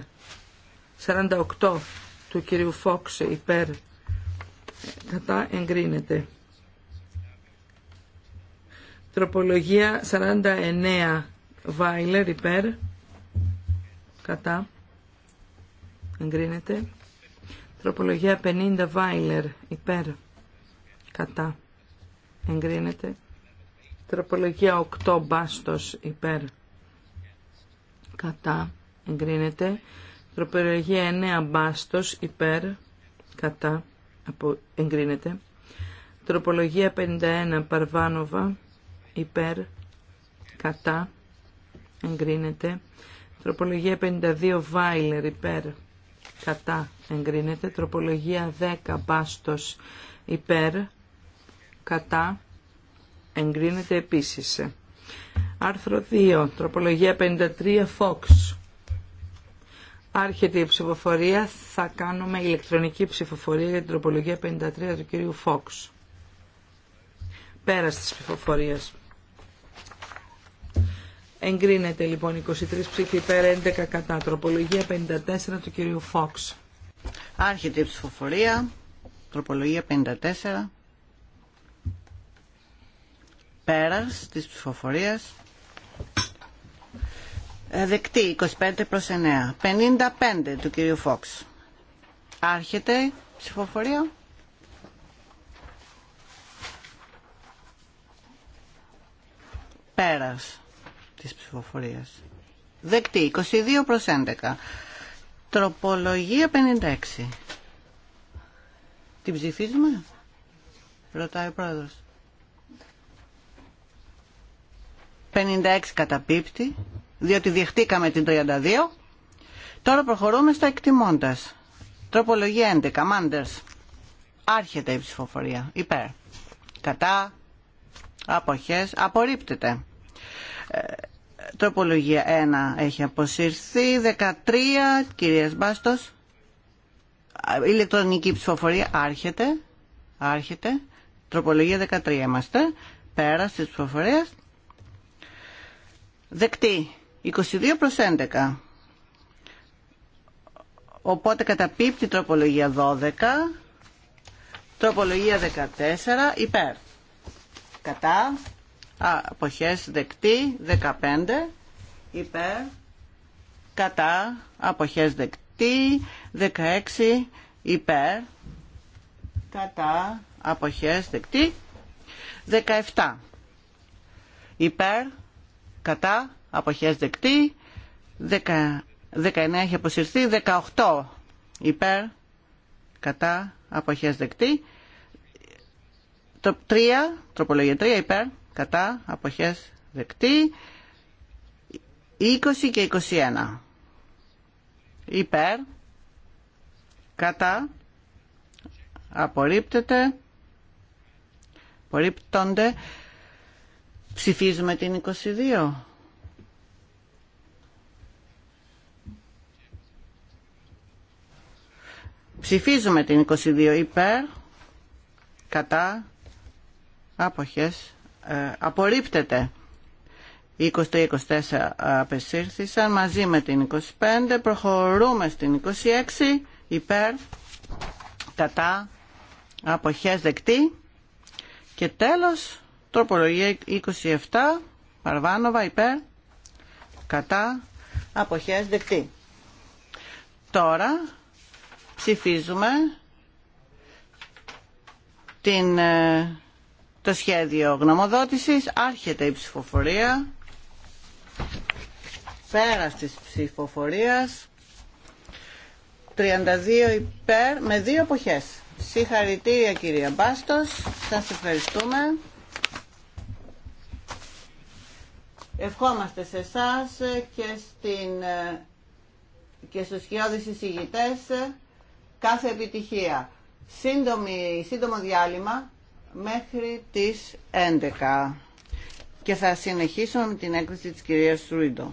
48 του κυρίου Φόξ υπέρ κατά εγκρίνεται τροπολογία 49 Βάιλερ υπέρ κατά εγκρίνεται τροπολογία 50 Βάιλερ υπέρ κατά εγκρίνεται Τροπολογία 8 μπάστος υπέρ κατά εγκρίνεται. Τροπολογία 9 μπάστος υπέρ κατά απο, εγκρίνεται. Τροπολογία 51 παρβάνοβα υπέρ κατά εγκρίνεται. Τροπολογία 52 Βάιλερ υπέρ κατά εγκρίνεται. Τροπολογία 10 Μπάστος υπέρ κατά εγκρίνεται επίσης. Άρθρο 2, τροπολογία 53, Fox. Άρχεται η ψηφοφορία, θα κάνουμε ηλεκτρονική ψηφοφορία για την τροπολογία 53 του κυρίου Fox. Πέρας της ψηφοφορίας. Εγκρίνεται λοιπόν 23 ψήφοι πέρα 11 κατά. Τροπολογία 54 του κυρίου Φόξ. Άρχεται η ψηφοφορία. Τροπολογία 54 πέρας της ψηφοφορίας ε, δεκτή 25 προς 9 55 του κυρίου Φόξ άρχεται ψηφοφορία πέρας της ψηφοφορίας δεκτή 22 προς 11 τροπολογία 56 την ψηφίζουμε ρωτάει ο πρόεδρος 56 καταπίπτει, διότι διεχτήκαμε την 32. Τώρα προχωρούμε στα εκτιμώντα. Τροπολογία 11, Μάντερς. Άρχεται η ψηφοφορία. Υπέρ. Κατά. Αποχές. Απορρίπτεται. Ε, τροπολογία 1 έχει αποσυρθεί. 13, κυρίες Μπάστος. Ηλεκτρονική ψηφοφορία. Άρχεται. Άρχεται. Τροπολογία 13 είμαστε. πέρα τη ψηφοφορία. Δεκτή. 22 προς 11. Οπότε καταπίπτει τροπολογία 12. Τροπολογία 14. Υπέρ. Κατά. Α, αποχές δεκτή. 15. Υπέρ. Κατά. Αποχές δεκτή. 16. Υπέρ. Κατά. Αποχές δεκτή. 17. Υπέρ κατά, αποχές δεκτή, 19 έχει αποσυρθεί, 18 υπέρ, κατά, αποχές δεκτή, 3, τροπολογία 3 υπέρ, κατά, αποχές δεκτή, 20 και 21 υπέρ, κατά, απορρίπτεται, απορρίπτονται, Ψηφίζουμε την 22. Ψηφίζουμε την 22 υπέρ, κατά, άποχες, ε, απορρίπτεται. 20-24 απεσύρθησαν μαζί με την 25, προχωρούμε στην 26 υπέρ, κατά, αποχές δεκτή και τέλος Τροπολογία 27, Παρβάνοβα, υπέρ, κατά, αποχές, δεκτή. Τώρα ψηφίζουμε την, ε, το σχέδιο γνωμοδότησης. Άρχεται η ψηφοφορία. Πέρας της ψηφοφορίας. 32 υπέρ με δύο εποχές. Συγχαρητήρια κυρία Μπάστος. Σας ευχαριστούμε. Ευχόμαστε σε εσά και, στην, και στους χειώδεις εισηγητές κάθε επιτυχία. σύντομο διάλειμμα μέχρι τις 11 και θα συνεχίσουμε με την έκθεση της κυρίας Σουρίντο.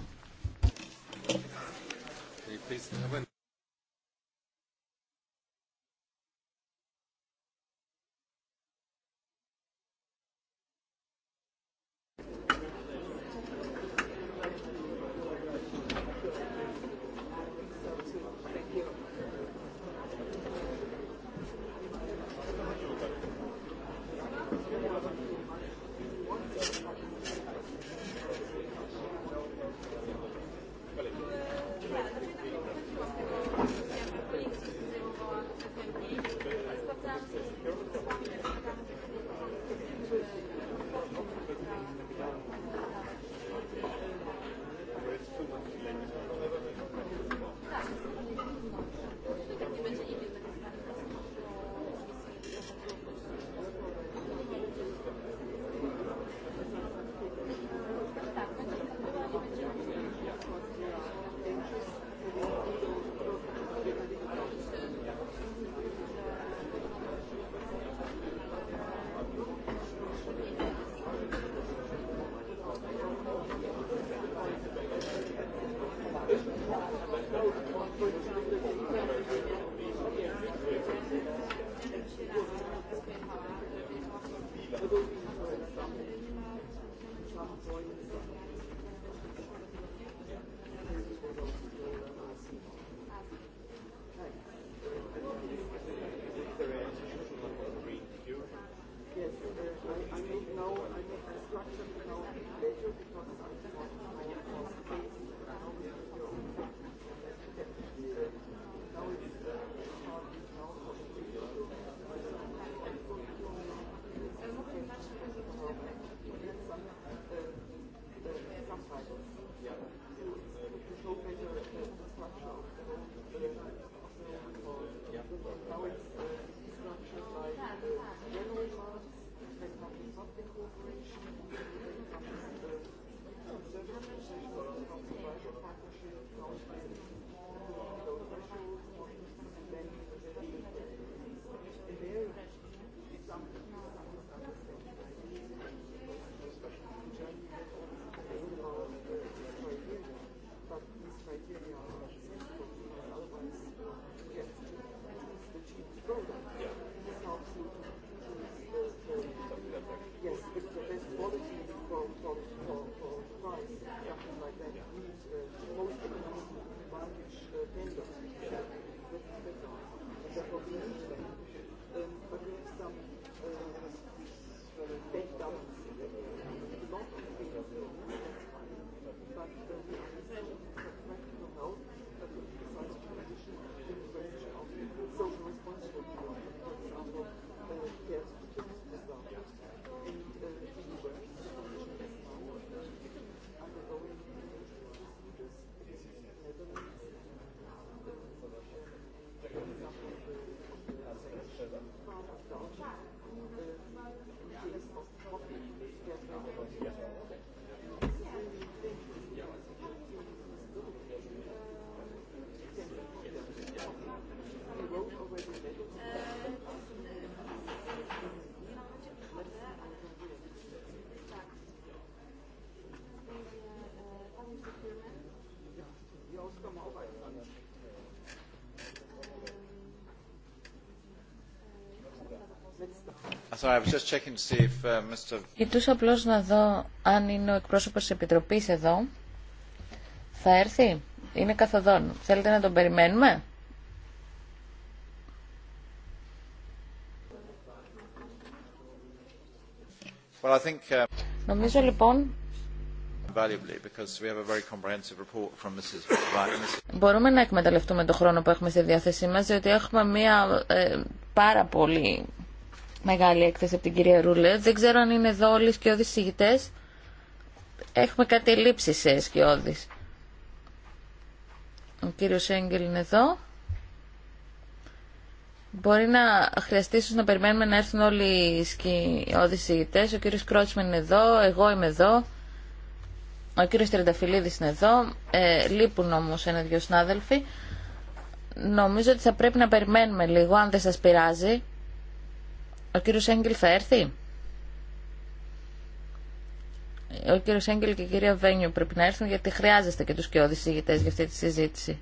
Κοιτούσα uh, απλώ να δω αν είναι ο εκπρόσωπο τη Επιτροπή εδώ. Θα έρθει. Είναι καθοδόν. Θέλετε να τον περιμένουμε. Uh, Νομίζω λοιπόν Μπορούμε να εκμεταλλευτούμε τον χρόνο που έχουμε στη διάθεσή μας, διότι έχουμε μία ε, πάρα πολύ μεγάλη έκθεση από την κυρία Ρούλε. Δεν ξέρω αν είναι εδώ όλοι οι σκιώδεις συγητές. Έχουμε κάτι λήψη σε σκιώδεις. Ο κύριος Έγγελ είναι εδώ. Μπορεί να χρειαστεί ίσως να περιμένουμε να έρθουν όλοι οι σκιώδεις συγητές. Ο κύριος Κρότσμεν είναι εδώ, εγώ είμαι εδώ. Ο κύριος τρενταφυλλιδης είναι εδώ. Ε, λείπουν όμως ένα-δυο συνάδελφοι. Νομίζω ότι θα πρέπει να περιμένουμε λίγο, αν δεν σας πειράζει. Ο κύριος Έγγελ θα έρθει. Ο κύριος Έγγελ και η κυρία Βένιου πρέπει να έρθουν γιατί χρειάζεστε και τους κοιόδης συζητητές για αυτή τη συζήτηση.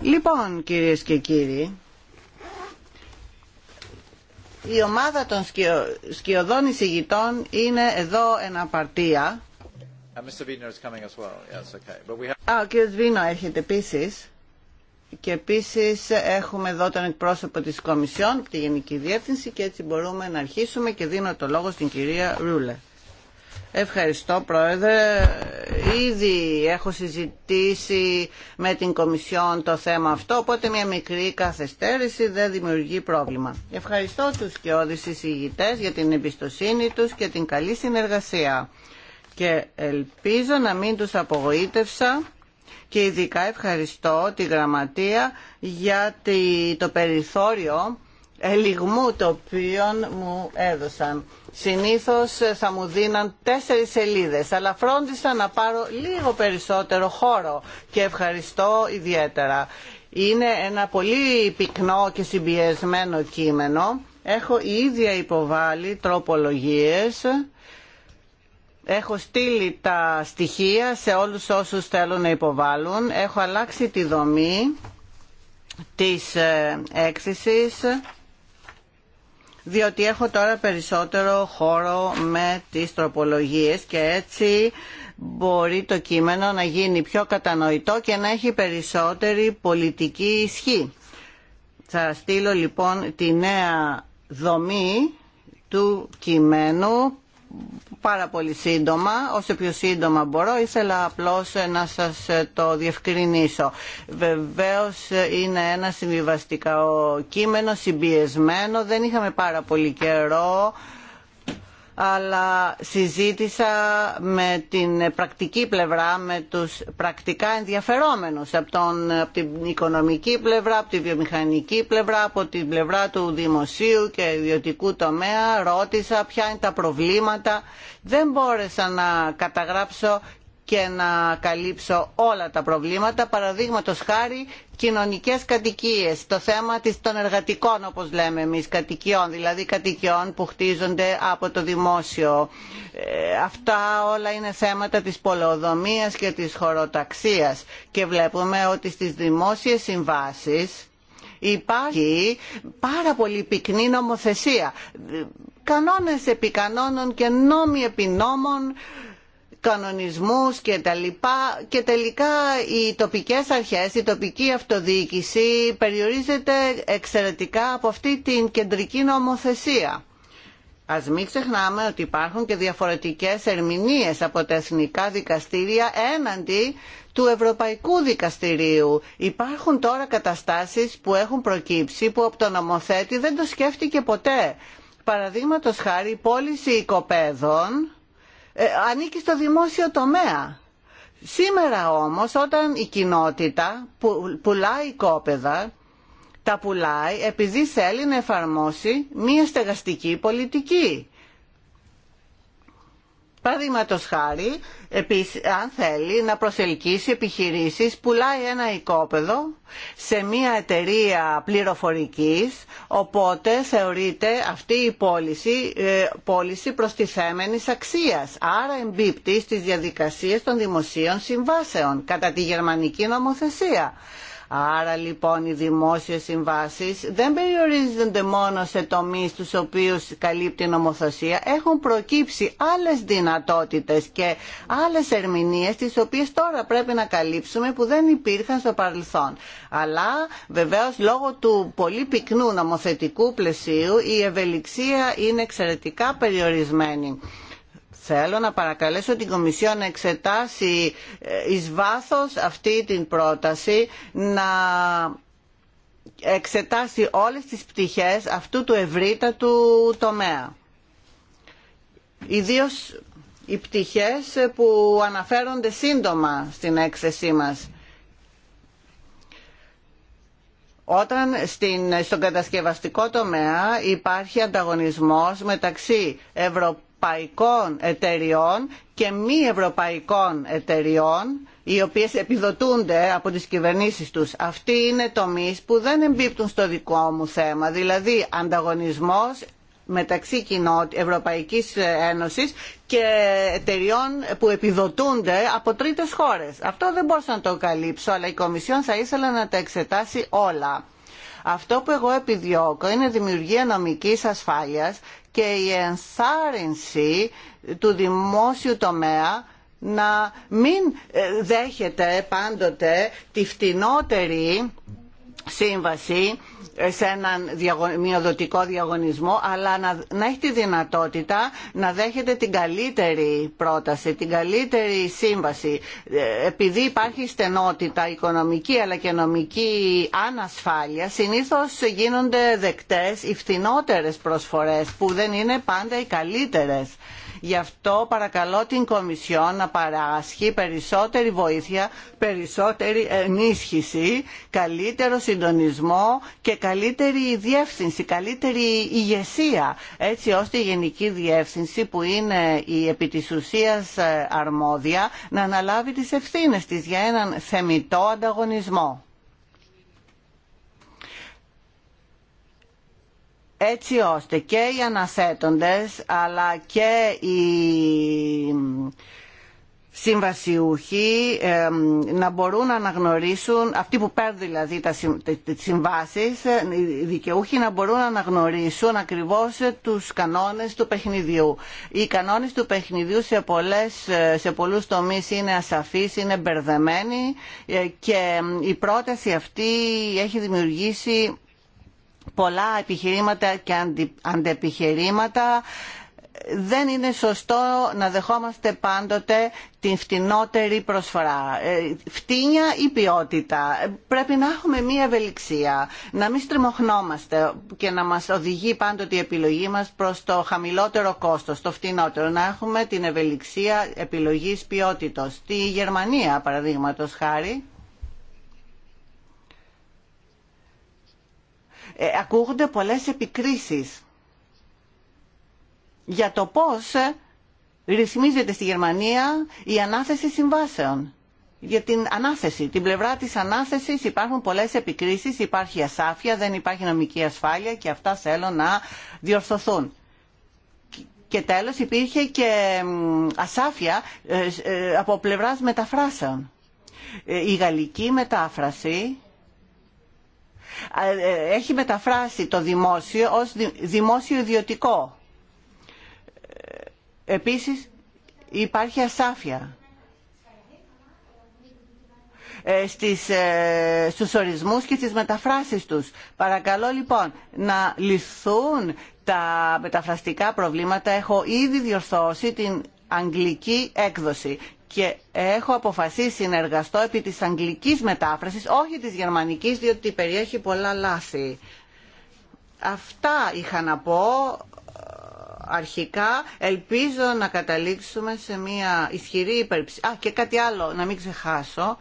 Λοιπόν, κυρίες και κύριοι, η ομάδα των σκιο... σκιωδών εισηγητών είναι εδώ εν απαρτία. ο κύριος Βίνο έρχεται επίση. Και επίση έχουμε εδώ τον εκπρόσωπο της Κομισιόν, τη Γενική Διεύθυνση και έτσι μπορούμε να αρχίσουμε και δίνω το λόγο στην κυρία Ρούλε. Ευχαριστώ Πρόεδρε, ήδη έχω συζητήσει με την Κομισιόν το θέμα αυτό, οπότε μια μικρή καθυστέρηση δεν δημιουργεί πρόβλημα. Ευχαριστώ τους και τους για την εμπιστοσύνη τους και την καλή συνεργασία. Και ελπίζω να μην τους απογοήτευσα και ειδικά ευχαριστώ τη Γραμματεία για το περιθώριο ελιγμού το οποίο μου έδωσαν. Συνήθως ε, θα μου δίναν τέσσερις σελίδες, αλλά φρόντισα να πάρω λίγο περισσότερο χώρο και ευχαριστώ ιδιαίτερα. Είναι ένα πολύ πυκνό και συμπιεσμένο κείμενο. Έχω η ίδια υποβάλει τροπολογίες. Έχω στείλει τα στοιχεία σε όλους όσους θέλουν να υποβάλουν. Έχω αλλάξει τη δομή της ε, έκθεσης διότι έχω τώρα περισσότερο χώρο με τις τροπολογίες και έτσι μπορεί το κείμενο να γίνει πιο κατανοητό και να έχει περισσότερη πολιτική ισχύ. Θα στείλω λοιπόν τη νέα δομή του κειμένου πάρα πολύ σύντομα, όσο πιο σύντομα μπορώ, ήθελα απλώς να σας ε, το διευκρινίσω. Βεβαίως ε, είναι ένα συμβιβαστικό κείμενο, συμπιεσμένο, δεν είχαμε πάρα πολύ καιρό αλλά συζήτησα με την πρακτική πλευρά, με τους πρακτικά ενδιαφερόμενους από, τον, από την οικονομική πλευρά, από τη βιομηχανική πλευρά, από την πλευρά του δημοσίου και ιδιωτικού τομέα. Ρώτησα ποια είναι τα προβλήματα. Δεν μπόρεσα να καταγράψω και να καλύψω όλα τα προβλήματα, παραδείγματο χάρη κοινωνικέ κατοικίε. το θέμα των εργατικών όπω λέμε εμεί, κατοικιών, δηλαδή κατοικιών που χτίζονται από το δημόσιο. Ε, αυτά όλα είναι θέματα της πολεοδομία και της χωροταξίας και βλέπουμε ότι στι δημόσιε συμβάσει υπάρχει πάρα πολύ πυκνή νομοθεσία. Κανόνες επί κανόνων και νόμοι επί νόμων κανονισμούς και τα λοιπά και τελικά οι τοπικές αρχές, η τοπική αυτοδιοίκηση περιορίζεται εξαιρετικά από αυτή την κεντρική νομοθεσία. Ας μην ξεχνάμε ότι υπάρχουν και διαφορετικές ερμηνείες από τα εθνικά δικαστήρια έναντι του Ευρωπαϊκού Δικαστηρίου. Υπάρχουν τώρα καταστάσεις που έχουν προκύψει που από τον νομοθέτη δεν το σκέφτηκε ποτέ. Παραδείγματος χάρη η πώληση οικοπαίδων ε, ανήκει στο δημόσιο τομέα. Σήμερα όμως όταν η κοινότητα πουλάει κόπεδα, τα πουλάει επειδή θέλει να εφαρμόσει μία στεγαστική πολιτική Παραδείγματο χάρη, αν θέλει να προσελκύσει επιχειρήσεις, πουλάει ένα οικόπεδο σε μια εταιρεία πληροφορικής, οπότε θεωρείται αυτή η πώληση, ε, πώληση προστιθέμενης αξίας. Άρα εμπίπτει στις διαδικασίες των δημοσίων συμβάσεων κατά τη γερμανική νομοθεσία. Άρα λοιπόν οι δημόσιες συμβάσεις δεν περιορίζονται μόνο σε τομείς τους οποίους καλύπτει η νομοθεσία. Έχουν προκύψει άλλες δυνατότητες και άλλες ερμηνείες τις οποίες τώρα πρέπει να καλύψουμε που δεν υπήρχαν στο παρελθόν. Αλλά βεβαίως λόγω του πολύ πυκνού νομοθετικού πλαισίου η ευελιξία είναι εξαιρετικά περιορισμένη. Θέλω να παρακαλέσω την Κομισιό να εξετάσει ε, εις βάθος αυτή την πρόταση, να εξετάσει όλες τις πτυχές αυτού του ευρύτατου τομέα. Ιδίως οι πτυχές που αναφέρονται σύντομα στην έκθεσή μας. Όταν στην, στον κατασκευαστικό τομέα υπάρχει ανταγωνισμός μεταξύ Ευρωπαϊκών ευρωπαϊκών εταιριών και μη ευρωπαϊκών εταιριών οι οποίες επιδοτούνται από τις κυβερνήσεις τους. Αυτοί είναι τομείς που δεν εμπίπτουν στο δικό μου θέμα, δηλαδή ανταγωνισμός μεταξύ κοινότητα Ευρωπαϊκής Ένωσης και εταιριών που επιδοτούνται από τρίτες χώρες. Αυτό δεν μπορούσα να το καλύψω, αλλά η Κομισιόν θα ήθελα να τα εξετάσει όλα. Αυτό που εγώ επιδιώκω είναι δημιουργία νομικής ασφάλειας και η ενθάρρυνση του δημόσιου τομέα να μην ε, δέχεται πάντοτε τη φτηνότερη σύμβαση σε έναν μειοδοτικό διαγωνισμό, αλλά να, έχει τη δυνατότητα να δέχεται την καλύτερη πρόταση, την καλύτερη σύμβαση. Ε, επειδή υπάρχει στενότητα οικονομική αλλά και νομική ανασφάλεια, συνήθως γίνονται δεκτές οι φθηνότερες προσφορές που δεν είναι πάντα οι καλύτερες. Γι' αυτό παρακαλώ την Κομισιόν να παράσχει περισσότερη βοήθεια, περισσότερη ενίσχυση, καλύτερο συντονισμό και καλύτερη διεύθυνση, καλύτερη ηγεσία, έτσι ώστε η Γενική Διεύθυνση που είναι η επί της ουσίας ε, αρμόδια να αναλάβει τις ευθύνες της για έναν θεμητό ανταγωνισμό. έτσι ώστε και οι ανασέτοντες αλλά και οι συμβασιούχοι να μπορούν να αναγνωρίσουν, αυτοί που παίρνουν δηλαδή τα συμβάσεις, ε, οι δικαιούχοι να μπορούν να αναγνωρίσουν ακριβώς τους κανόνες του παιχνιδιού. Οι κανόνες του παιχνιδιού σε, πολλές, ε, σε πολλούς τομείς είναι ασαφείς, είναι μπερδεμένοι ε, και η πρόταση αυτή έχει δημιουργήσει πολλά επιχειρήματα και αντεπιχειρήματα δεν είναι σωστό να δεχόμαστε πάντοτε την φτηνότερη προσφορά. Ε, φτύνια ή ποιότητα. Πρέπει να έχουμε μία ευελιξία. Να μην στριμωχνόμαστε και να μας οδηγεί πάντοτε η επιλογή μας προς το χαμηλότερο κόστος, το φτηνότερο. Να έχουμε την ευελιξία επιλογής ποιότητος. τη Γερμανία, παραδείγματος χάρη, Ε, ακούγονται πολλές επικρίσεις για το πώς ρυθμίζεται στη Γερμανία η ανάθεση συμβάσεων. Για την ανάθεση, την πλευρά της ανάθεσης υπάρχουν πολλές επικρίσεις, υπάρχει ασάφεια, δεν υπάρχει νομική ασφάλεια και αυτά θέλω να διορθωθούν. Και τέλος υπήρχε και ασάφεια ε, ε, από πλευράς μεταφράσεων. Η γαλλική μετάφραση ε, έχει μεταφράσει το δημόσιο ως δημόσιο ιδιωτικό. Ε, επίσης υπάρχει ασάφεια ε, στις, στους ορισμούς και στις μεταφράσεις τους. Παρακαλώ λοιπόν να λυθούν τα μεταφραστικά προβλήματα. Έχω ήδη διορθώσει την αγγλική έκδοση και έχω αποφασίσει να εργαστώ επί της αγγλικής μετάφρασης, όχι της γερμανικής, διότι περιέχει πολλά λάθη. Αυτά είχα να πω ε, αρχικά. Ελπίζω να καταλήξουμε σε μια ισχυρή υπερψηφία. Α, και κάτι άλλο, να μην ξεχάσω.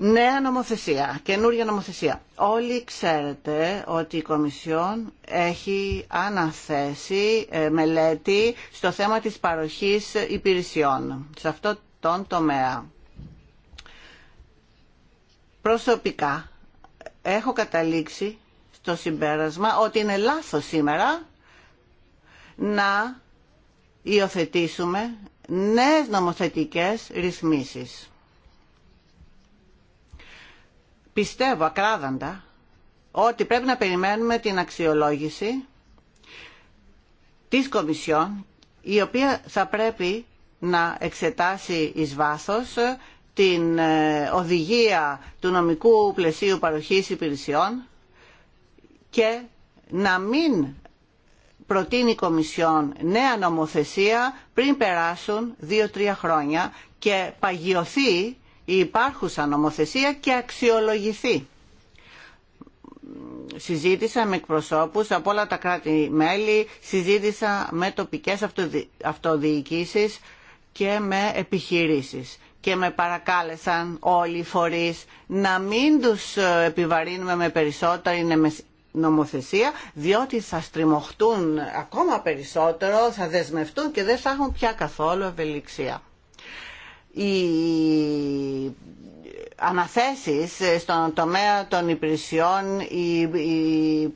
Νέα νομοθεσία, καινούργια νομοθεσία. Όλοι ξέρετε ότι η Κομισιόν έχει αναθέσει ε, μελέτη στο θέμα της παροχής υπηρεσιών, σε αυτό τον τομέα. Προσωπικά έχω καταλήξει στο συμπέρασμα ότι είναι λάθος σήμερα να υιοθετήσουμε νέες νομοθετικές ρυθμίσεις πιστεύω ακράδαντα ότι πρέπει να περιμένουμε την αξιολόγηση της Κομισιόν η οποία θα πρέπει να εξετάσει εις βάθος την ε, οδηγία του νομικού πλαισίου παροχής υπηρεσιών και να μην προτείνει η Κομισιόν νέα νομοθεσία πριν περάσουν δύο-τρία χρόνια και παγιωθεί η υπάρχουσα νομοθεσία και αξιολογηθεί. Συζήτησα με εκπροσώπους από όλα τα κράτη-μέλη, συζήτησα με τοπικές αυτοδιοικήσεις και με επιχειρήσεις και με παρακάλεσαν όλοι οι φορείς να μην τους ε, επιβαρύνουμε με περισσότερη νομοθεσία διότι θα στριμωχτούν ακόμα περισσότερο, θα δεσμευτούν και δεν θα έχουν πια καθόλου ευελιξία οι αναθέσεις στον τομέα των υπηρεσιών, οι, οι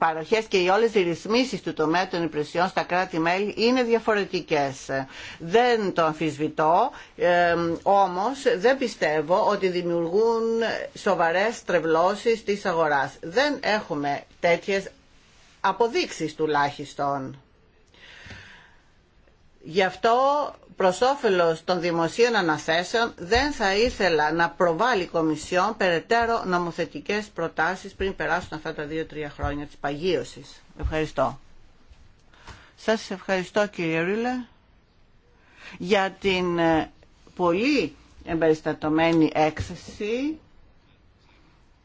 και οι όλες οι ρυθμίσεις του τομέα των υπηρεσιών στα κράτη-μέλη είναι διαφορετικές. Δεν το αμφισβητώ, όμως δεν πιστεύω ότι δημιουργούν σοβαρές τρευλώσεις της αγοράς. Δεν έχουμε τέτοιες αποδείξεις τουλάχιστον. Γι' αυτό προ όφελο των δημοσίων αναθέσεων δεν θα ήθελα να προβάλλει η Κομισιόν περαιτέρω νομοθετικές προτάσεις πριν περάσουν αυτά τα δύο-τρία χρόνια της παγίωσης. Ευχαριστώ. Σας ευχαριστώ κύριε Ρίλε για την ε, πολύ εμπεριστατωμένη έκθεση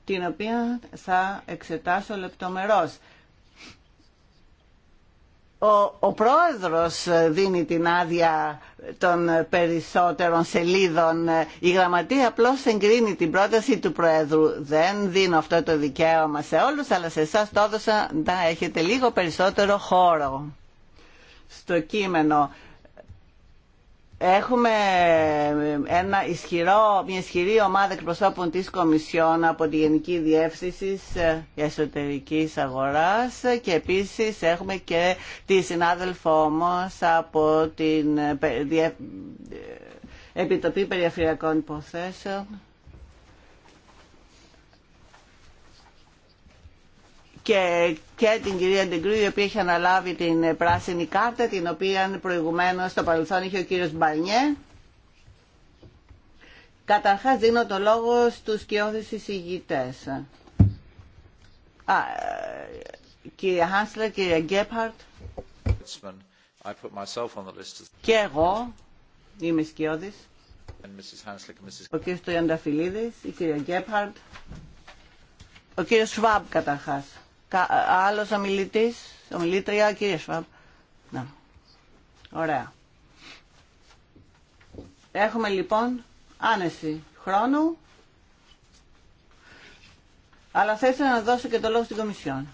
την οποία θα εξετάσω λεπτομερώς ο, ο πρόεδρος ε, δίνει την άδεια των ε, περισσότερων σελίδων. Ε, η γραμματεία απλώς εγκρίνει την πρόταση του πρόεδρου. Δεν δίνω αυτό το δικαίωμα σε όλους, αλλά σε εσά το έδωσα να έχετε λίγο περισσότερο χώρο στο κείμενο. Έχουμε ε, ένα ισχυρό, μια ισχυρή ομάδα εκπροσώπων της Κομισιόν από τη Γενική Διεύθυνση ε, Εσωτερικής Αγοράς και επίσης έχουμε και τη συνάδελφό μας από την ε, Επιτροπή Περιφερειακών Υποθέσεων και, και την κυρία Ντεγκρού η οποία έχει αναλάβει την πράσινη κάρτα την οποία προηγουμένως στο παρελθόν είχε ο κύριος Μπαλνιέ. Καταρχάς δίνω το λόγο στους κοιόδης εισηγητές. Α, κύριε Χάνσλερ, κύριε Γκέπαρτ. Και εγώ είμαι σκιώδης. Ο κύριος Τοιανταφυλλίδης, η κυρία Γκέπαρτ. Ο κύριος Σβάμπ καταρχάς. Ε, Άλλο ομιλητής, ομιλήτρια, κύριε Σφαμπ. Ναι, Ωραία. Έχουμε λοιπόν άνεση χρόνου, αλλά θα να δώσω και το λόγο στην Κομισιόν.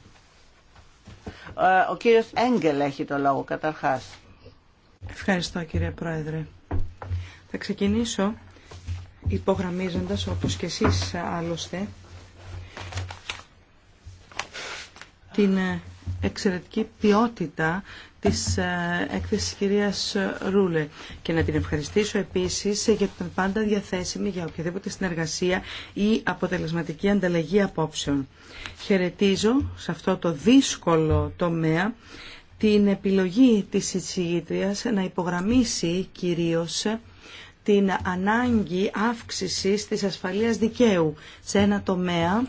Ε, ο κύριος Έγκελ έχει το λόγο καταρχάς. Ευχαριστώ κύριε Πρόεδρε. Θα ξεκινήσω υπογραμμίζοντας όπως και εσείς άλλωστε την ε, εξαιρετική ποιότητα της ε, έκθεσης κυρίας Ρούλε και να την ευχαριστήσω επίσης για την πάντα διαθέσιμη για οποιαδήποτε συνεργασία ή αποτελεσματική ανταλλαγή απόψεων. Χαιρετίζω σε αυτό το δύσκολο τομέα την επιλογή της εισηγήτριας να υπογραμμίσει κυρίως την ανάγκη αύξησης της ασφαλείας δικαίου σε ένα τομέα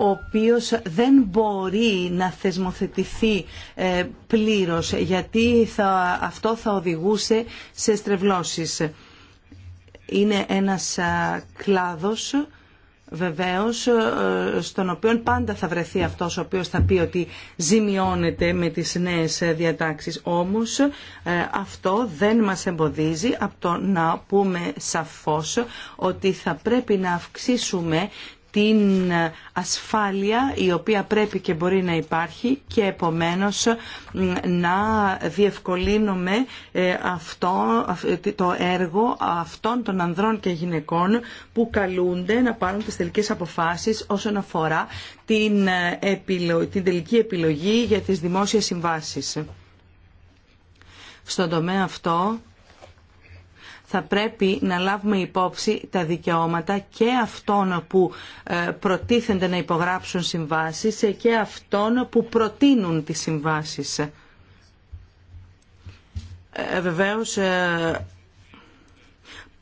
ο οποίος δεν μπορεί να θεσμοθετηθεί ε, πλήρως γιατί θα, αυτό θα οδηγούσε σε στρεβλώσεις. Είναι ένας κλάδος βεβαίως ε, στον οποίο πάντα θα βρεθεί αυτός ο οποίος θα πει ότι ζημιώνεται με τις νέες ε, διατάξεις. Όμως αυτό δεν μας εμποδίζει από το να πούμε σαφώς ότι θα πρέπει να αυξήσουμε την ασφάλεια η οποία πρέπει και μπορεί να υπάρχει και επομένως να διευκολύνουμε ε, αυτό, ε, το έργο αυτών των ανδρών και γυναικών που καλούνται να πάρουν τις τελικές αποφάσεις όσον αφορά την, ε, την τελική επιλογή για τις δημόσιες συμβάσεις. Στον τομέα αυτό θα πρέπει να λάβουμε υπόψη τα δικαιώματα και αυτών που ε, προτίθενται να υπογράψουν συμβάσεις ε, και αυτών που προτείνουν τις συμβάσεις. Ε, βεβαίως,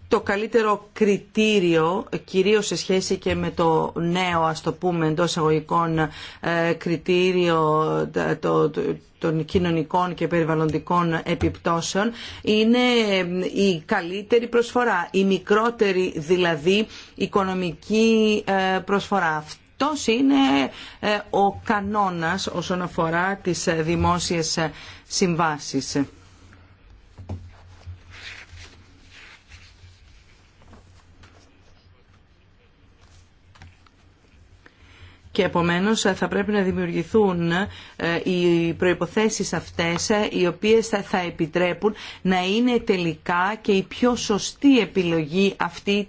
το καλύτερο κριτήριο, κυρίως σε σχέση και με το νέο, ας το πούμε, εντό αγωγικών κριτήριο, το, το, των κοινωνικών και περιβαλλοντικών επιπτώσεων είναι η καλύτερη προσφορά, η μικρότερη δηλαδή οικονομική ε, προσφορά. Αυτό είναι ε, ο κανόνας όσον αφορά τις ε, δημόσιες συμβάσεις. και επομένως ε, θα πρέπει να δημιουργηθούν ε, οι προϋποθέσεις αυτές ε, οι οποίες θα επιτρέπουν να είναι τελικά και η πιο σωστή επιλογή αυτή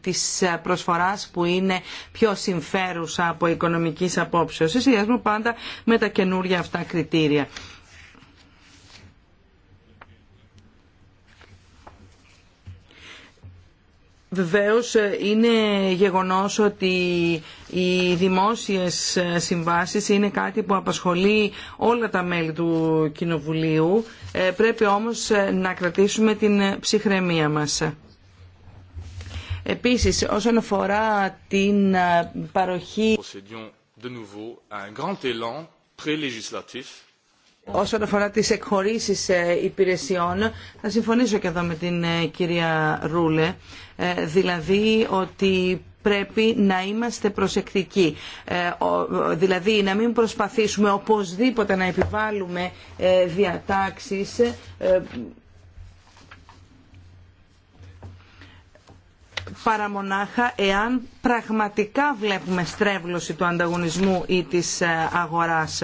της προσφοράς που είναι πιο συμφέρουσα από οικονομικής απόψεως. συνδυασμού πάντα με τα καινούργια αυτά κριτήρια. Βεβαίως είναι γεγονός ότι οι δημόσιες ε, συμβάσεις είναι κάτι που απασχολεί όλα τα μέλη του Κοινοβουλίου. Ε, πρέπει όμως ε, να κρατήσουμε την ψυχραιμία μας. Επίσης, όσον αφορά την παροχή... Όσον αφορά τις εκχωρήσεις υπηρεσιών, θα συμφωνήσω και εδώ με την κυρία Ρούλε, δηλαδή ότι πρέπει να είμαστε προσεκτικοί. Ε, δηλαδή να μην προσπαθήσουμε οπωσδήποτε να επιβάλλουμε ε, διατάξεις ε, παραμονάχα εάν πραγματικά βλέπουμε στρέβλωση του ανταγωνισμού ή της αγοράς.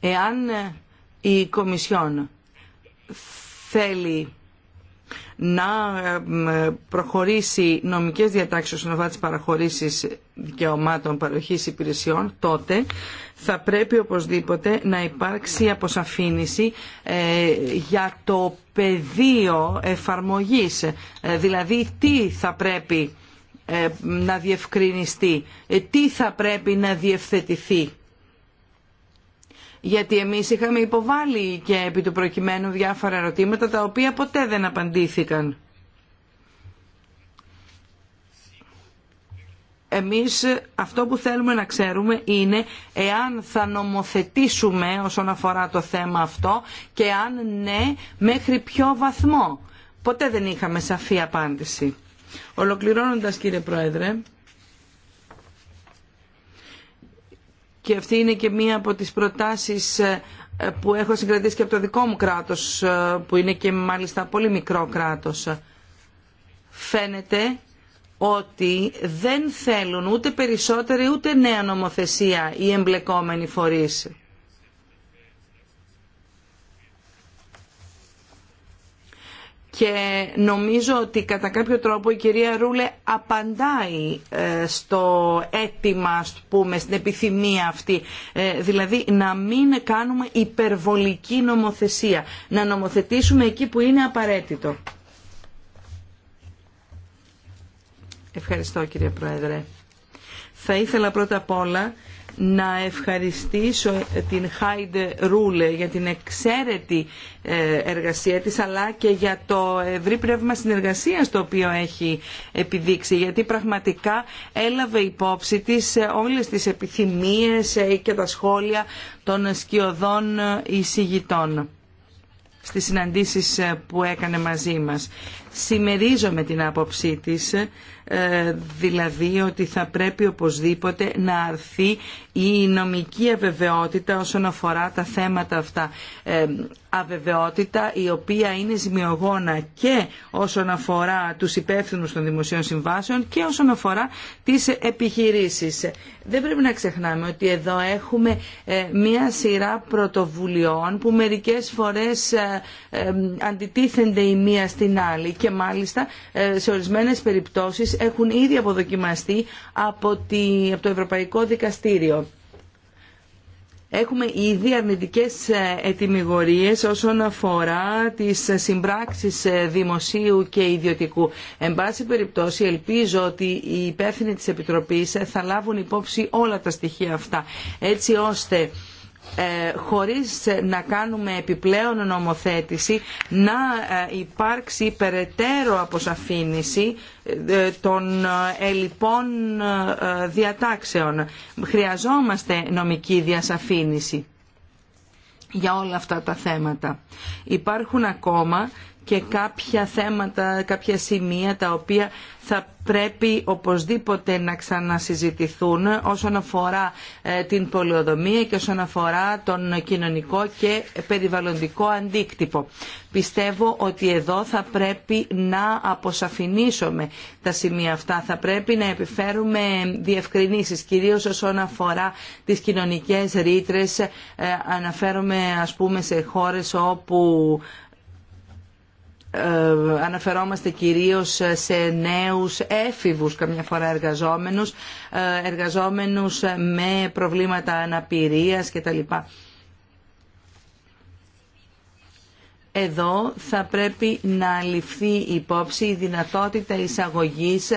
Εάν η Κομισιόν θέλει να προχωρήσει νομικές διατάξεις όσον αφορά τις παραχωρήσεις δικαιωμάτων παροχής υπηρεσιών, τότε θα πρέπει οπωσδήποτε να υπάρξει αποσαφήνιση ε, για το πεδίο εφαρμογής, ε, δηλαδή τι θα πρέπει ε, να διευκρινιστεί, τι θα πρέπει να διευθετηθεί γιατί εμείς είχαμε υποβάλει και επί του προκειμένου διάφορα ερωτήματα τα οποία ποτέ δεν απαντήθηκαν. εμείς αυτό που θέλουμε να ξέρουμε είναι εάν θα νομοθετήσουμε όσον αφορά το θέμα αυτό και αν ναι μέχρι ποιο βαθμό. Ποτέ δεν είχαμε σαφή απάντηση. Ολοκληρώνοντας κύριε Πρόεδρε, και αυτή είναι και μία από τις προτάσεις ε, που έχω συγκρατήσει και από το δικό μου κράτος, ε, που είναι και μάλιστα πολύ μικρό κράτος. Φαίνεται ότι δεν θέλουν ούτε περισσότερη ούτε νέα νομοθεσία οι εμπλεκόμενοι φορείς. και νομίζω ότι κατά κάποιο τρόπο η κυρία Ρούλε απαντάει ε, στο αίτημα, πούμε, στην επιθυμία αυτή. Ε, δηλαδή να μην κάνουμε υπερβολική νομοθεσία, να νομοθετήσουμε εκεί που είναι απαραίτητο. Ευχαριστώ κύριε Πρόεδρε. Θα ήθελα πρώτα απ' όλα να ευχαριστήσω την Χάιντε Ρούλε για την εξαίρετη ε, εργασία της αλλά και για το ευρύ πνεύμα συνεργασίας το οποίο έχει επιδείξει γιατί πραγματικά έλαβε υπόψη της ε, όλες τις επιθυμίες ε, και τα σχόλια των σκιωδών εισηγητών στις συναντήσεις που έκανε μαζί μας. Σημερίζομαι την άποψή της ε, δηλαδή ότι θα πρέπει οπωσδήποτε να αρθεί η νομική αβεβαιότητα όσον αφορά τα θέματα αυτά. Ε, αβεβαιότητα η οποία είναι ζημιογόνα και όσον αφορά τους υπεύθυνους των δημοσίων συμβάσεων και όσον αφορά τις επιχειρήσεις. Δεν πρέπει να ξεχνάμε ότι εδώ έχουμε ε, μία σειρά πρωτοβουλειών που μερικές φορές αντιτίθενται η μία στην άλλη και μάλιστα σε ορισμένες περιπτώσεις έχουν ήδη αποδοκιμαστεί από το Ευρωπαϊκό Δικαστήριο. Έχουμε ήδη αρνητικές ε, ετοιμιγορίες όσον αφορά τις συμπράξεις ε, δημοσίου και ιδιωτικού. Εν πάση περιπτώσει ελπίζω ότι οι υπεύθυνοι της Επιτροπής ε, θα λάβουν υπόψη όλα τα στοιχεία αυτά έτσι ώστε ε, χωρίς να κάνουμε επιπλέον νομοθέτηση να ε, υπάρξει περαιτέρω αποσαφήνιση ε, των ελληπών διατάξεων. Χρειαζόμαστε νομική διασαφήνιση για όλα αυτά τα θέματα. Υπάρχουν ακόμα και κάποια θέματα, κάποια σημεία τα οποία θα πρέπει οπωσδήποτε να ξανασυζητηθούν όσον αφορά ε, την πολεοδομία και όσον αφορά τον κοινωνικό και περιβαλλοντικό αντίκτυπο. Πιστεύω ότι εδώ θα πρέπει να αποσαφηνίσουμε τα σημεία αυτά. Θα πρέπει να επιφέρουμε διευκρινήσεις, κυρίως όσον αφορά τις κοινωνικές ρήτρες. Ε, αναφέρομαι ας πούμε σε χώρες όπου ε, αναφερόμαστε κυρίως σε νέους έφηβους καμιά φορά εργαζόμενους, ε, εργαζόμενους με προβλήματα αναπηρίας κτλ. Εδώ θα πρέπει να ληφθεί υπόψη η δυνατότητα εισαγωγής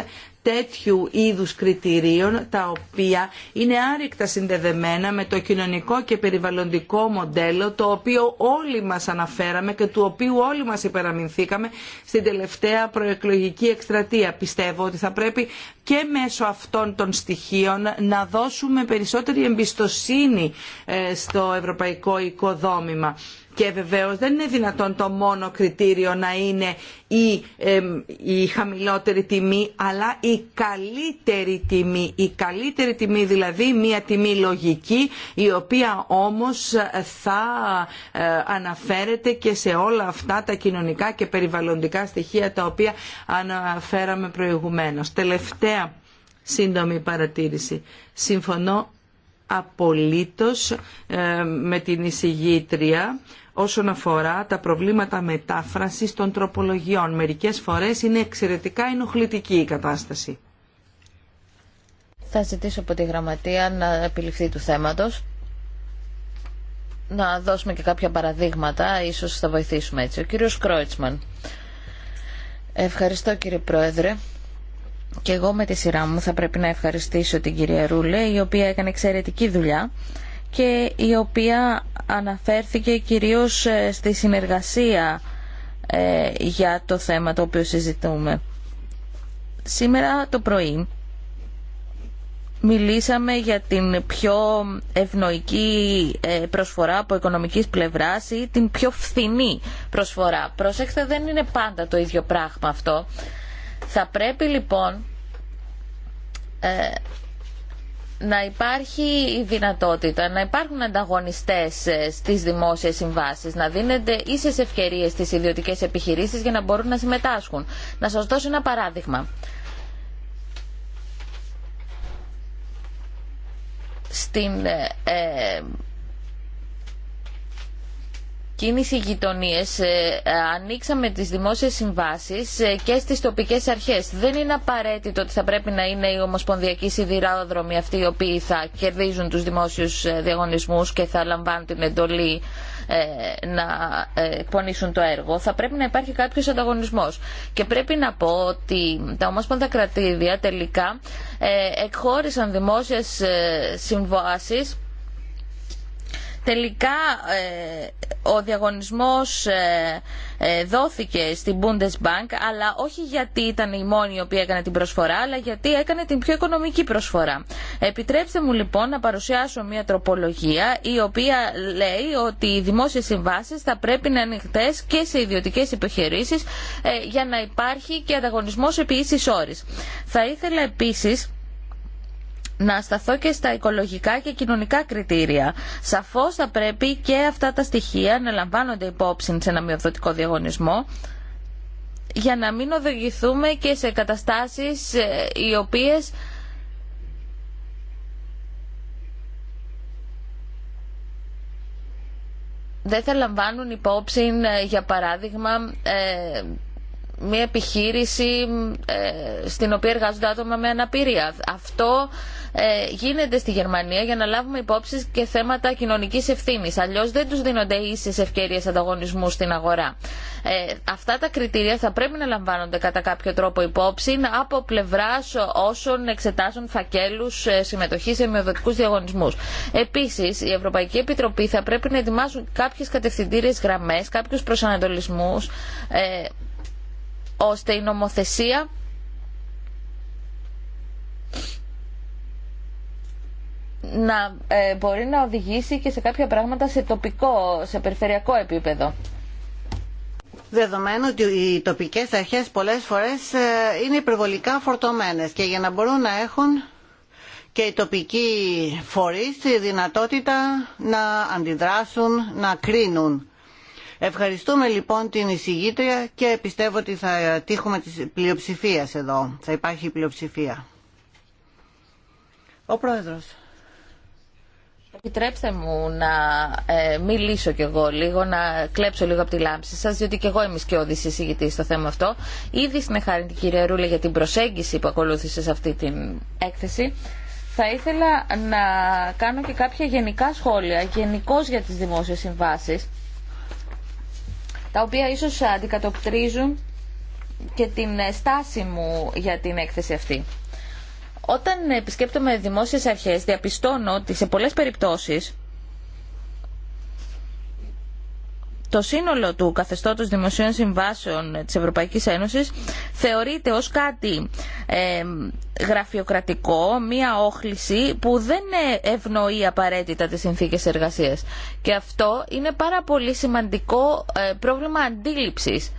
τέτοιου είδους κριτηρίων τα οποία είναι άρρηκτα συνδεδεμένα με το κοινωνικό και περιβαλλοντικό μοντέλο το οποίο όλοι μας αναφέραμε και του οποίου όλοι μας υπεραμεινθήκαμε στην τελευταία προεκλογική εκστρατεία. Πιστεύω ότι θα πρέπει και μέσω αυτών των στοιχείων να δώσουμε περισσότερη εμπιστοσύνη ε, στο ευρωπαϊκό οικοδόμημα και βεβαίω δεν είναι δυνατόν το μόνο κριτήριο να είναι η, η χαμηλότερη τιμή, αλλά η καλύτερη τιμή. Η καλύτερη τιμή δηλαδή μια τιμή λογική, η οποία όμως θα ε, αναφέρεται και σε όλα αυτά τα κοινωνικά και περιβαλλοντικά στοιχεία τα οποία αναφέραμε προηγουμένως. Τελευταία σύντομη παρατήρηση. Συμφωνώ απολύτως ε, με την εισηγήτρια όσον αφορά τα προβλήματα μετάφρασης των τροπολογιών. Μερικές φορές είναι εξαιρετικά ενοχλητική η κατάσταση. Θα ζητήσω από τη Γραμματεία να επιληφθεί του θέματος. Να δώσουμε και κάποια παραδείγματα, ίσως θα βοηθήσουμε έτσι. Ο κύριος Κρόιτσμαν. Ευχαριστώ κύριε Πρόεδρε. Και εγώ με τη σειρά μου θα πρέπει να ευχαριστήσω την κυρία Ρούλε, η οποία έκανε εξαιρετική δουλειά και η οποία αναφέρθηκε κυρίως ε, στη συνεργασία ε, για το θέμα το οποίο συζητούμε. Σήμερα το πρωί μιλήσαμε για την πιο ευνοϊκή ε, προσφορά από οικονομικής πλευράς ή την πιο φθηνή προσφορά. Προσέξτε, δεν είναι πάντα το ίδιο πράγμα αυτό. Θα πρέπει λοιπόν να υπάρχει η δυνατότητα να υπάρχουν ανταγωνιστές ε, στις δημόσιες συμβάσεις, να δίνονται ίσες ευκαιρίες στις ιδιωτικές επιχειρήσεις για να μπορούν να συμμετάσχουν. Να σας δώσω ένα παράδειγμα. Στην ε, ε κίνηση γειτονίες ε, ανοίξαμε τις δημόσιες συμβάσεις ε, και στις τοπικές αρχές. Δεν είναι απαραίτητο ότι θα πρέπει να είναι οι ομοσπονδιακοί σιδηράδρομοι αυτοί οι οποίοι θα κερδίζουν τους δημόσιους ε, διαγωνισμούς και θα λαμβάνουν την εντολή να εκπονήσουν το έργο. Θα πρέπει να υπάρχει κάποιος ανταγωνισμός. Και πρέπει να πω ότι τα ομόσπονδα κρατήδια τελικά εκχώρησαν δημόσιες συμβάσεις Τελικά ε, ο διαγωνισμός ε, ε, δόθηκε στην Bundesbank αλλά όχι γιατί ήταν η μόνη η οποία έκανε την προσφορά αλλά γιατί έκανε την πιο οικονομική προσφορά. Επιτρέψτε μου λοιπόν να παρουσιάσω μια τροπολογία η οποία λέει ότι οι δημόσιες συμβάσεις θα πρέπει να είναι και σε ιδιωτικές επιχειρήσεις για να υπάρχει και ανταγωνισμός επί ίσης όρης. Θα ήθελα επίσης να σταθώ και στα οικολογικά και κοινωνικά κριτήρια. Σαφώς θα πρέπει και αυτά τα στοιχεία να λαμβάνονται υπόψη σε ένα μειοδοτικό διαγωνισμό για να μην οδηγηθούμε και σε καταστάσεις ε, οι οποίες δεν θα λαμβάνουν υπόψη, ε, για παράδειγμα, ε, μια επιχείρηση ε, στην οποία εργάζονται άτομα με αναπηρία. Αυτό ε, γίνεται στη Γερμανία για να λάβουμε υπόψη και θέματα κοινωνική ευθύνη. Αλλιώ δεν του δίνονται ίσες ευκαιρίε ανταγωνισμού στην αγορά. Ε, αυτά τα κριτήρια θα πρέπει να λαμβάνονται κατά κάποιο τρόπο υπόψη από πλευρά όσων εξετάζουν φακέλου συμμετοχή σε μειοδοτικού διαγωνισμού. Επίση, η Ευρωπαϊκή Επιτροπή θα πρέπει να ετοιμάσουν κάποιες κατευθυντήριες γραμμές, κάποιους προσανατολισμούς ώστε η νομοθεσία να ε, μπορεί να οδηγήσει και σε κάποια πράγματα σε τοπικό, σε περιφερειακό επίπεδο. Δεδομένου ότι οι τοπικές αρχές πολλές φορές ε, είναι υπερβολικά φορτωμένες και για να μπορούν να έχουν και οι τοπικοί φορείς τη δυνατότητα να αντιδράσουν, να κρίνουν. Ευχαριστούμε λοιπόν την εισηγήτρια και πιστεύω ότι θα τύχουμε της πλειοψηφίας εδώ. Θα υπάρχει πλειοψηφία. Ο Πρόεδρος. Επιτρέψτε μου να ε, μιλήσω κι εγώ λίγο, να κλέψω λίγο από τη λάμψη σα, διότι κι εγώ είμαι σκιώδη εισηγητή στο θέμα αυτό. Ήδη στην την κυρία Ρούλα για την προσέγγιση που ακολούθησε σε αυτή την έκθεση. Θα ήθελα να κάνω και κάποια γενικά σχόλια, γενικώ για τι δημόσιε συμβάσει τα οποία ίσως αντικατοπτρίζουν και την στάση μου για την έκθεση αυτή. Όταν επισκέπτομαι δημόσιες αρχές διαπιστώνω ότι σε πολλές περιπτώσεις το σύνολο του καθεστώτος δημοσίων συμβάσεων της Ευρωπαϊκής Ένωσης θεωρείται ως κάτι ε, γραφειοκρατικό, μία όχληση που δεν ε, ευνοεί απαραίτητα τις συνθήκες εργασίας. Και αυτό είναι πάρα πολύ σημαντικό ε, πρόβλημα αντίληψης.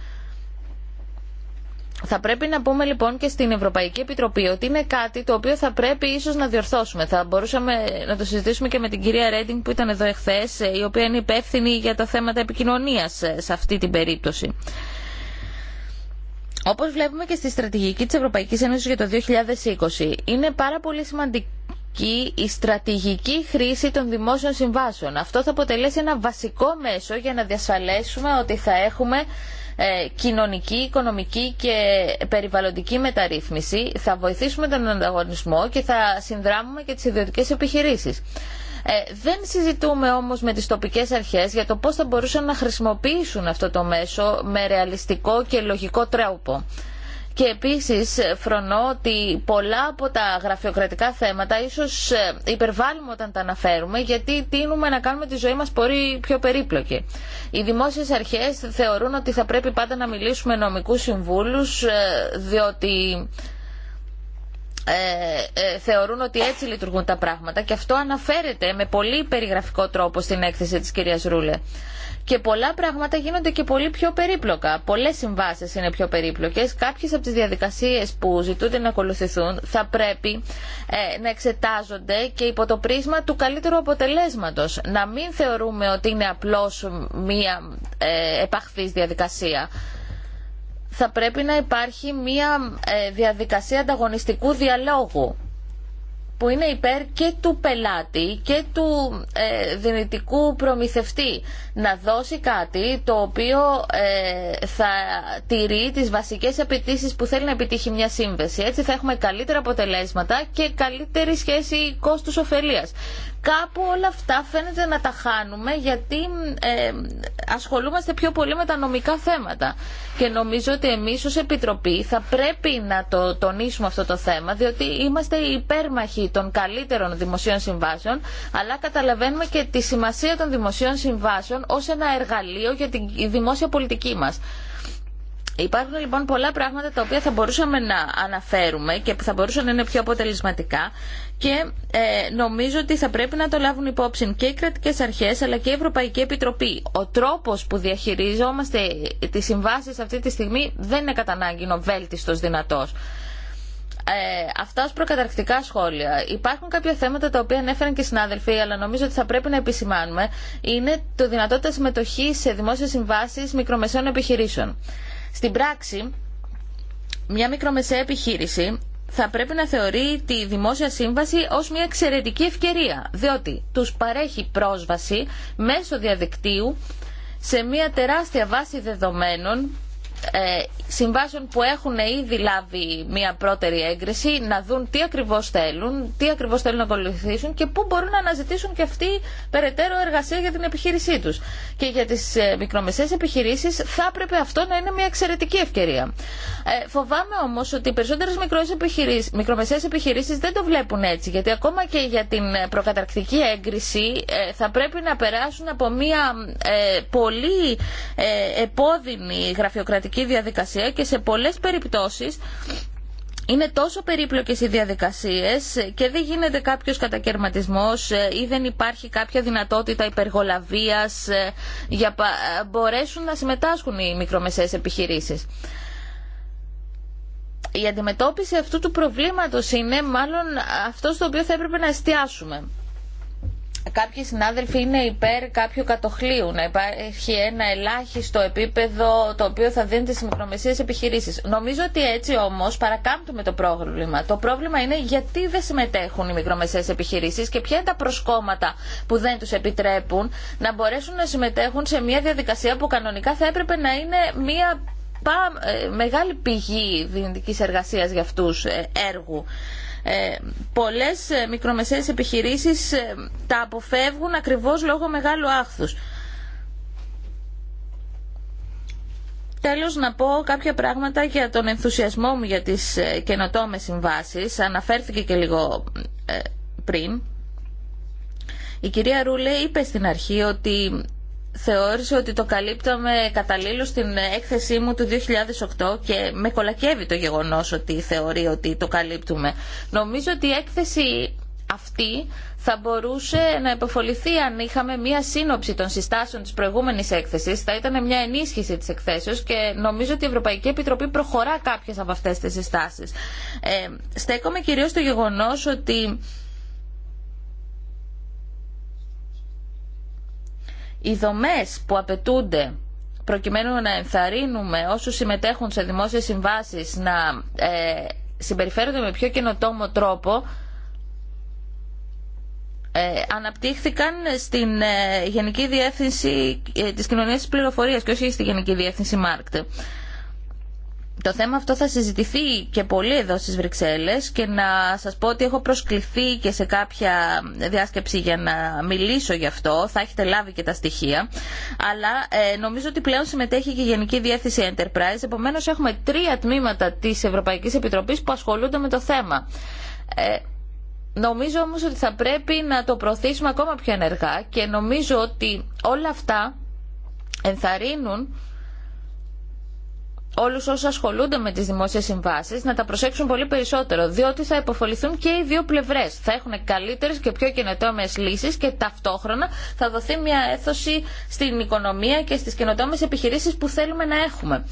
Θα πρέπει να πούμε λοιπόν και στην Ευρωπαϊκή Επιτροπή ότι είναι κάτι το οποίο θα πρέπει ίσως να διορθώσουμε. Θα μπορούσαμε να το συζητήσουμε και με την κυρία Ρέντινγκ που ήταν εδώ εχθές, ε, η οποία είναι υπεύθυνη για τα θέματα επικοινωνίας ε, σε αυτή την περίπτωση. Όπως βλέπουμε και στη στρατηγική της Ευρωπαϊκής Ένωσης για το 2020, είναι πάρα πολύ σημαντική η στρατηγική χρήση των δημόσιων συμβάσεων. Αυτό θα αποτελέσει ένα βασικό μέσο για να διασφαλίσουμε ότι θα έχουμε ε, κοινωνική, οικονομική και περιβαλλοντική μεταρρύθμιση. Θα βοηθήσουμε τον ανταγωνισμό και θα συνδράμουμε και τις ιδιωτικές επιχειρήσεις. Ε, δεν συζητούμε όμως με τις τοπικές αρχές για το πώς θα μπορούσαν να χρησιμοποιήσουν αυτό το μέσο με ρεαλιστικό και λογικό τρόπο. Και επίσης φρονώ ότι πολλά από τα γραφειοκρατικά θέματα ίσως ε, υπερβάλλουμε όταν τα αναφέρουμε γιατί τίνουμε να κάνουμε τη ζωή μας πολύ πιο περίπλοκη. Οι δημόσιες αρχές θεωρούν ότι θα πρέπει πάντα να μιλήσουμε νομικούς συμβούλους ε, διότι ε, θεωρούν ότι έτσι λειτουργούν τα πράγματα και αυτό αναφέρεται με πολύ περιγραφικό τρόπο στην έκθεση της κυρίας Ρούλε και πολλά πράγματα γίνονται και πολύ πιο περίπλοκα. Πολλές συμβάσεις είναι πιο περίπλοκες. Κάποιες από τις διαδικασίες που ζητούνται να ακολουθηθούν θα πρέπει ε, να εξετάζονται και υπό το πρίσμα του καλύτερου αποτελέσματος. Να μην θεωρούμε ότι είναι απλώς μία ε, επαχθής διαδικασία θα πρέπει να υπάρχει μια ε, διαδικασία ανταγωνιστικού διαλόγου που είναι υπέρ και του πελάτη και του ε, δυνητικού προμηθευτή να δώσει κάτι το οποίο ε, θα τηρεί τις βασικές απαιτήσει που θέλει να επιτύχει μια σύμβεση. Έτσι θα έχουμε καλύτερα αποτελέσματα και καλύτερη σχέση κόστους-οφελίας. Κάπου όλα αυτά φαίνεται να τα χάνουμε γιατί ε, ασχολούμαστε πιο πολύ με τα νομικά θέματα. Και νομίζω ότι εμείς ως Επιτροπή θα πρέπει να το τονίσουμε αυτό το θέμα διότι είμαστε υπέρμαχοι των καλύτερων δημοσίων συμβάσεων αλλά καταλαβαίνουμε και τη σημασία των δημοσίων συμβάσεων ως ένα εργαλείο για τη δημόσια πολιτική μας. Υπάρχουν λοιπόν πολλά πράγματα τα οποία θα μπορούσαμε να αναφέρουμε και που θα μπορούσαν να είναι πιο αποτελεσματικά και ε, νομίζω ότι θα πρέπει να το λάβουν υπόψη και οι κρατικές αρχές αλλά και η Ευρωπαϊκή Επιτροπή. Ο τρόπος που διαχειριζόμαστε τις συμβάσεις αυτή τη στιγμή δεν είναι κατά ανάγκη ο βέλτιστο δυνατός. Ε, αυτά ω προκαταρκτικά σχόλια. Υπάρχουν κάποια θέματα τα οποία ανέφεραν και οι συνάδελφοι, αλλά νομίζω ότι θα πρέπει να επισημάνουμε. Είναι το δυνατότητα συμμετοχή σε δημόσιε συμβάσει μικρομεσαίων επιχειρήσεων. Στην πράξη, μια μικρομεσαία επιχείρηση θα πρέπει να θεωρεί τη δημόσια σύμβαση ως μια εξαιρετική ευκαιρία, διότι τους παρέχει πρόσβαση μέσω διαδικτύου σε μια τεράστια βάση δεδομένων ε, συμβάσεων που έχουν ήδη λάβει μια πρώτερη έγκριση, να δουν τι ακριβώς θέλουν, τι ακριβώς θέλουν να ακολουθήσουν και πού μπορούν να αναζητήσουν και αυτοί περαιτέρω εργασία για την επιχείρησή τους. Και για τις ε, μικρομεσαίες επιχειρήσεις θα έπρεπε αυτό να είναι μια εξαιρετική ευκαιρία. Ε, φοβάμαι όμως ότι οι περισσότερες επιχειρήσεις, μικρομεσαίες επιχειρήσεις δεν το βλέπουν έτσι, γιατί ακόμα και για την προκαταρκτική έγκριση ε, θα πρέπει να περάσουν από μια πολύ ε, επώδυνη γραφειοκρατική διαδικασία και σε πολλές περιπτώσεις είναι τόσο περίπλοκες οι διαδικασίες και δεν γίνεται κάποιος κατακαιρματισμός ε, ή δεν υπάρχει κάποια δυνατότητα υπεργολαβίας ε, για να μπορέσουν να συμμετάσχουν οι μικρομεσαίες επιχειρήσεις. Η αντιμετώπιση αυτού του προβλήματος είναι μάλλον αυτό στο οποίο θα έπρεπε να εστιάσουμε κάποιοι συνάδελφοι είναι υπέρ κάποιου κατοχλίου, να υπάρχει ένα ελάχιστο επίπεδο το οποίο θα δίνεται στι μικρομεσαίε επιχειρήσει. Νομίζω ότι έτσι όμω παρακάμπτουμε το πρόβλημα. Το πρόβλημα είναι γιατί δεν συμμετέχουν οι μικρομεσαίε επιχειρήσει και ποια είναι τα προσκόμματα που δεν του επιτρέπουν να μπορέσουν να συμμετέχουν σε μια διαδικασία που κανονικά θα έπρεπε να είναι μια ε, μεγάλη πηγή δυνητικής εργασίας για αυτούς ε, έργου. Ε, πολλές ε, μικρομεσαίες επιχειρήσεις ε, τα αποφεύγουν ακριβώς λόγω μεγάλου άχθους. Τέλος να πω κάποια πράγματα για τον ενθουσιασμό μου για τις καινοτόμες συμβάσεις. Αναφέρθηκε και λίγο πριν. Η κυρία Ρούλε είπε στην αρχή ότι θεώρησε ότι το καλύπταμε καταλήλω στην έκθεσή μου του 2008 και με κολακεύει το γεγονός ότι θεωρεί ότι το καλύπτουμε. Νομίζω ότι η έκθεση αυτή θα μπορούσε να υποφοληθεί αν είχαμε μία σύνοψη των συστάσεων της προηγούμενης έκθεσης. Θα ήταν μια ενίσχυση της εκθέσεως και νομίζω ότι η Ευρωπαϊκή Επιτροπή προχωρά κάποιες από αυτές τις συστάσεις. Ε, στέκομαι κυρίως στο γεγονός ότι οι δομές που απαιτούνται προκειμένου να ενθαρρύνουμε όσους συμμετέχουν σε δημόσιες συμβάσεις να ε, συμπεριφέρονται με πιο καινοτόμο τρόπο ε, αναπτύχθηκαν στην ε, Γενική Διεύθυνση ε, της Κοινωνίας της Πληροφορίας και όχι στη Γενική Διεύθυνση Μάρκτ το θέμα αυτό θα συζητηθεί και πολύ εδώ στις Βρυξέλλες και να σας πω ότι έχω προσκληθεί και σε κάποια διάσκεψη για να μιλήσω γι' αυτό. Θα έχετε λάβει και τα στοιχεία. Αλλά ε, νομίζω ότι πλέον συμμετέχει και η Γενική Διεύθυνση Enterprise. Επομένως έχουμε τρία τμήματα της Ευρωπαϊκής Επιτροπής που ασχολούνται με το θέμα. Ε, νομίζω όμως ότι θα πρέπει να το προωθήσουμε ακόμα πιο ενεργά και νομίζω ότι όλα αυτά ενθαρρύνουν όλους όσους ασχολούνται με τις δημόσιες συμβάσεις να τα προσέξουν πολύ περισσότερο, διότι θα υποφοληθούν και οι δύο πλευρές. Θα έχουν καλύτερες και πιο καινοτόμες λύσεις και ταυτόχρονα θα δοθεί μια έθωση στην οικονομία και στις καινοτόμες επιχειρήσεις που θέλουμε να έχουμε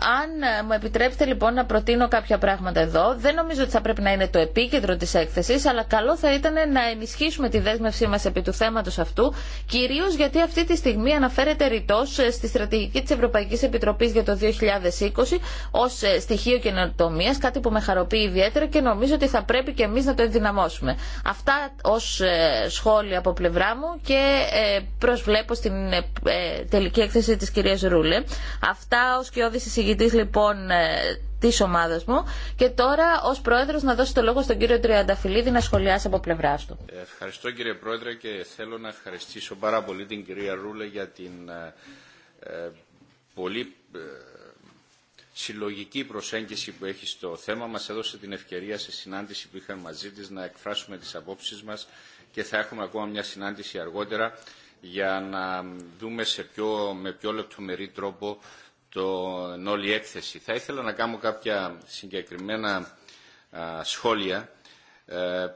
αν ε, μου επιτρέψετε λοιπόν να προτείνω κάποια πράγματα εδώ, δεν νομίζω ότι θα πρέπει να είναι το επίκεντρο της έκθεσης, αλλά καλό θα ήταν να ενισχύσουμε τη δέσμευσή μας επί του θέματος αυτού, κυρίως γιατί αυτή τη στιγμή αναφέρεται ρητός ε, στη στρατηγική της Ευρωπαϊκής Επιτροπής για το 2020 ως ε, στοιχείο καινοτομία, κάτι που με χαροποιεί ιδιαίτερα και νομίζω ότι θα πρέπει και εμείς να το ενδυναμώσουμε. Αυτά ως σχόλια από πλευρά μου και προσβλέπω στην τελική έκθεση της κυρίας Ρούλε. Αυτά ως και εισηγητής λοιπόν ε, τη ομάδα μου και τώρα ω πρόεδρο να δώσω το λόγο στον κύριο Τριανταφυλλίδη να σχολιάσει από πλευρά του. Ε, ευχαριστώ κύριε πρόεδρε και θέλω να ευχαριστήσω πάρα πολύ την κυρία Ρούλε για την ε, πολύ ε, συλλογική προσέγγιση που έχει στο θέμα. Μας έδωσε την ευκαιρία σε συνάντηση που είχαμε μαζί της να εκφράσουμε τις απόψεις μας και θα έχουμε ακόμα μια συνάντηση αργότερα για να δούμε σε πιο, με πιο λεπτομερή τρόπο την όλη έκθεση. Θα ήθελα να κάνω κάποια συγκεκριμένα σχόλια. Ε,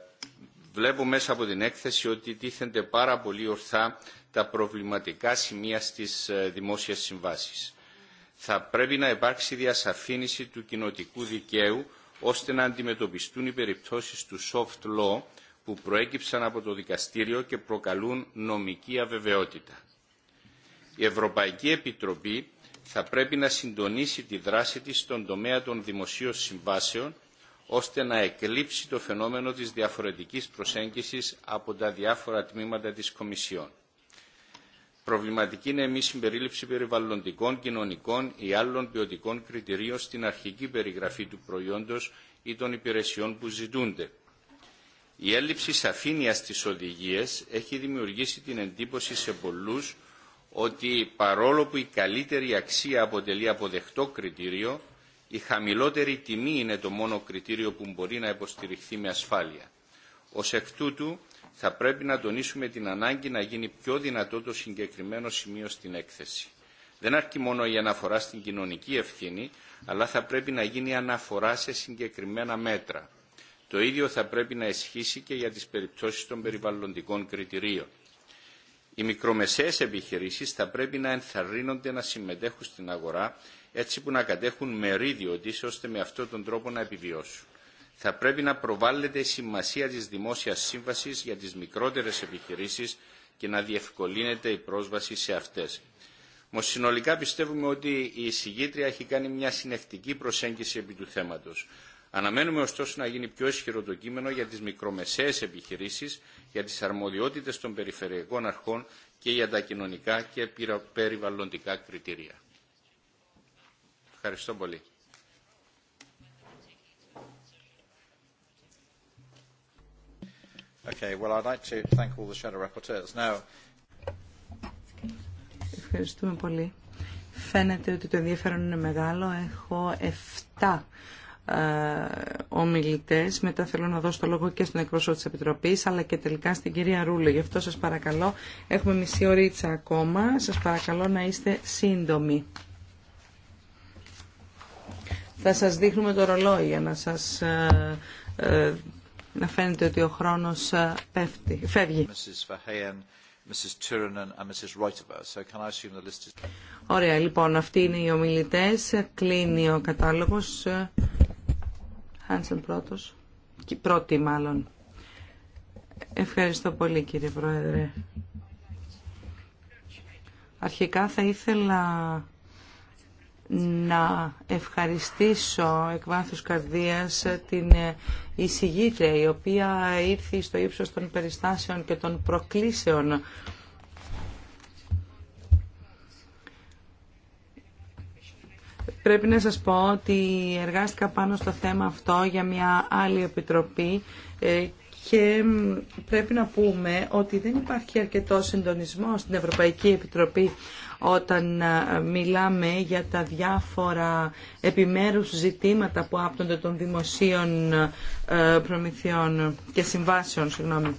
βλέπω μέσα από την έκθεση ότι τίθενται πάρα πολύ ορθά τα προβληματικά σημεία στις ε, δημόσιες συμβάσεις. Θα πρέπει να υπάρξει διασαφήνιση του κοινοτικού δικαίου ώστε να αντιμετωπιστούν οι περιπτώσεις του soft law που προέκυψαν από το δικαστήριο και προκαλούν νομική αβεβαιότητα. Η Ευρωπαϊκή Επιτροπή θα πρέπει να συντονίσει τη δράση της στον τομέα των δημοσίων συμβάσεων, ώστε να εκλείψει το φαινόμενο της διαφορετικής προσέγγισης από τα διάφορα τμήματα της Κομισιόν. Προβληματική είναι η συμπερίληψη περιβαλλοντικών, κοινωνικών ή άλλων ποιοτικών κριτηρίων στην αρχική περιγραφή του προϊόντος ή των υπηρεσιών που ζητούνται. Η έλλειψη σαφήνειας στις οδηγίες έχει δημιουργήσει την εντύπωση σε πολλούς ότι παρόλο που η καλύτερη αξία αποτελεί αποδεκτό κριτήριο, η χαμηλότερη τιμή είναι το μόνο κριτήριο που μπορεί να υποστηριχθεί με ασφάλεια. Ως εκ τούτου, θα πρέπει να τονίσουμε την ανάγκη να γίνει πιο δυνατό το συγκεκριμένο σημείο στην έκθεση. Δεν αρκεί μόνο η αναφορά στην κοινωνική ευθύνη, αλλά θα πρέπει να γίνει αναφορά σε συγκεκριμένα μέτρα. Το ίδιο θα πρέπει να ισχύσει και για τις περιπτώσεις των περιβαλλοντικών κριτηρίων. Οι μικρομεσαίες επιχειρήσεις θα πρέπει να ενθαρρύνονται να συμμετέχουν στην αγορά έτσι που να κατέχουν μερίδιο της ώστε με αυτόν τον τρόπο να επιβιώσουν. Θα πρέπει να προβάλλεται η σημασία της Δημόσιας Σύμβασης για τις μικρότερες επιχειρήσεις και να διευκολύνεται η πρόσβαση σε αυτές. Μως συνολικά πιστεύουμε ότι η εισηγήτρια έχει κάνει μια συνεχτική προσέγγιση επί του θέματος. Αναμένουμε ωστόσο να γίνει πιο ισχυρό το κείμενο για τις μικρομεσαίες επιχειρήσεις, για τις αρμοδιότητες των περιφερειακών αρχών και για τα κοινωνικά και περιβαλλοντικά κριτήρια. Ευχαριστώ πολύ. Okay, well, I'd like to thank all the shadow Now... Ευχαριστούμε πολύ. Φαίνεται ότι το ενδιαφέρον είναι μεγάλο. Έχω 7 ε, ομιλητές. Μετά θέλω να δώσω το λόγο και στον εκπρόσωπο της Επιτροπής, αλλά και τελικά στην κυρία Ρούλο. Γι' αυτό σας παρακαλώ, έχουμε μισή ωρίτσα ακόμα, σας παρακαλώ να είστε σύντομοι. Θα σας δείχνουμε το ρολόι για να σας ε, ε, να φαίνεται ότι ο χρόνος πέφτει, φεύγει. Ωραία, λοιπόν, αυτοί είναι οι ομιλητές. Κλείνει ο κατάλογος. Χάνσεν πρώτος. Πρώτη μάλλον. Ευχαριστώ πολύ κύριε Πρόεδρε. Αρχικά θα ήθελα να ευχαριστήσω εκ βάθους καρδίας την εισηγήτρια η οποία ήρθε στο ύψος των περιστάσεων και των προκλήσεων Πρέπει να σας πω ότι εργάστηκα πάνω στο θέμα αυτό για μια άλλη επιτροπή ε, και πρέπει να πούμε ότι δεν υπάρχει αρκετό συντονισμό στην Ευρωπαϊκή Επιτροπή όταν ε, μιλάμε για τα διάφορα επιμέρους ζητήματα που άπτονται των δημοσίων ε, προμηθειών και συμβάσεων. Συγγνώμη.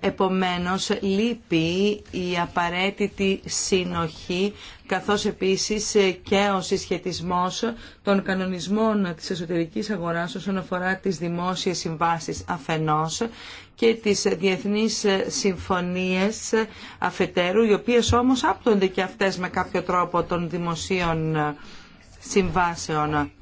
Επομένως, λείπει η απαραίτητη συνοχή, καθώς επίσης και ο συσχετισμός των κανονισμών της εσωτερικής αγοράς όσον αφορά τις δημόσιες συμβάσεις αφενός και τις διεθνείς συμφωνίες αφετέρου, οι οποίες όμως άπτονται και αυτές με κάποιο τρόπο των δημοσίων συμβάσεων.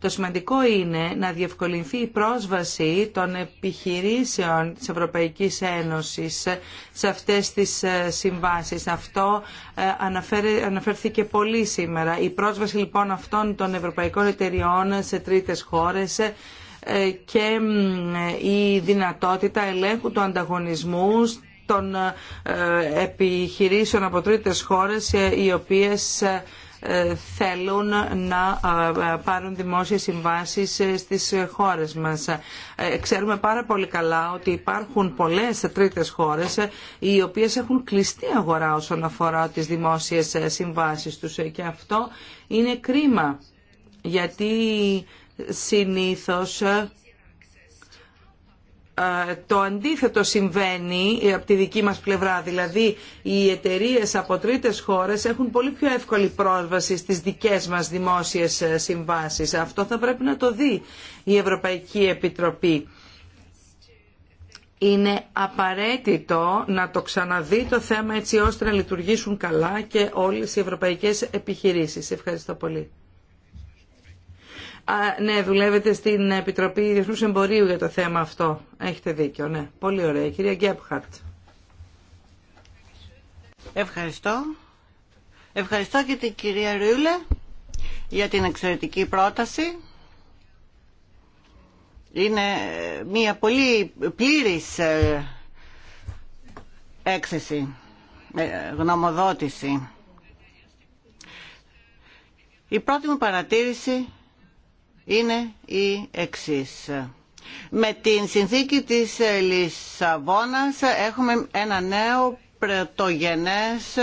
Το σημαντικό είναι να διευκολυνθεί η πρόσβαση των επιχειρήσεων της ευρωπαϊκή Ένωσης σε αυτές τις ε, συμβάσεις. Αυτό ε, αναφέρθηκε πολύ σήμερα. Η πρόσβαση λοιπόν αυτών των ευρωπαϊκών εταιριών σε τρίτες χώρες ε, και η δυνατότητα ελέγχου του ανταγωνισμού των επιχειρήσεων από τρίτες χώρες οι οποίες ε, θέλουν να ε, πάρουν δημόσιες συμβάσεις ε, στις χώρες μας. Ξέρουμε πάρα πολύ καλά ότι υπάρχουν πολλές τρίτες χώρες οι οποίες έχουν κλειστή αγορά όσον αφορά τις δημόσιες συμβάσεις τους και αυτό είναι κρίμα γιατί συνήθως ε, το αντίθετο συμβαίνει ε, από τη δική μας πλευρά. Δηλαδή οι εταιρείε από τρίτες χώρες έχουν πολύ πιο εύκολη πρόσβαση στις δικές μας δημόσιες ε, συμβάσεις. Αυτό θα πρέπει να το δει η Ευρωπαϊκή Επιτροπή. Είναι απαραίτητο να το ξαναδεί το θέμα έτσι ώστε να λειτουργήσουν καλά και όλες οι ευρωπαϊκές επιχειρήσεις. Ευχαριστώ πολύ. Α, ναι, δουλεύετε στην Επιτροπή Διεθνούς Εμπορίου για το θέμα αυτό. Έχετε δίκιο, ναι. Πολύ ωραία. Κυρία Γκέπχαρτ. Ευχαριστώ. Ευχαριστώ και την κυρία Ρούλε για την εξαιρετική πρόταση. Είναι μια πολύ πλήρης ε, έκθεση, ε, γνωμοδότηση. Η πρώτη μου παρατήρηση είναι η εξής. Με την συνθήκη της Λισαβόνας έχουμε ένα νέο πρωτογενές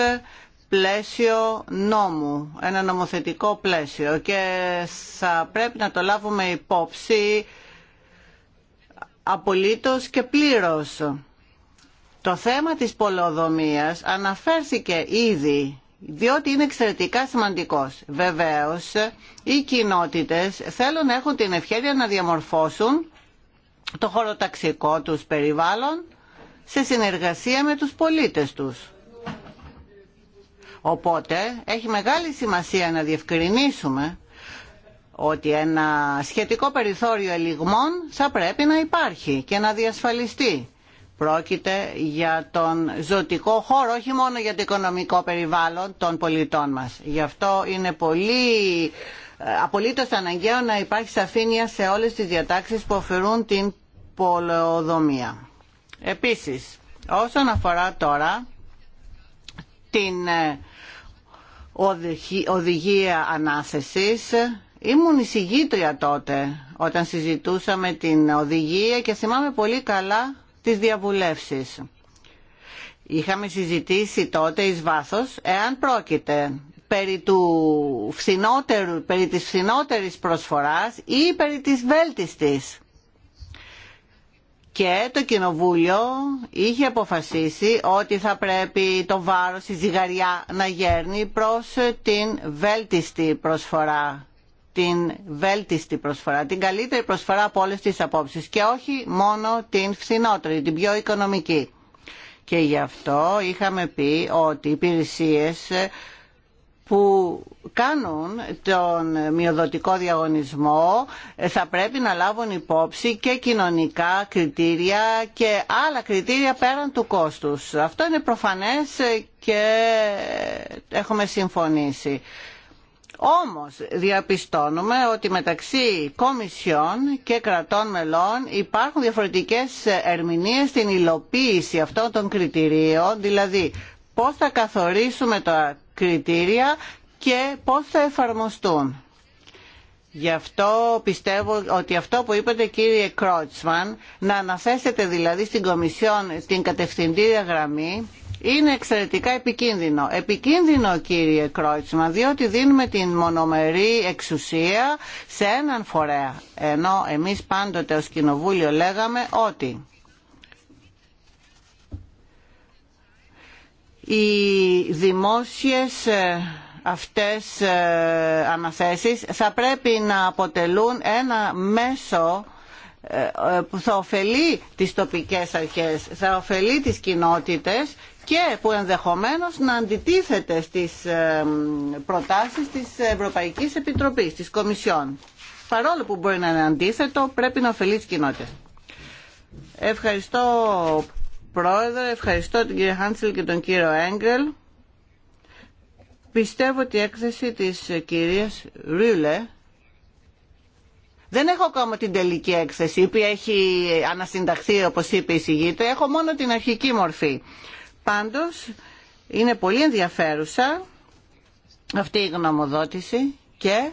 πλαίσιο νόμου, ένα νομοθετικό πλαίσιο και θα πρέπει να το λάβουμε υπόψη απολύτως και πλήρως. Το θέμα της πολεοδομίας αναφέρθηκε ήδη διότι είναι εξαιρετικά σημαντικός. Βεβαίως, οι κοινότητες θέλουν να έχουν την ευχαίρεια να διαμορφώσουν το χωροταξικό τους περιβάλλον σε συνεργασία με τους πολίτες τους. Οπότε, έχει μεγάλη σημασία να διευκρινίσουμε ότι ένα σχετικό περιθώριο ελιγμών θα πρέπει να υπάρχει και να διασφαλιστεί Πρόκειται για τον ζωτικό χώρο, όχι μόνο για το οικονομικό περιβάλλον των πολιτών μας. Γι' αυτό είναι πολύ ε, απολύτως αναγκαίο να υπάρχει σαφήνεια σε όλες τις διατάξεις που αφαιρούν την πολεοδομία. Επίσης, όσον αφορά τώρα την ε, οδηγία ανάθεσης, ήμουν εισηγήτρια τότε όταν συζητούσαμε την οδηγία και θυμάμαι πολύ καλά τις διαβουλεύσεις. Είχαμε συζητήσει τότε εις βάθος εάν πρόκειται περί, του φθηνότερου, περί της φθηνότερης προσφοράς ή περί της βέλτιστης. Και το Κοινοβούλιο είχε αποφασίσει ότι θα πρέπει το βάρος, η ζυγαριά να γέρνει προς την βέλτιστη προσφορά την βέλτιστη προσφορά, την καλύτερη προσφορά από όλες τις απόψεις και όχι μόνο την φθηνότερη, την πιο οικονομική. Και γι' αυτό είχαμε πει ότι οι υπηρεσίες που κάνουν τον μειοδοτικό διαγωνισμό ε, θα πρέπει να λάβουν υπόψη και κοινωνικά κριτήρια και άλλα κριτήρια πέραν του κόστους. Αυτό είναι προφανές και έχουμε συμφωνήσει. Όμως διαπιστώνουμε ότι μεταξύ κομισιών και κρατών μελών υπάρχουν διαφορετικές ερμηνείες στην υλοποίηση αυτών των κριτηρίων, δηλαδή πώς θα καθορίσουμε τα κριτήρια και πώς θα εφαρμοστούν. Γι' αυτό πιστεύω ότι αυτό που είπατε κύριε Κρότσμαν, να αναθέσετε δηλαδή στην Κομισιόν την κατευθυντήρια γραμμή είναι εξαιρετικά επικίνδυνο. Επικίνδυνο κύριε Κρόιτσμα διότι δίνουμε την μονομερή εξουσία σε έναν φορέα. Ενώ εμείς πάντοτε ως κοινοβούλιο λέγαμε ότι οι δημόσιες ε, αυτές ε, αναθέσεις θα πρέπει να αποτελούν ένα μέσο που θα ωφελεί τις τοπικές αρχές, θα ωφελεί τις κοινότητες και που ενδεχομένως να αντιτίθεται στις ε, προτάσεις της Ευρωπαϊκής Επιτροπής, της Κομισιόν. Παρόλο που μπορεί να είναι αντίθετο, πρέπει να ωφελεί τις κοινότητες. Ευχαριστώ Πρόεδρε, ευχαριστώ την κυρία Χάντσελ και τον κύριο Έγκελ. Πιστεύω ότι η έκθεση της κυρίας Ρίλε δεν έχω ακόμα την τελική έκθεση, η έχει ανασυνταχθεί, όπως είπε η συγγήτρια. Έχω μόνο την αρχική μορφή. Πάντως, είναι πολύ ενδιαφέρουσα αυτή η γνωμοδότηση και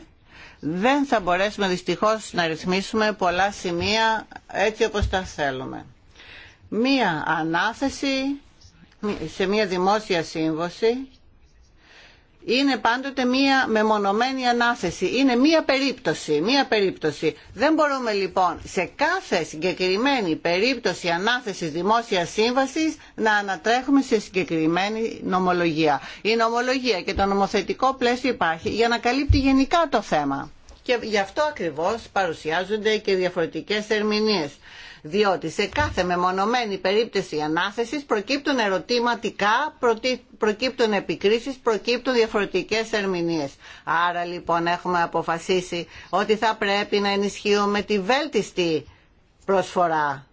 δεν θα μπορέσουμε δυστυχώς να ρυθμίσουμε πολλά σημεία έτσι όπως τα θέλουμε. Μία ανάθεση σε μία δημόσια σύμβαση είναι πάντοτε μία μεμονωμένη ανάθεση. Είναι μία περίπτωση, μία περίπτωση. Δεν μπορούμε λοιπόν σε κάθε συγκεκριμένη περίπτωση ανάθεσης δημόσιας σύμβασης να ανατρέχουμε σε συγκεκριμένη νομολογία. Η νομολογία και το νομοθετικό πλαίσιο υπάρχει για να καλύπτει γενικά το θέμα. Και γι' αυτό ακριβώς παρουσιάζονται και διαφορετικές ερμηνείες διότι σε κάθε μεμονωμένη περίπτωση ανάθεσης προκύπτουν ερωτηματικά, προκύπτουν επικρίσεις, προκύπτουν διαφορετικές ερμηνείες. Άρα λοιπόν έχουμε αποφασίσει ότι θα πρέπει να ενισχύουμε τη βέλτιστη προσφορά.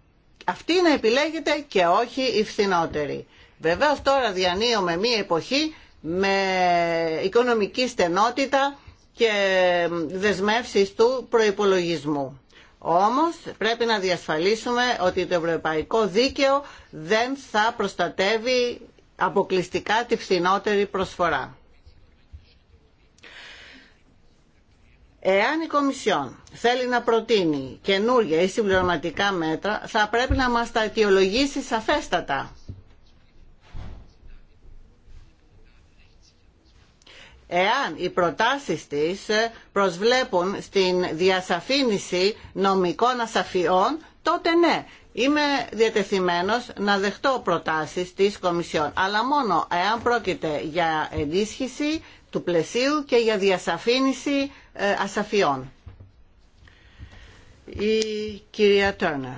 Αυτή να επιλέγεται και όχι η φθηνότερη. Βεβαίω τώρα διανύουμε μία εποχή με οικονομική στενότητα και δεσμεύσεις του προϋπολογισμού. Όμως πρέπει να διασφαλίσουμε ότι το ευρωπαϊκό δίκαιο δεν θα προστατεύει αποκλειστικά τη φθηνότερη προσφορά. Εάν η Κομισιόν θέλει να προτείνει καινούργια ή συμπληρωματικά μέτρα, θα πρέπει να μας τα αιτιολογήσει σαφέστατα. εάν οι προτάσεις της προσβλέπουν στην διασαφήνιση νομικών ασαφιών, τότε ναι, είμαι διατεθειμένος να δεχτώ προτάσεις της Κομισιόν, αλλά μόνο εάν πρόκειται για ενίσχυση του πλαισίου και για διασαφήνιση ε, ασαφιών. Η κυρία Τέρνερ.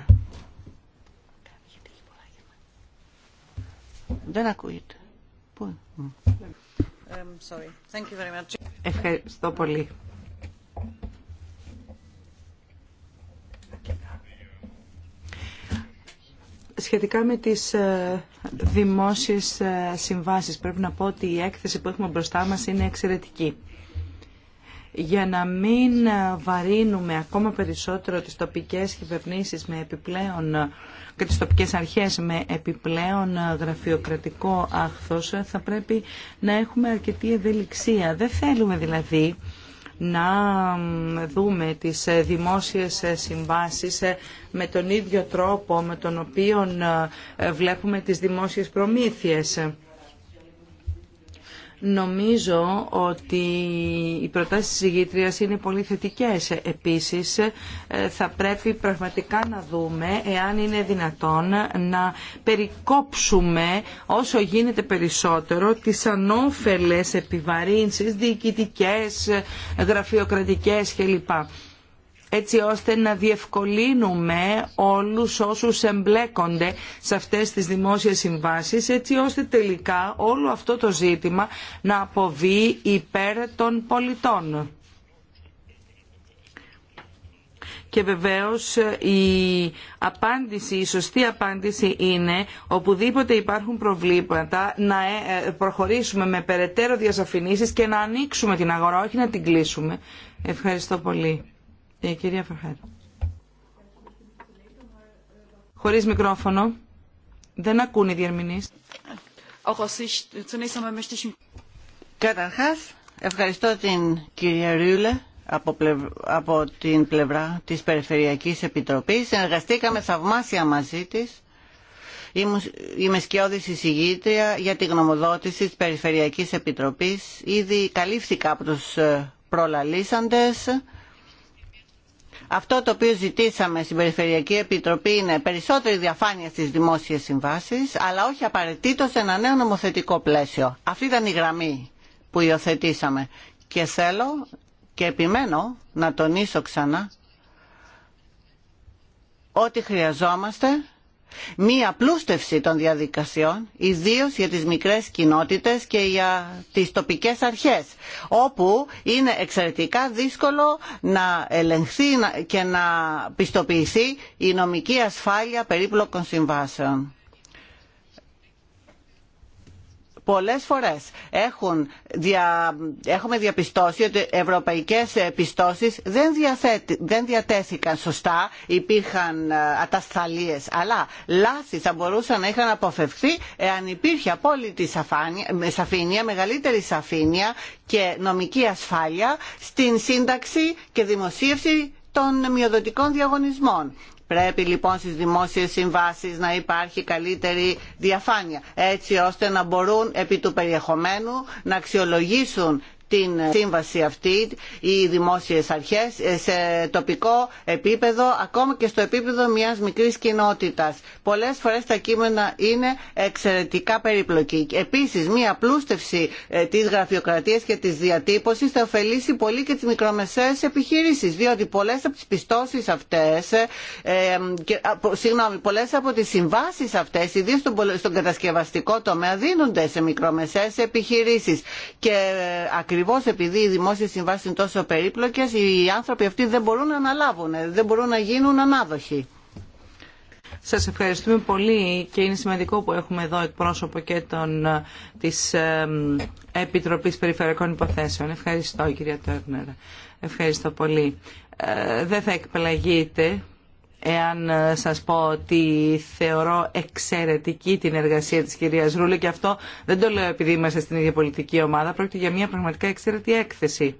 Δεν ακούγεται. Πού Um, Ευχαριστώ πολύ. Σχετικά με τις ε, δημόσιες ε, συμβάσεις, πρέπει να πω ότι η έκθεση που έχουμε μπροστά μας είναι εξαιρετική. Για να μην ε, βαρύνουμε ακόμα περισσότερο τις τοπικές κυβερνήσεις με επιπλέον και τις τοπικές αρχές με επιπλέον γραφειοκρατικό άχθος θα πρέπει να έχουμε αρκετή ευελιξία. Δεν θέλουμε δηλαδή να δούμε τις ε, δημόσιες ε, συμβάσεις ε, με τον ίδιο τρόπο με τον οποίο βλέπουμε τις δημόσιες προμήθειες. Νομίζω ότι οι προτάσεις της ηγήτριας είναι πολύ θετικές. Επίσης, ε, θα πρέπει πραγματικά να δούμε εάν είναι δυνατόν να περικόψουμε όσο γίνεται περισσότερο τις ανώφελες επιβαρύνσεις διοικητικές, γραφειοκρατικές κλπ έτσι ώστε να διευκολύνουμε όλους όσους εμπλέκονται σε αυτές τις δημόσιες συμβάσεις έτσι ώστε τελικά όλο αυτό το ζήτημα να αποβεί υπέρ των πολιτών. και βεβαίως η απάντηση, η σωστή απάντηση είναι οπουδήποτε υπάρχουν προβλήματα να ε, ε, προχωρήσουμε με περαιτέρω διασαφηνίσεις και να ανοίξουμε την αγορά, όχι να την κλείσουμε. Ευχαριστώ πολύ. Η ε, κυρία Φερχάρη. Χωρίς μικρόφωνο. Δεν ακούν οι διερμηνείς. Καταρχάς, ευχαριστώ την κυρία Ρούλε από, από την πλευρά της Περιφερειακής Επιτροπής. Συνεργαστήκαμε θαυμάσια μαζί της. Είμαι σκιώδης εισηγήτρια για τη γνωμοδότηση της Περιφερειακής Επιτροπής. Ήδη καλύφθηκα από τους ε, προλαλήσαντες. Αυτό το οποίο ζητήσαμε στην Περιφερειακή Επιτροπή είναι περισσότερη διαφάνεια στις δημόσιες συμβάσεις, αλλά όχι απαραίτητο σε ένα νέο νομοθετικό πλαίσιο. Αυτή ήταν η γραμμή που υιοθετήσαμε. Και θέλω και επιμένω να τονίσω ξανά ότι χρειαζόμαστε μία πλούστευση των διαδικασιών, ιδίως για τις μικρές κοινότητες και για τις τοπικές αρχές, όπου είναι εξαιρετικά δύσκολο να ελεγχθεί και να πιστοποιηθεί η νομική ασφάλεια περίπλοκων συμβάσεων πολλές φορές έχουν δια... έχουμε διαπιστώσει ότι ευρωπαϊκές πιστώσεις δεν, διατέθηκαν σωστά, υπήρχαν ε, ατασθαλίες, αλλά λάθη θα μπορούσαν να είχαν αποφευθεί εάν υπήρχε απόλυτη σαφήνεια, μεγαλύτερη σαφήνεια και νομική ασφάλεια στην σύνταξη και δημοσίευση των μειοδοτικών διαγωνισμών. Πρέπει λοιπόν στις δημόσιες συμβάσεις να υπάρχει καλύτερη διαφάνεια έτσι ώστε να μπορούν επί του περιεχομένου να αξιολογήσουν την σύμβαση αυτή οι δημόσιες αρχές σε τοπικό επίπεδο, ακόμα και στο επίπεδο μιας μικρής κοινότητας. Πολλές φορές τα κείμενα είναι εξαιρετικά περίπλοκη. Επίσης, μια πλούστευση ε, της γραφειοκρατίας και της διατύπωσης θα ωφελήσει πολύ και τις μικρομεσαίες επιχειρήσεις, διότι πολλές από τις πιστώσεις αυτές, ε, ε, συγγνώμη, πολλές από τις συμβάσεις αυτές, ιδίως στον, κατασκευαστικό τομέα, δίνονται σε μικρομεσαίες επιχειρήσεις. Και ακριβώ επειδή οι δημόσιε συμβάσει είναι τόσο περίπλοκε, οι άνθρωποι αυτοί δεν μπορούν να αναλάβουν, δεν μπορούν να γίνουν ανάδοχοι. Σας ευχαριστούμε πολύ και είναι σημαντικό που έχουμε εδώ εκπρόσωπο και των, ε, της ε, Επιτροπής Περιφερειακών Υποθέσεων. Ευχαριστώ κυρία Τέρνερ. Ευχαριστώ πολύ. Ε, δεν θα εκπλαγείτε εάν ε, σας πω ότι θεωρώ εξαιρετική την εργασία της κυρίας Ρούλη και αυτό δεν το λέω επειδή είμαστε στην ίδια πολιτική ομάδα, πρόκειται για μια πραγματικά εξαιρετική έκθεση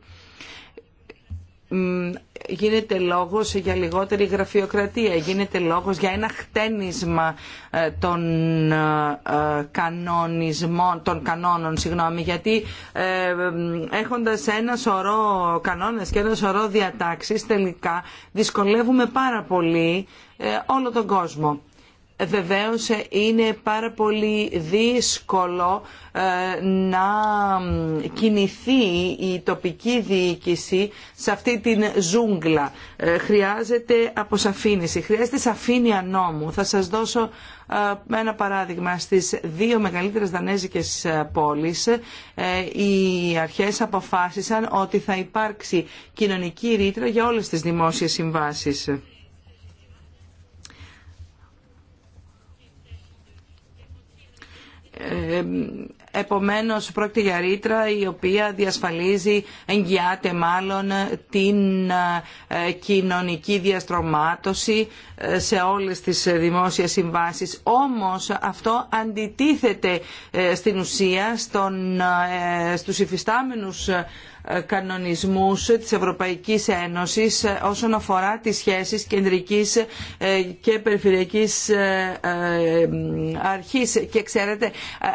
γίνεται λόγος για λιγότερη γραφειοκρατία, γίνεται λόγος για ένα χτένισμα ε, των ε, ε, κανονισμών, των κανόνων, συγγνώμη, γιατί έχοντας ένα σωρό κανόνες και ένα σωρό διατάξεις τελικά δυσκολεύουμε πάρα πολύ όλο τον κόσμο. Ε, βεβαίως ε, είναι πάρα πολύ δύσκολο ε, να κινηθεί η τοπική διοίκηση σε αυτή την ζούγκλα. Χρειάζεται αποσαφήνιση, χρειάζεται σαφήνεια νόμου. Θα σας δώσω ένα παράδειγμα. Στις δύο μεγαλύτερες δανέζικες πόλεις οι αρχές αποφάσισαν ότι θα υπάρξει κοινωνική ρήτρα για όλες τις δημόσιες συμβάσεις. Ε, επομένως πρόκειται για ρήτρα η οποία διασφαλίζει, εγγυάται μάλλον την ε, κοινωνική διαστρωμάτωση ε, σε όλες τις δημόσιες συμβάσεις. Όμως αυτό αντιτίθεται στην ουσία στον, στους υφιστάμενους ε, κανονισμούς της Ευρωπαϊκής Ένωσης ε, όσον αφορά τις σχέσεις κεντρικής ε, και περιφερειακής αρχής και ξέρετε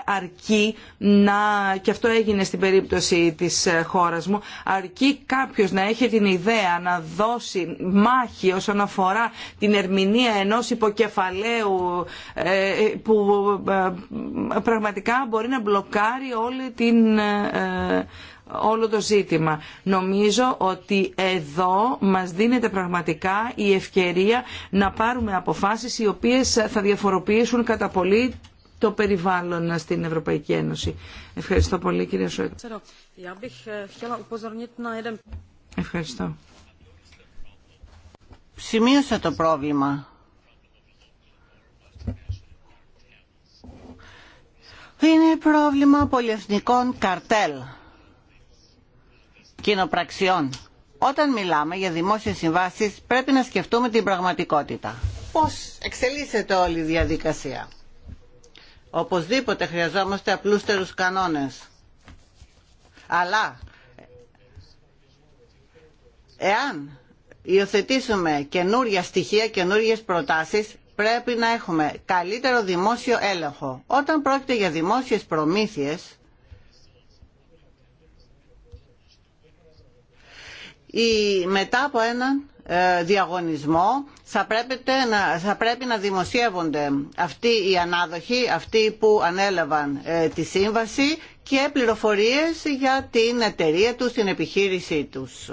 αρκεί να και αυτό έγινε στην περίπτωση της χώρας μου αρκεί κάποιος να έχει την ιδέα να δώσει μάχη όσον αφορά την ερμηνεία ενός υποκεφαλαίου που πραγματικά μπορεί να μπλοκάρει όλη την όλο το ζήτημα. Νομίζω ότι εδώ μας δίνεται πραγματικά η ευκαιρία να πάρουμε αποφάσεις οι οποίες θα διαφοροποιήσουν κατά πολύ το περιβάλλον στην Ευρωπαϊκή Ένωση. Ευχαριστώ πολύ κύριε Σουέκ. Ε, Ευχαριστώ. Σημείωσα το πρόβλημα. Είναι πρόβλημα πολυεθνικών καρτέλ κοινοπραξιών. Όταν μιλάμε για δημόσιες συμβάσεις πρέπει να σκεφτούμε την πραγματικότητα. Πώς εξελίσσεται όλη η διαδικασία. Οπωσδήποτε χρειαζόμαστε απλούστερους κανόνες. Αλλά εάν υιοθετήσουμε καινούργια στοιχεία, καινούργιες προτάσεις, πρέπει να έχουμε καλύτερο δημόσιο έλεγχο. Όταν πρόκειται για δημόσιες προμήθειες, η, μετά από έναν ε, διαγωνισμό θα πρέπει, να, θα πρέπει να δημοσιεύονται αυτοί οι ανάδοχοι, αυτοί που ανέλαβαν ε, τη σύμβαση και πληροφορίες για την εταιρεία τους, την επιχείρησή τους.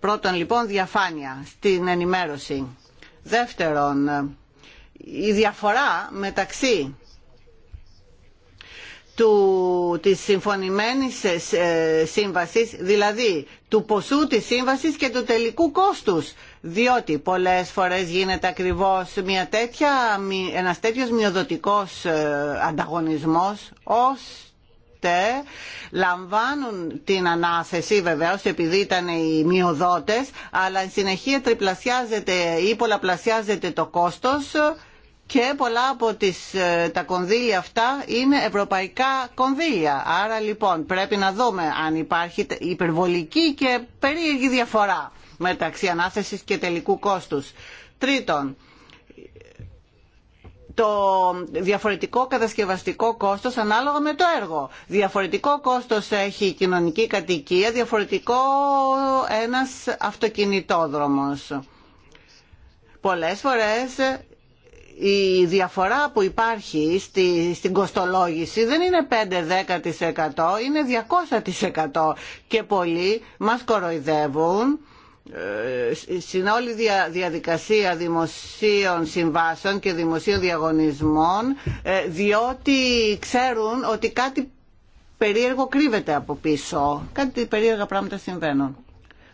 Πρώτον λοιπόν διαφάνεια στην ενημέρωση. Δεύτερον, η διαφορά μεταξύ του, της συμφωνημένης ε, ε, σύμβασης, δηλαδή του ποσού της σύμβασης και του τελικού κόστους. Διότι πολλές φορές γίνεται ακριβώς μια τέτοια, ένας τέτοιος μειοδοτικός ε, ανταγωνισμός, ώστε λαμβάνουν την ανάθεση βεβαίως επειδή ήταν οι μειοδότες, αλλά συνεχεία τριπλασιάζεται ή πολλαπλασιάζεται το κόστος και πολλά από ε, τα κονδύλια αυτά είναι ευρωπαϊκά κονδύλια. Άρα λοιπόν πρέπει να δούμε αν υπάρχει υπερβολική και περίεργη διαφορά μεταξύ ανάθεσης και τελικού κόστους. Τρίτον, το διαφορετικό κατασκευαστικό κόστος ανάλογα με το έργο. Διαφορετικό κόστος έχει η κοινωνική κατοικία, διαφορετικό ένας αυτοκινητόδρομος. Πολλές φορές η διαφορά που υπάρχει στη, στην κοστολόγηση δεν είναι 5-10% είναι 200% και πολλοί μας κοροϊδεύουν ε, στην όλη διαδικασία δημοσίων συμβάσεων και δημοσίων διαγωνισμών ε, διότι ξέρουν ότι κάτι περίεργο κρύβεται από πίσω. Κάτι περίεργα πράγματα συμβαίνουν.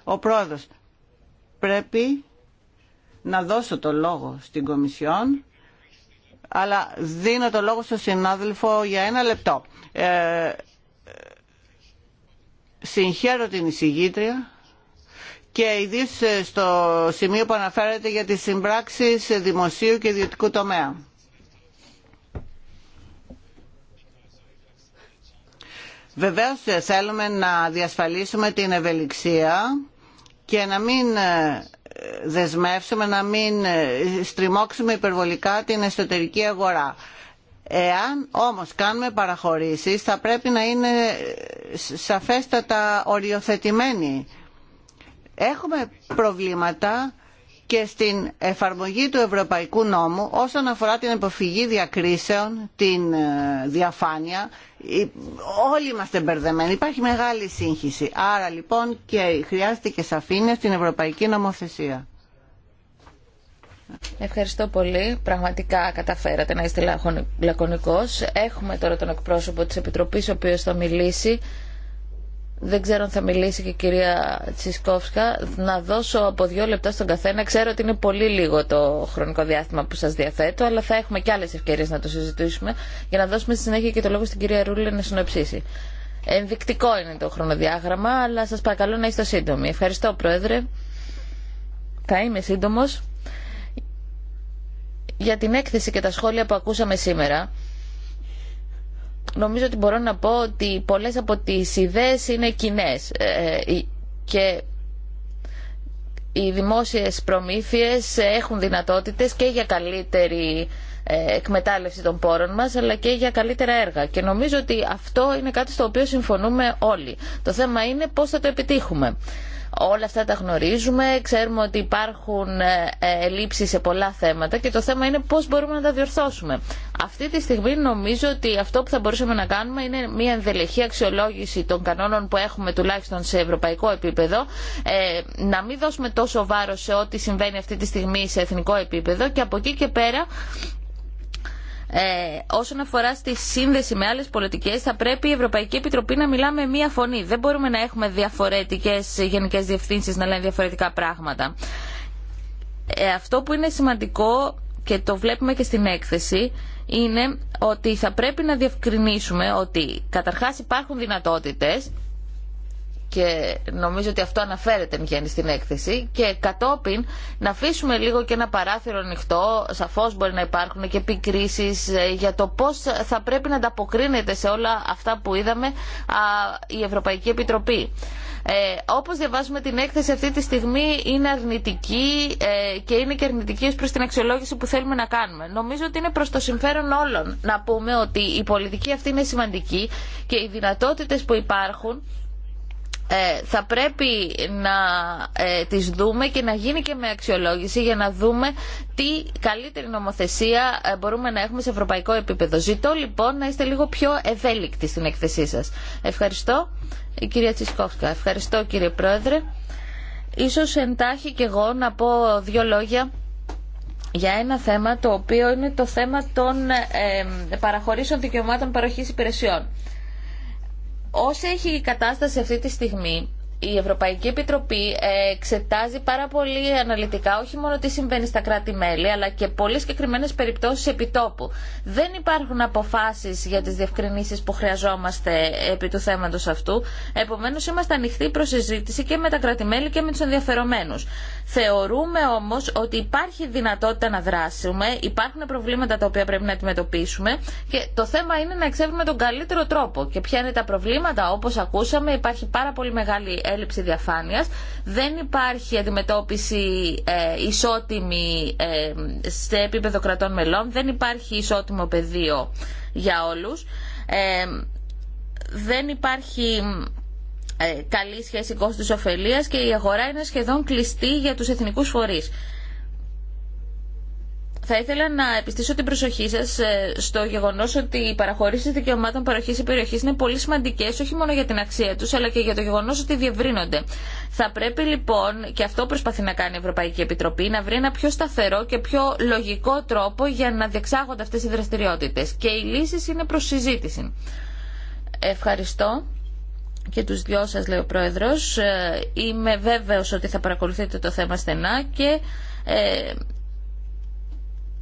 Ο πρόεδρος πρέπει να δώσω το λόγο στην Κομισιόν αλλά δίνω το λόγο στον συνάδελφο για ένα λεπτό. Ε, συγχαίρω την εισηγήτρια και ιδίω ε, στο σημείο που αναφέρεται για τις συμπράξεις δημοσίου και ιδιωτικού τομέα. Βεβαίως ε, θέλουμε να διασφαλίσουμε την ευελιξία και να μην ε, δεσμεύσουμε να μην στριμώξουμε υπερβολικά την εσωτερική αγορά. Εάν όμως κάνουμε παραχωρήσεις θα πρέπει να είναι σαφέστατα οριοθετημένοι. Έχουμε προβλήματα και στην εφαρμογή του Ευρωπαϊκού Νόμου όσον αφορά την αποφυγή διακρίσεων, την ε, διαφάνεια. Όλοι είμαστε μπερδεμένοι. Υπάρχει μεγάλη σύγχυση. Άρα λοιπόν και χρειάζεται και σαφήνεια στην Ευρωπαϊκή Νομοθεσία. Ευχαριστώ πολύ. Πραγματικά καταφέρατε να είστε λακωνικός. Έχουμε τώρα τον εκπρόσωπο της Επιτροπής, ο οποίος θα μιλήσει δεν ξέρω αν θα μιλήσει και η κυρία Τσισκόφσκα, να δώσω από δύο λεπτά στον καθένα. Ξέρω ότι είναι πολύ λίγο το χρονικό διάστημα που σας διαθέτω, αλλά θα έχουμε και άλλες ευκαιρίες να το συζητήσουμε για να δώσουμε στη συνέχεια και το λόγο στην κυρία Ρούλη να συνοψίσει. Ενδεικτικό είναι το χρονοδιάγραμμα, αλλά σας παρακαλώ να είστε σύντομοι. Ευχαριστώ, Πρόεδρε. Θα είμαι σύντομος. Για την έκθεση και τα σχόλια που ακούσαμε σήμερα, νομίζω ότι μπορώ να πω ότι πολλές από τις ιδέες είναι κοινέ. Ε, ε, και οι δημόσιες προμήθειες έχουν δυνατότητες και για καλύτερη ε, εκμετάλλευση των πόρων μας αλλά και για καλύτερα έργα και νομίζω ότι αυτό είναι κάτι στο οποίο συμφωνούμε όλοι. Το θέμα είναι πώς θα το επιτύχουμε. Όλα αυτά τα γνωρίζουμε, ξέρουμε ότι υπάρχουν ε, ε, ελλείψεις σε πολλά θέματα και το θέμα είναι πώς μπορούμε να τα διορθώσουμε. Αυτή τη στιγμή νομίζω ότι αυτό που θα μπορούσαμε να κάνουμε είναι μια ενδελεχή αξιολόγηση των κανόνων που έχουμε τουλάχιστον σε ευρωπαϊκό επίπεδο, ε, να μην δώσουμε τόσο βάρος σε ό,τι συμβαίνει αυτή τη στιγμή σε εθνικό επίπεδο και από εκεί και πέρα ε, όσον αφορά στη σύνδεση με άλλες πολιτικές θα πρέπει η Ευρωπαϊκή Επιτροπή να μιλά με μία φωνή. Δεν μπορούμε να έχουμε διαφορετικές γενικές διευθύνσεις να λένε διαφορετικά πράγματα. Ε, αυτό που είναι σημαντικό και το βλέπουμε και στην έκθεση είναι ότι θα πρέπει να διευκρινίσουμε ότι καταρχάς υπάρχουν δυνατότητες και νομίζω ότι αυτό αναφέρεται εν γέννη στην έκθεση και κατόπιν να αφήσουμε λίγο και ένα παράθυρο ανοιχτό σαφώς μπορεί να υπάρχουν και επικρίσεις ε, για το πώς θα πρέπει να ανταποκρίνεται σε όλα αυτά που είδαμε η Ευρωπαϊκή Επιτροπή. Ε, όπως διαβάζουμε την έκθεση αυτή τη στιγμή είναι αρνητική ε, και είναι και αρνητική ως προς την αξιολόγηση που θέλουμε να κάνουμε. Νομίζω ότι είναι προς το συμφέρον όλων να πούμε ότι η πολιτική αυτή είναι σημαντική και οι δυνατότητες που υπάρχουν ε, θα πρέπει να ε, τις δούμε και να γίνει και με αξιολόγηση για να δούμε τι καλύτερη νομοθεσία ε, μπορούμε να έχουμε σε ευρωπαϊκό επίπεδο. Ζητώ λοιπόν να είστε λίγο πιο ευέλικτοι στην έκθεσή σας. Ευχαριστώ η κυρία Τσισκόφσκα. Ευχαριστώ κύριε Πρόεδρε. Ίσως εντάχει και εγώ να πω δύο λόγια για ένα θέμα το οποίο είναι το θέμα των παραχωρήσεων δικαιωμάτων παροχής υπηρεσιών. Όσο έχει η κατάσταση αυτή τη στιγμή, η Ευρωπαϊκή Επιτροπή εξετάζει πάρα πολύ αναλυτικά όχι μόνο τι συμβαίνει στα κράτη-μέλη, αλλά και πολύ συγκεκριμένε περιπτώσει επιτόπου. Δεν υπάρχουν αποφάσει για τι διευκρινήσει που χρειαζόμαστε επί του θέματο αυτού. Επομένω, είμαστε ανοιχτοί προ συζήτηση και με τα κράτη-μέλη και με του ενδιαφερομένου. Θεωρούμε όμως ότι υπάρχει δυνατότητα να δράσουμε, υπάρχουν προβλήματα τα οποία πρέπει να αντιμετωπίσουμε και το θέμα είναι να εξεύρουμε τον καλύτερο τρόπο. Και ποια είναι τα προβλήματα, όπως ακούσαμε, υπάρχει πάρα πολύ μεγάλη έλλειψη διαφάνειας, δεν υπάρχει αντιμετώπιση ε, ισότιμη ε, σε επίπεδο κρατών μελών, δεν υπάρχει ισότιμο πεδίο για όλους, ε, δεν υπάρχει ε, καλή σχέση κόστου ωφελία και η αγορά είναι σχεδόν κλειστή για του εθνικού φορεί. Θα ήθελα να επιστήσω την προσοχή σα ε, στο γεγονό ότι οι παραχωρήσει δικαιωμάτων παροχή ή περιοχή είναι πολύ σημαντικέ όχι μόνο για την αξία του αλλά και για το γεγονό ότι διευρύνονται. Θα πρέπει λοιπόν, και αυτό προσπαθεί να κάνει η Ευρωπαϊκή Επιτροπή, να βρει ένα πιο σταθερό και πιο λογικό τρόπο για να διεξάγονται αυτέ οι δραστηριότητε. Και οι λύσει είναι προ συζήτηση. Ευχαριστώ και τους δυο σας, λέει ο Πρόεδρος. Ε, είμαι βέβαιος ότι θα παρακολουθείτε το θέμα στενά και ε,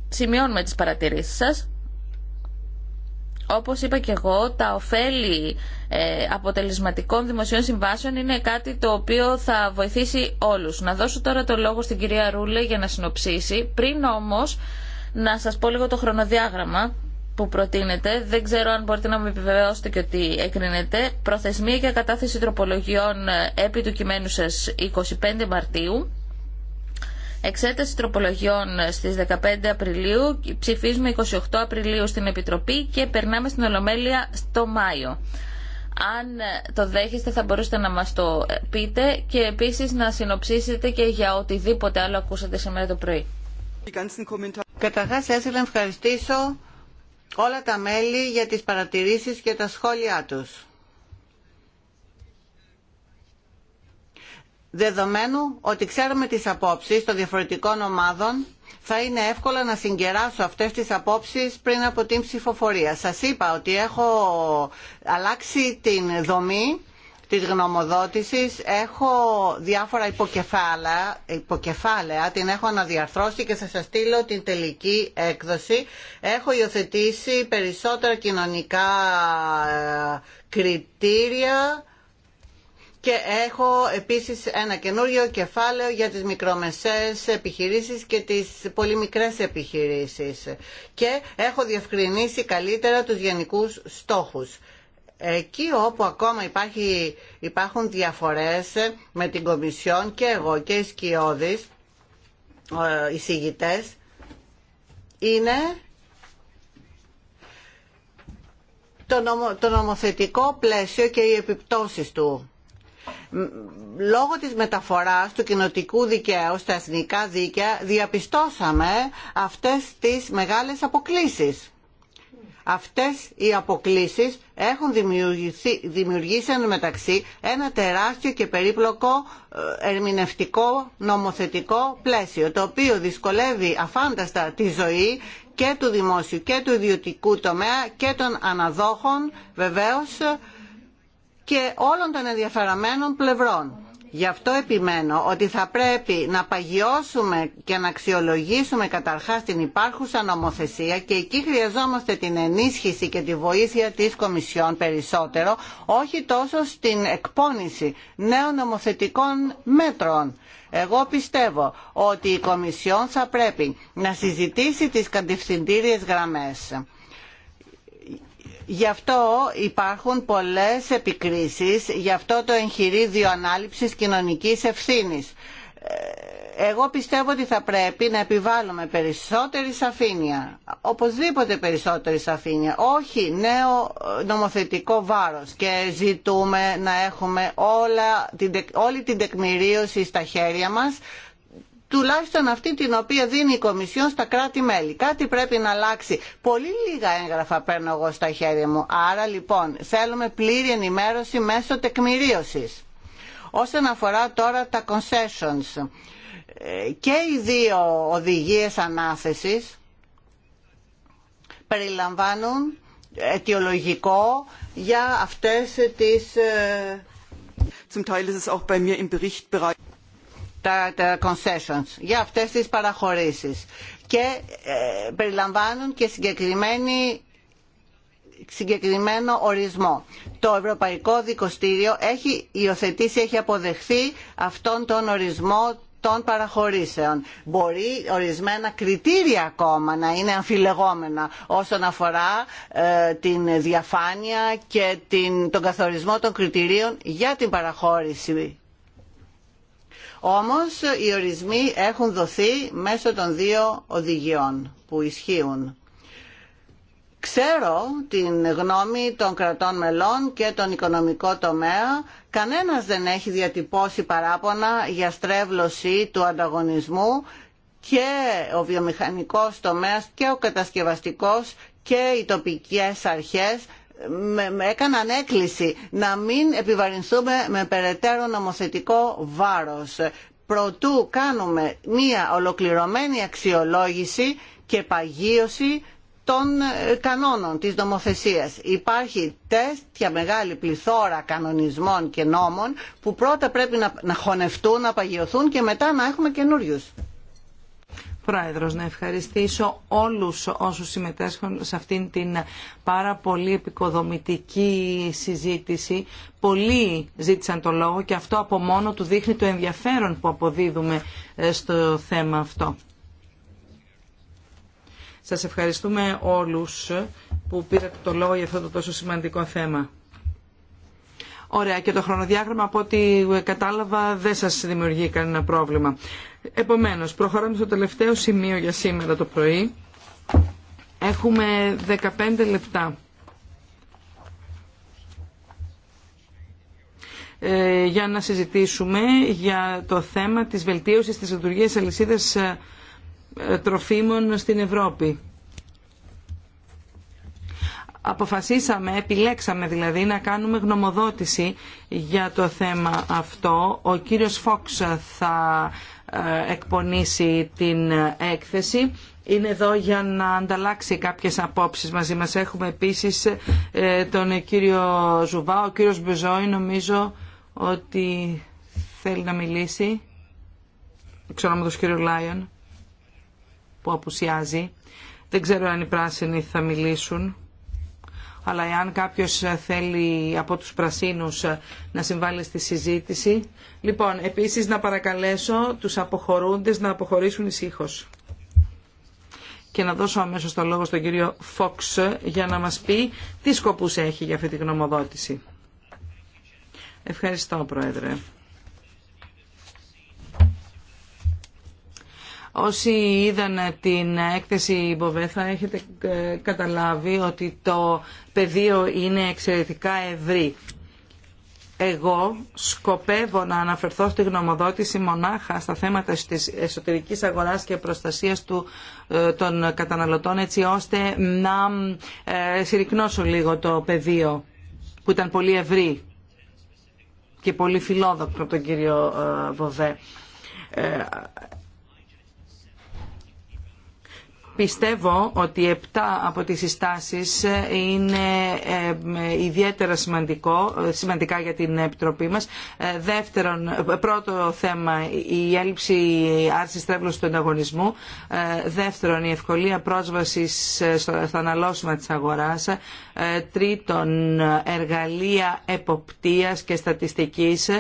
σημειώνουμε τις παρατηρήσεις σας. Όπως είπα και εγώ, τα ωφέλη ε, αποτελεσματικών δημοσίων συμβάσεων είναι κάτι το οποίο θα βοηθήσει όλους. Να δώσω τώρα το λόγο στην κυρία Ρούλε για να συνοψίσει. Πριν όμως να σας πω λίγο το χρονοδιάγραμμα που προτείνεται, δεν ξέρω αν μπορείτε να με επιβεβαιώσετε και ότι εκρίνεται, προθεσμία για κατάθεση τροπολογιών ε, επί του κειμένου σας 25 Μαρτίου, εξέταση τροπολογιών ε, στις 15 Απριλίου, ψηφίζουμε 28 Απριλίου στην Επιτροπή και περνάμε στην Ολομέλεια στο Μάιο. Αν ε, το δέχεστε θα μπορούσατε να μας το πείτε και επίσης να συνοψίσετε και για οτιδήποτε άλλο ακούσατε σήμερα το πρωί. Καταρχάς, ήθελα να ευχαριστήσω όλα τα μέλη για τις παρατηρήσεις και τα σχόλιά τους. Δεδομένου ότι ξέρουμε τις απόψεις των διαφορετικών ομάδων, θα είναι εύκολο να συγκεράσω αυτές τις απόψεις πριν από την ψηφοφορία. Σας είπα ότι έχω αλλάξει την δομή της γνωμοδότησης έχω διάφορα υποκεφάλαια, υποκεφάλαια, την έχω αναδιαρθρώσει και θα σας στείλω την τελική έκδοση. Έχω υιοθετήσει περισσότερα κοινωνικά ε, κριτήρια και έχω επίσης ένα καινούριο κεφάλαιο για τις μικρομεσαίες επιχειρήσεις και τις πολύ μικρές επιχειρήσεις. Και έχω διευκρινίσει καλύτερα τους γενικούς στόχους εκεί όπου ακόμα υπάρχει, υπάρχουν διαφορές με την Κομισιόν και εγώ και οι σκιώδεις ε, οι συγητές, είναι το, νομο, το νομοθετικό πλαίσιο και οι επιπτώσεις του. Λόγω της μεταφοράς του κοινοτικού δικαίου στα εθνικά δίκαια διαπιστώσαμε αυτές τις μεγάλες αποκλίσεις Αυτές οι αποκλίσεις έχουν δημιουργήσει μεταξύ ένα τεράστιο και περίπλοκο ε, ερμηνευτικό νομοθετικό πλαίσιο το οποίο δυσκολεύει αφάνταστα τη ζωή και του δημόσιου και του ιδιωτικού τομέα και των αναδόχων βεβαίως και όλων των ενδιαφεραμένων πλευρών. Γι' αυτό επιμένω ότι θα πρέπει να παγιώσουμε και να αξιολογήσουμε καταρχάς την υπάρχουσα νομοθεσία και εκεί χρειαζόμαστε την ενίσχυση και τη βοήθεια της Κομισιόν περισσότερο, όχι τόσο στην εκπόνηση νέων νομοθετικών μέτρων. Εγώ πιστεύω ότι η Κομισιόν θα πρέπει να συζητήσει τις κατευθυντήριες γραμμές Γι' αυτό υπάρχουν πολλές επικρίσεις, γι' αυτό το εγχειρίδιο ανάληψης κοινωνικής ευθύνης. Ε, εγώ πιστεύω ότι θα πρέπει να επιβάλλουμε περισσότερη σαφήνεια, οπωσδήποτε περισσότερη σαφήνεια, όχι νέο νομοθετικό βάρος και ζητούμε να έχουμε όλα, όλη την τεκμηρίωση στα χέρια μας τουλάχιστον αυτή την οποία δίνει η Κομισιόν στα κράτη-μέλη. Κάτι πρέπει να αλλάξει. Πολύ λίγα έγγραφα παίρνω εγώ στα χέρια μου. Άρα λοιπόν θέλουμε πλήρη ενημέρωση μέσω τεκμηρίωσης. Όσον αφορά τώρα τα concessions ε, και οι δύο οδηγίες ανάθεσης περιλαμβάνουν αιτιολογικό για αυτές τις... Ε, Zum τα, concessions, για αυτές τις παραχωρήσεις. Και ε, περιλαμβάνουν και συγκεκριμένη συγκεκριμένο ορισμό. Το Ευρωπαϊκό Δικοστήριο έχει υιοθετήσει, έχει αποδεχθεί αυτόν τον ορισμό των παραχωρήσεων. Μπορεί ορισμένα κριτήρια ακόμα να είναι αμφιλεγόμενα όσον αφορά ε, την διαφάνεια και την, τον καθορισμό των κριτηρίων για την παραχώρηση όμως οι ορισμοί έχουν δοθεί μέσω των δύο οδηγιών που ισχύουν. Ξέρω την γνώμη των κρατών μελών και τον οικονομικό τομέα. Κανένας δεν έχει διατυπώσει παράπονα για στρέβλωση του ανταγωνισμού και ο βιομηχανικός τομέας και ο κατασκευαστικός και οι τοπικές αρχές με, έκαναν έκκληση να μην επιβαρυνθούμε με περαιτέρω νομοθετικό βάρος. Προτού κάνουμε μία ολοκληρωμένη αξιολόγηση και παγίωση των ε, κανόνων της νομοθεσίας. Υπάρχει τέτοια μεγάλη πληθώρα κανονισμών και νόμων που πρώτα πρέπει να, να χωνευτούν, να παγιωθούν και μετά να έχουμε καινούριου. Πρόεδρος, να ευχαριστήσω όλους όσους συμμετέσχουν σε αυτήν την πάρα πολύ επικοδομητική συζήτηση. Πολλοί ζήτησαν το λόγο και αυτό από μόνο του δείχνει το ενδιαφέρον που αποδίδουμε ε, στο θέμα αυτό. Σας ευχαριστούμε όλους που πήρατε το λόγο για αυτό το τόσο σημαντικό θέμα. Ωραία και το χρονοδιάγραμμα από ό,τι κατάλαβα δεν σας δημιουργεί κανένα πρόβλημα. Επομένως, προχωράμε στο τελευταίο σημείο για σήμερα το πρωί. Έχουμε 15 λεπτά. Ε, για να συζητήσουμε για το θέμα της βελτίωσης της λειτουργίας αλυσίδας ε, τροφίμων στην Ευρώπη. Αποφασίσαμε, επιλέξαμε δηλαδή να κάνουμε γνωμοδότηση για το θέμα αυτό. Ο κύριος Φόξ θα ε, εκπονήσει την έκθεση. Είναι εδώ για να ανταλλάξει κάποιες απόψεις μαζί μας. Έχουμε επίσης ε, τον κύριο Ζουβά, ο κύριος Μπεζόη νομίζω ότι θέλει να μιλήσει. Ξέρω με τον κύριο Λάιον που απουσιάζει. Δεν ξέρω αν οι πράσινοι θα μιλήσουν αλλά εάν κάποιος θέλει από τους πρασίνους να συμβάλλει στη συζήτηση. Λοιπόν, επίσης να παρακαλέσω τους αποχωρούντες να αποχωρήσουν ισχύος Και να δώσω αμέσως το λόγο στον κύριο Φόξ για να μας πει τι σκοπούς έχει για αυτή τη γνωμοδότηση. Ευχαριστώ, Πρόεδρε. Όσοι είδαν την έκθεση Μποβέ θα έχετε ε, καταλάβει ότι το πεδίο είναι εξαιρετικά ευρύ. Εγώ σκοπεύω να αναφερθώ στη γνωμοδότηση μονάχα στα θέματα της εσωτερικής αγοράς και προστασίας του, ε, των καταναλωτών έτσι ώστε να ε, συρρυκνώσω λίγο το πεδίο που ήταν πολύ ευρύ και πολύ φιλόδοξο από τον κύριο ε, Βοβέ. Πιστεύω ότι 7 από τις συστάσεις είναι ε, ιδιαίτερα σημαντικό, ε, σημαντικά για την Επιτροπή μας. Ε, δεύτερον, πρώτο θέμα, η έλλειψη άρσης τρέβλωσης του ανταγωνισμού. Δεύτερον, η ευκολία πρόσβασης στο αναλώσιμα της αγοράς. Τρίτον, εργαλεία εποπτείας και στατιστικής.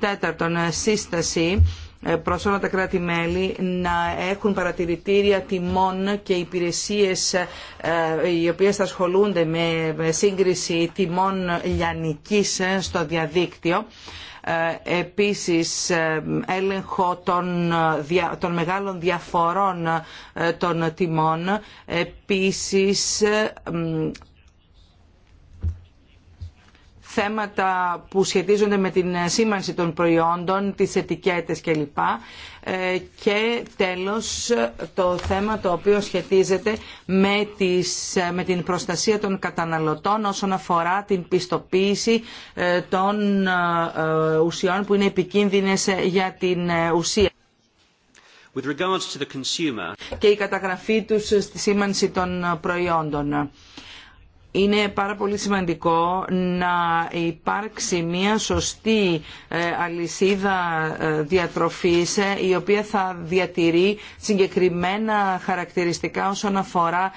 Τέταρτον, σύσταση ε, προς όλα τα κράτη-μέλη να έχουν παρατηρητήρια τιμών και υπηρεσίες ε, οι οποίες θα ασχολούνται με σύγκριση τιμών λιανικής ε, στο διαδίκτυο επίσης έλεγχο των, των μεγάλων διαφορών των τιμών, επίσης θέματα που σχετίζονται με την σήμανση των προϊόντων, τις ετικέτες κλπ. Ε, και τέλος το θέμα το οποίο σχετίζεται με, την προστασία των καταναλωτών όσον αφορά την πιστοποίηση ε, των ε, ουσιών που είναι επικίνδυνες για την ουσία. With και η καταγραφή τους στη σήμανση των προϊόντων είναι πάρα πολύ σημαντικό να υπάρξει μια σωστή ε, αλυσίδα ε, διατροφής ε, η οποία θα διατηρεί συγκεκριμένα χαρακτηριστικά όσον αφορά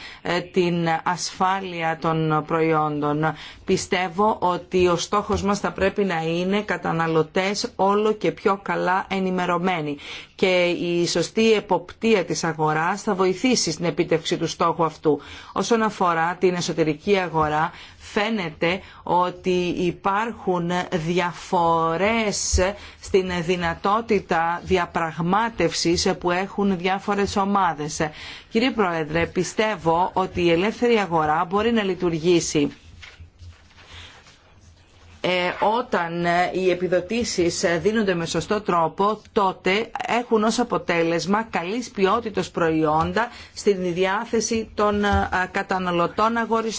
την ασφάλεια των προϊόντων. Πιστεύω ότι ο στόχος μας θα πρέπει να είναι καταναλωτές όλο και πιο καλά ενημερωμένοι και η σωστή εποπτεία της αγοράς θα βοηθήσει στην επίτευξη του στόχου αυτού. Όσον αφορά την εσωτερική αγορά, φαίνεται ότι υπάρχουν διαφορές στην δυνατότητα διαπραγμάτευσης που έχουν διάφορες ομάδες. Κύριε Πρόεδρε, πιστεύω ότι η ελεύθερη αγορά μπορεί να λειτουργήσει ε, όταν ε, οι επιδοτήσεις ε, δίνονται με σωστό τρόπο τότε έχουν ως αποτέλεσμα καλής ποιότητας προϊόντα στην διάθεση των καταναλωτών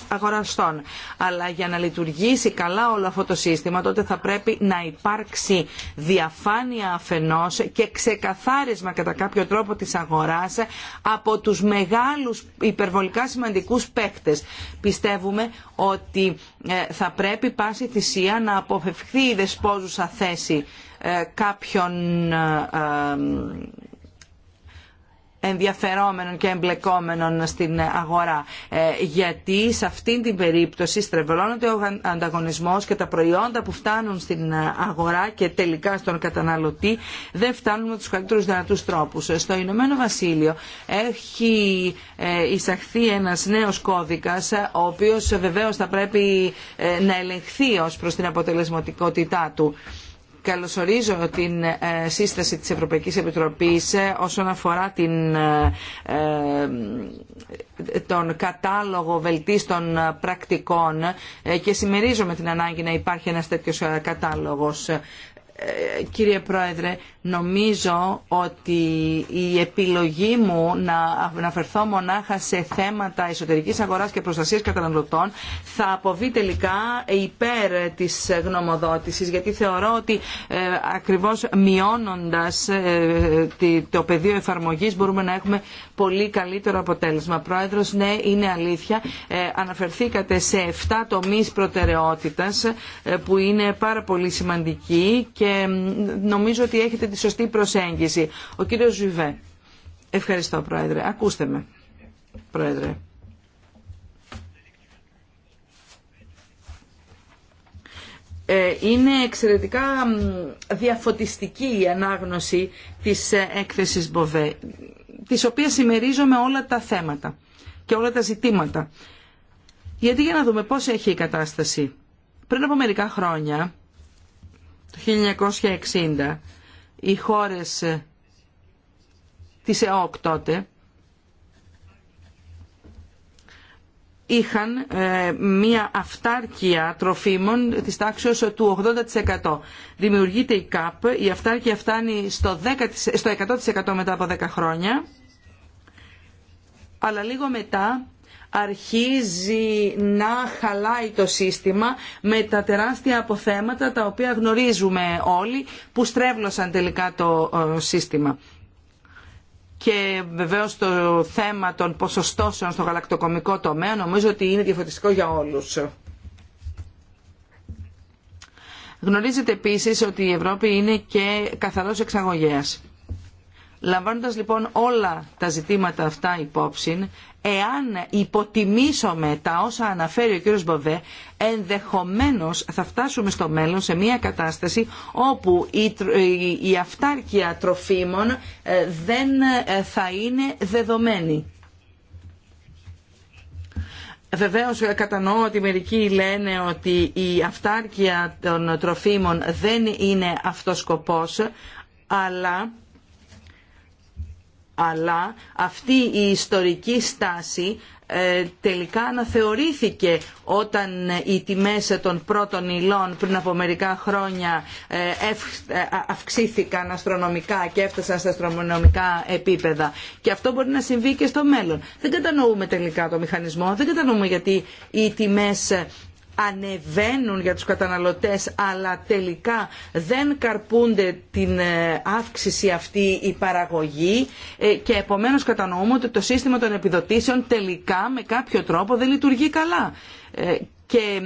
αγοραστών. Αλλά για να λειτουργήσει καλά όλο αυτό το σύστημα τότε θα πρέπει να υπάρξει διαφάνεια αφενός και ξεκαθάρισμα κατά κάποιο τρόπο της αγοράς από τους μεγάλους υπερβολικά σημαντικούς παίκτες. Πιστεύουμε ότι ε, θα πρέπει πάση θυσία να αποφευχθεί η δεσπόζουσα θέση ε, κάποιων ε, ενδιαφερόμενων και εμπλεκόμενων στην αγορά. Ε, γιατί σε αυτήν την περίπτωση στρεβλώνεται ο ανταγωνισμός και τα προϊόντα που φτάνουν στην αγορά και τελικά στον καταναλωτή δεν φτάνουν με τους καλύτερους δυνατούς τρόπους. Στο Ηνωμένο Βασίλειο έχει ε, εισαχθεί ένας νέος κώδικας ε, ο οποίος βεβαίως θα πρέπει να ελεγχθεί ως προς την αποτελεσματικότητά του. Καλωσορίζω την ε, σύσταση της Ευρωπαϊκής Επιτροπής ε, όσον αφορά ε, τον κατάλογο βελτίστων πρακτικών και συμμερίζομαι την ανάγκη να υπάρχει ένας τέτοιος κατάλογος κύριε Πρόεδρε, νομίζω ότι η επιλογή μου να αναφερθώ μονάχα σε θέματα εσωτερικής αγοράς και προστασίας καταναλωτών θα αποβεί τελικά υπέρ της γνωμοδότησης, γιατί θεωρώ ότι ε, ακριβώς μειώνοντας ε, το πεδίο εφαρμογής μπορούμε να έχουμε πολύ καλύτερο αποτέλεσμα. Πρόεδρος, ναι, είναι αλήθεια. Ε, αναφερθήκατε σε 7 τομείς προτεραιότητας ε, που είναι πάρα πολύ σημαντικοί και νομίζω ότι έχετε τη σωστή προσέγγιση. Ο κύριος Ζουβέ. Ευχαριστώ, Πρόεδρε. Ακούστε με, Πρόεδρε. Ε, είναι εξαιρετικά διαφωτιστική η ανάγνωση της έκθεσης Μποβέ της οποίας συμμερίζομαι όλα τα θέματα και όλα τα ζητήματα. Γιατί για να δούμε πώς έχει η κατάσταση. Πριν από μερικά χρόνια, το 1960, οι χώρες ε, της ΕΟΚ τότε είχαν ε, μία αυτάρκεια τροφίμων της τάξης του 80%. Δημιουργείται η ΚΑΠ, η αυτάρκεια φτάνει στο 100% μετά από 10 χρόνια αλλά λίγο μετά αρχίζει να χαλάει το σύστημα με τα τεράστια αποθέματα τα οποία γνωρίζουμε όλοι που στρέβλωσαν τελικά το ε, σύστημα. Και βεβαίω το θέμα των ποσοστώσεων στο γαλακτοκομικό τομέα νομίζω ότι είναι διαφορετικό για όλους. Γνωρίζετε επίσης ότι η Ευρώπη είναι και καθαρός εξαγωγέας. Λαμβάνοντας λοιπόν όλα τα ζητήματα αυτά υπόψη, εάν υποτιμήσουμε τα όσα αναφέρει ο κ. Μποβέ, ενδεχομένως θα φτάσουμε στο μέλλον σε μια κατάσταση όπου η αυτάρκεια τροφίμων ε, δεν ε, θα είναι δεδομένη. Βεβαίως ε, κατανοώ ότι μερικοί λένε ότι η αυτάρκεια των τροφίμων δεν είναι αυτός σκοπός, αλλά αλλά αυτή η ιστορική στάση ε, τελικά αναθεωρήθηκε όταν οι τιμές των πρώτων υλών πριν από μερικά χρόνια ε, ε, αυξήθηκαν αστρονομικά και έφτασαν στα αστρονομικά επίπεδα. Και αυτό μπορεί να συμβεί και στο μέλλον. Δεν κατανοούμε τελικά το μηχανισμό, δεν κατανοούμε γιατί οι τιμές ανεβαίνουν για τους καταναλωτές αλλά τελικά δεν καρπούνται την ε, αύξηση αυτή η παραγωγή ε, και επομένως κατανοούμε ότι το σύστημα των επιδοτήσεων τελικά με κάποιο τρόπο δεν λειτουργεί καλά. Ε, και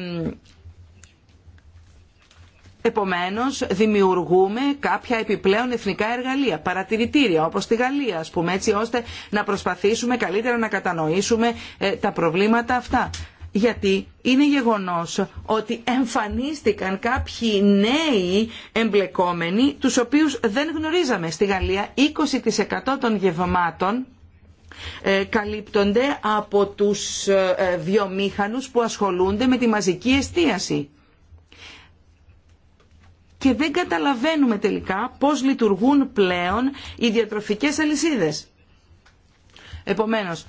Επομένως δημιουργούμε κάποια επιπλέον εθνικά εργαλεία, παρατηρητήρια όπως τη Γαλλία ας πούμε έτσι ώστε να προσπαθήσουμε καλύτερα να κατανοήσουμε τα προβλήματα αυτά γιατί είναι γεγονός ότι εμφανίστηκαν κάποιοι νέοι εμπλεκόμενοι, τους οποίους δεν γνωρίζαμε. Στη Γαλλία 20% των γευμάτων ε, καλύπτονται από τους ε, βιομήχανους που ασχολούνται με τη μαζική εστίαση. Και δεν καταλαβαίνουμε τελικά πώς λειτουργούν πλέον οι διατροφικές αλυσίδες. Επομένως,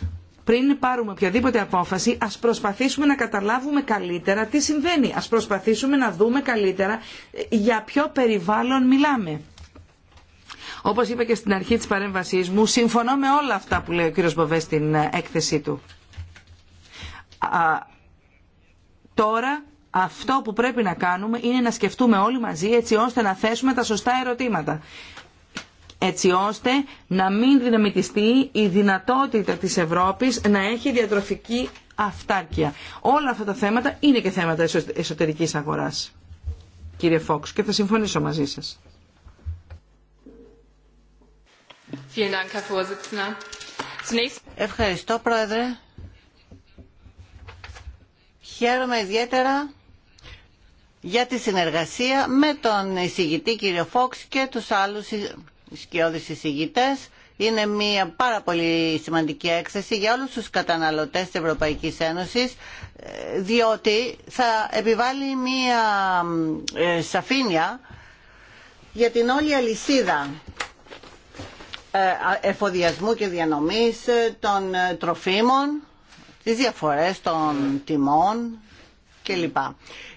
πριν πάρουμε οποιαδήποτε απόφαση, ας προσπαθήσουμε να καταλάβουμε καλύτερα τι συμβαίνει. Ας προσπαθήσουμε να δούμε καλύτερα ε, για ποιο περιβάλλον μιλάμε. Όπως είπα και στην αρχή της παρέμβασής μου, συμφωνώ με όλα αυτά που λέει ο κύριος Μποβέ στην ε, έκθεσή του. Α, τώρα αυτό που πρέπει να κάνουμε είναι να σκεφτούμε όλοι μαζί έτσι ώστε να θέσουμε τα σωστά ερωτήματα έτσι ώστε να μην δυναμητιστεί η δυνατότητα της Ευρώπης να έχει διατροφική αυτάρκεια. Όλα αυτά τα θέματα είναι και θέματα εσωτερικής αγοράς, κύριε Φόξ, και θα συμφωνήσω μαζί σας. Ευχαριστώ, Πρόεδρε. Χαίρομαι ιδιαίτερα για τη συνεργασία με τον εισηγητή κύριο Φόξ και τους άλλους σκιώδης εισηγητές. Είναι μια πάρα πολύ σημαντική έκθεση για όλους τους καταναλωτές της Ευρωπαϊκής Ένωσης διότι θα επιβάλλει μια ε, σαφήνεια για την όλη αλυσίδα ε, εφοδιασμού και διανομής ε, των τροφίμων, τις διαφορές των τιμών,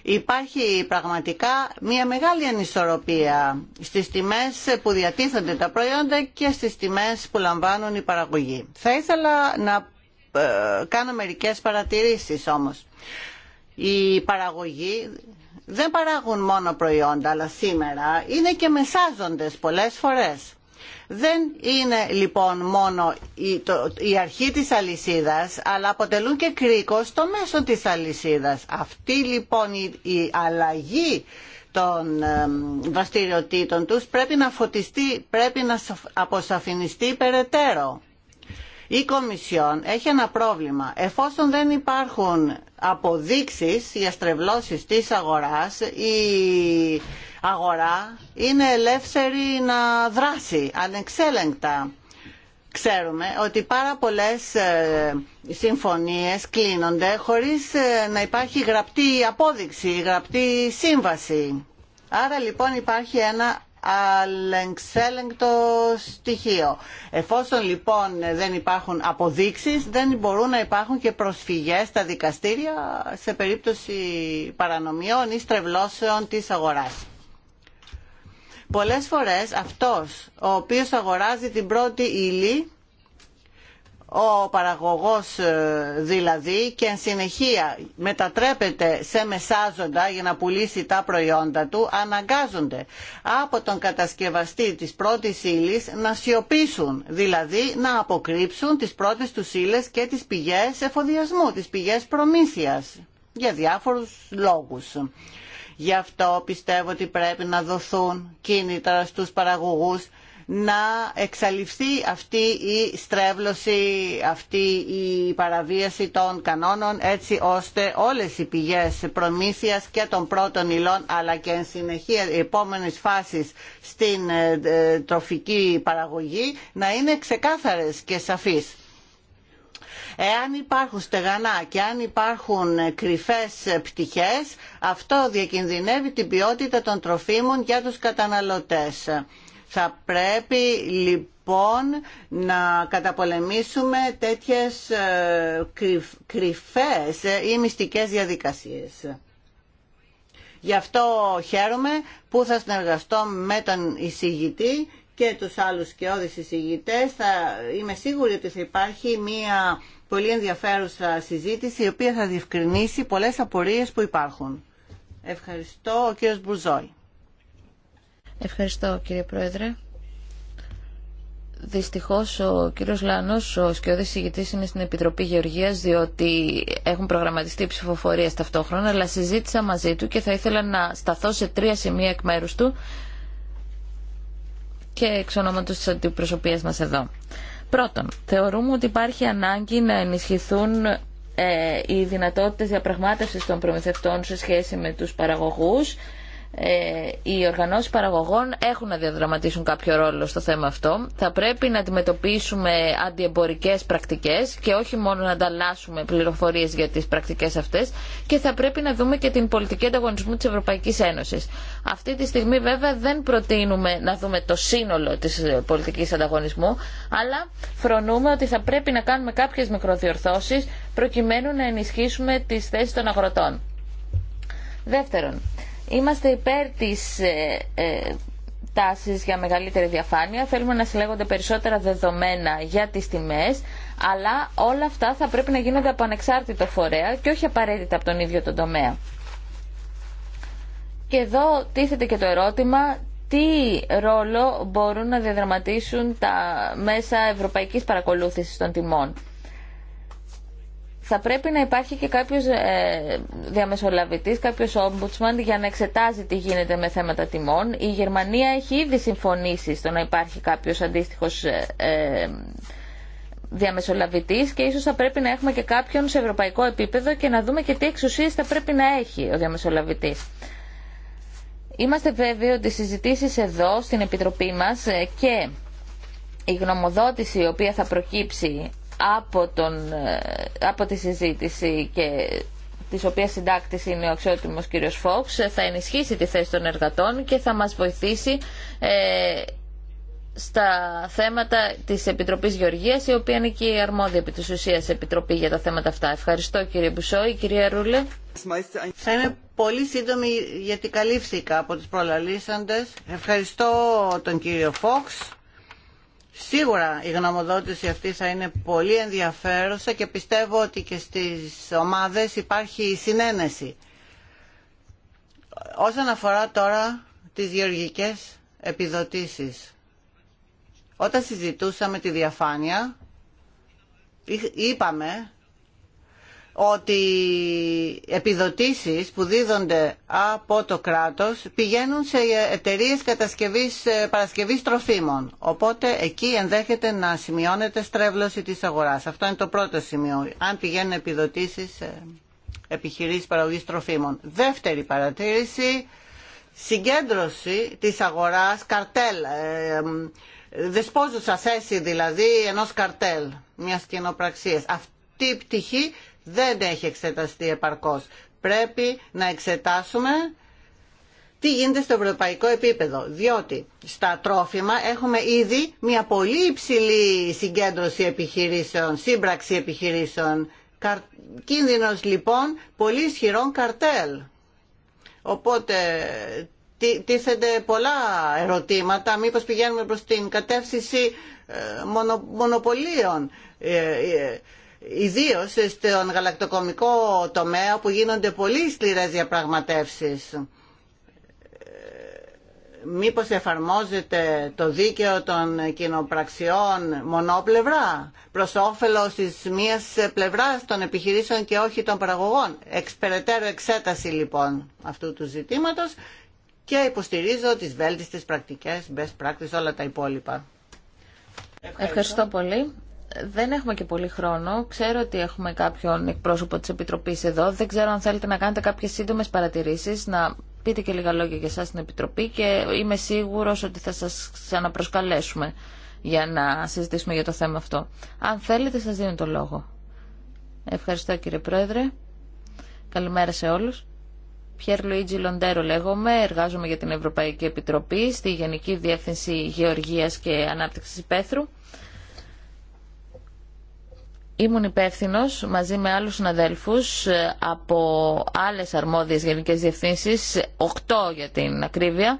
Υπάρχει πραγματικά μια μεγάλη ανισορροπία στις τιμές που διατίθενται τα προϊόντα και στις τιμές που λαμβάνουν οι παραγωγοί. Θα ήθελα να ε, κάνω μερικές παρατηρήσεις όμως. Οι παραγωγοί δεν παράγουν μόνο προϊόντα, αλλά σήμερα είναι και μεσάζοντες πολλές φορές. Δεν είναι λοιπόν μόνο η, αρχή της αλυσίδας, αλλά αποτελούν και κρίκο στο μέσο της αλυσίδας. Αυτή λοιπόν η, αλλαγή των δραστηριοτήτων τους πρέπει να φωτιστεί, πρέπει να αποσαφινιστεί περαιτέρω. Η Κομισιόν έχει ένα πρόβλημα. Εφόσον δεν υπάρχουν αποδείξεις για στρεβλώσεις της αγοράς, η αγορά είναι ελεύθερη να δράσει ανεξέλεγκτα. Ξέρουμε ότι πάρα πολλές ε, συμφωνίες κλείνονται χωρίς ε, να υπάρχει γραπτή απόδειξη, γραπτή σύμβαση. Άρα λοιπόν υπάρχει ένα αλεξέλεγκτο στοιχείο. Εφόσον λοιπόν δεν υπάρχουν αποδείξεις, δεν μπορούν να υπάρχουν και προσφυγές στα δικαστήρια σε περίπτωση παρανομιών ή στρεβλώσεων της αγοράς. Πολλές φορές αυτός ο οποίος αγοράζει την πρώτη ύλη, ο παραγωγός ε, δηλαδή και εν συνεχεία μετατρέπεται σε μεσάζοντα για να πουλήσει τα προϊόντα του, αναγκάζονται από τον κατασκευαστή της πρώτης ύλη να σιωπήσουν, δηλαδή να αποκρύψουν τις πρώτες του ύλε και τις πηγές εφοδιασμού, τις πηγές προμήθειας για διάφορους λόγους. Γι' αυτό πιστεύω ότι πρέπει να δοθούν κίνητρα στους παραγωγούς να εξαλειφθεί αυτή η στρέβλωση, αυτή η παραβίαση των κανόνων έτσι ώστε όλες οι πηγές προμήθειας και των πρώτων υλών αλλά και εν συνεχεία οι επόμενες φάσεις στην ε, ε, τροφική παραγωγή να είναι ξεκάθαρες και σαφείς. Εάν υπάρχουν στεγανά και αν υπάρχουν κρυφές πτυχές, αυτό διακινδυνεύει την ποιότητα των τροφίμων για τους καταναλωτές. Θα πρέπει λοιπόν να καταπολεμήσουμε τέτοιες ε, κρυφές ή μυστικές διαδικασίες. Γι' αυτό χαίρομαι που θα συνεργαστώ με τον εισηγητή και τους άλλους και όδης Θα, είμαι σίγουρη ότι θα υπάρχει μία πολύ ενδιαφέρουσα συζήτηση η οποία θα διευκρινίσει πολλές απορίες που υπάρχουν. Ευχαριστώ ο κύριος Μπουζόη. Ευχαριστώ κύριε Πρόεδρε. Δυστυχώς ο κύριος Λάνος, ο σκιώδης συγητής, είναι στην Επιτροπή Γεωργίας διότι έχουν προγραμματιστεί ψηφοφορίες ταυτόχρονα αλλά συζήτησα μαζί του και θα ήθελα να σταθώ σε τρία σημεία εκ μέρους του και εξ ονόματος της αντιπροσωπείας μας εδώ. Πρώτον, θεωρούμε ότι υπάρχει ανάγκη να ενισχυθούν ε, οι δυνατότητες διαπραγμάτευσης των προμηθευτών σε σχέση με τους παραγωγούς ε, οι οργανώσεις παραγωγών έχουν να διαδραματίσουν κάποιο ρόλο στο θέμα αυτό. Θα πρέπει να αντιμετωπίσουμε αντιεμπορικές πρακτικές και όχι μόνο να ανταλλάσσουμε πληροφορίες για τις πρακτικές αυτές και θα πρέπει να δούμε και την πολιτική ανταγωνισμού της Ευρωπαϊκής Ένωσης. Αυτή τη στιγμή βέβαια δεν προτείνουμε να δούμε το σύνολο της πολιτικής ανταγωνισμού αλλά φρονούμε ότι θα πρέπει να κάνουμε κάποιες μικροδιορθώσεις προκειμένου να ενισχύσουμε τις θέσεις των αγροτών. Δεύτερον, Είμαστε υπέρ της ε, ε, τάσης για μεγαλύτερη διαφάνεια, θέλουμε να συλλέγονται περισσότερα δεδομένα για τις τιμές, αλλά όλα αυτά θα πρέπει να γίνονται από ανεξάρτητο φορέα και όχι απαραίτητα από τον ίδιο τον τομέα. Και εδώ τίθεται και το ερώτημα τι ρόλο μπορούν να διαδραματίσουν τα μέσα ευρωπαϊκής παρακολούθησης των τιμών θα πρέπει να υπάρχει και κάποιο ε, διαμεσολαβητής, κάποιος ombudsman για να εξετάζει τι γίνεται με θέματα τιμών. Η Γερμανία έχει ήδη συμφωνήσει στο να υπάρχει κάποιο αντίστοιχος ε, ε, διαμεσολαβητής και ίσως θα πρέπει να έχουμε και κάποιον σε ευρωπαϊκό επίπεδο και να δούμε και τι εξουσίε θα πρέπει να έχει ο διαμεσολαβητή. Είμαστε βέβαιοι ότι οι συζητήσεις εδώ στην Επιτροπή μας ε, και η γνωμοδότηση η οποία θα προκύψει από, τον, ε, από τη συζήτηση και τη οποία συντάκτη είναι ο αξιότιμο κύριος Φόξ, θα ενισχύσει τη θέση των εργατών και θα μα βοηθήσει ε, στα θέματα τη Επιτροπή Γεωργία, η οποία είναι και η αρμόδια επί τη ουσία επιτροπή για τα θέματα αυτά. Ευχαριστώ κύριε Μπουσόη. κύριε Ρούλε. Θα είμαι πολύ σύντομη γιατί καλύφθηκα από τους προλαλήσαντες. Ευχαριστώ τον κύριο Φόξ Σίγουρα η γνωμοδότηση αυτή θα είναι πολύ ενδιαφέρουσα και πιστεύω ότι και στις ομάδες υπάρχει συνένεση. Όσον αφορά τώρα τις γεωργικές επιδοτήσεις, όταν συζητούσαμε τη διαφάνεια, είπαμε ότι επιδοτήσεις που δίδονται από το κράτος πηγαίνουν σε εταιρείες κατασκευής, ε, παρασκευής τροφίμων. Οπότε εκεί ενδέχεται να σημειώνεται στρέβλωση της αγοράς. Αυτό είναι το πρώτο σημείο. Αν πηγαίνουν επιδοτήσεις ε, επιχειρήσεις παραγωγής τροφίμων. Δεύτερη παρατήρηση, συγκέντρωση της αγοράς, καρτέλ, ε, δεσπόζουσα θέση δηλαδή ενός καρτέλ μιας κοινοπραξίας. Αυτή η πτυχή δεν έχει εξεταστεί επαρκώς. Πρέπει να εξετάσουμε τι γίνεται στο ευρωπαϊκό επίπεδο. Διότι στα τρόφιμα έχουμε ήδη μια πολύ υψηλή συγκέντρωση επιχειρήσεων, σύμπραξη επιχειρήσεων. Κίνδυνος λοιπόν πολύ ισχυρών καρτέλ. Οπότε τίθενται πολλά ερωτήματα, μήπως πηγαίνουμε προς την κατεύθυνση ε, μονοπωλίων ε, ε, Ιδίω στον γαλακτοκομικό τομέα που γίνονται πολύ σκληρέ διαπραγματεύσει. Μήπως εφαρμόζεται το δίκαιο των κοινοπραξιών μονόπλευρα προς όφελος της μίας πλευράς των επιχειρήσεων και όχι των παραγωγών. Εξπεραιτέρω εξέταση λοιπόν αυτού του ζητήματος και υποστηρίζω τις βέλτιστες πρακτικές, best practice, όλα τα υπόλοιπα. Ευχαριστώ πολύ δεν έχουμε και πολύ χρόνο. Ξέρω ότι έχουμε κάποιον εκπρόσωπο της Επιτροπής εδώ. Δεν ξέρω αν θέλετε να κάνετε κάποιες σύντομες παρατηρήσεις, να πείτε και λίγα λόγια για εσάς στην Επιτροπή και είμαι σίγουρος ότι θα σας ξαναπροσκαλέσουμε για να συζητήσουμε για το θέμα αυτό. Αν θέλετε σας δίνω το λόγο. Ευχαριστώ κύριε Πρόεδρε. Καλημέρα σε όλους. Πιέρ Λουίτζι Λοντέρο λέγομαι, εργάζομαι για την Ευρωπαϊκή Επιτροπή στη Γενική Διεύθυνση Γεωργίας και Ανάπτυξης Πέθρου. Ήμουν υπεύθυνο μαζί με άλλους συναδέλφους ε, από άλλες αρμόδιες γενικές διευθύνσεις, 8 για την ακρίβεια,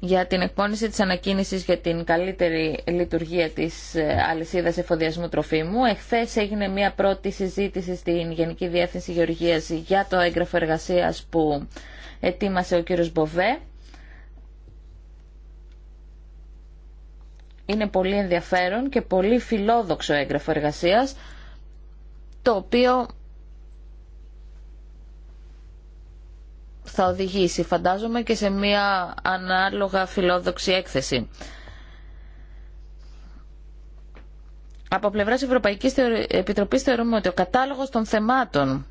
για την εκπόνηση της ανακοίνησης για την καλύτερη λειτουργία της ε, αλυσίδας εφοδιασμού τροφίμου. Εχθές έγινε μια πρώτη συζήτηση στην Γενική Διεύθυνση Γεωργίας για το έγγραφο εργασίας που ετοίμασε ο κύριος Μποβέ. Είναι πολύ ενδιαφέρον και πολύ φιλόδοξο έγγραφο εργασίας, το οποίο θα οδηγήσει, φαντάζομαι, και σε μία ανάλογα φιλόδοξη έκθεση. Από πλευράς Ευρωπαϊκής Επιτροπής θεωρούμε ότι ο κατάλογος των θεμάτων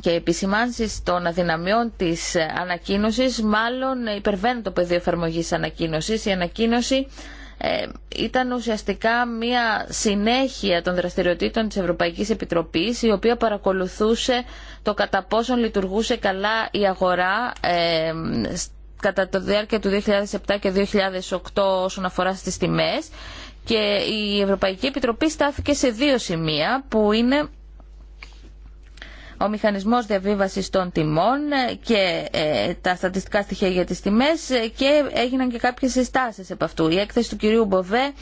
και επισημάνσεις των αδυναμιών της ανακοίνωσης μάλλον υπερβαίνει το πεδίο εφαρμογής ανακοίνωσης. Η ανακοίνωση ε, ήταν ουσιαστικά μία συνέχεια των δραστηριοτήτων της Ευρωπαϊκής Επιτροπής η οποία παρακολουθούσε το κατά πόσον λειτουργούσε καλά η αγορά ε, κατά το διάρκεια του 2007 και 2008 όσον αφορά στις τιμές και η Ευρωπαϊκή Επιτροπή στάθηκε σε δύο σημεία που είναι ο μηχανισμός διαβίβασης των τιμών και ε, τα στατιστικά στοιχεία για τις τιμές ε, και έγιναν και κάποιες συστάσεις από αυτού. Η έκθεση του κυρίου Μποβέ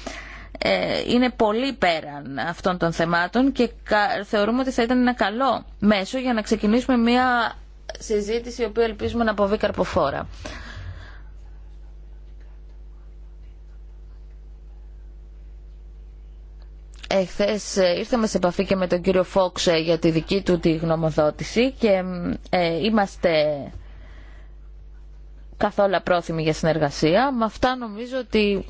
ε, είναι πολύ πέραν αυτών των θεμάτων και θεωρούμε ότι θα ήταν ένα καλό μέσο για να ξεκινήσουμε μια συζήτηση η οποία ελπίζουμε να αποβεί καρποφόρα. Εχθέ ε, ήρθαμε σε επαφή και με τον κύριο Φόξ ε, για τη δική του τη γνωμοδότηση και ε, είμαστε καθόλου πρόθυμοι για συνεργασία. Με αυτά νομίζω ότι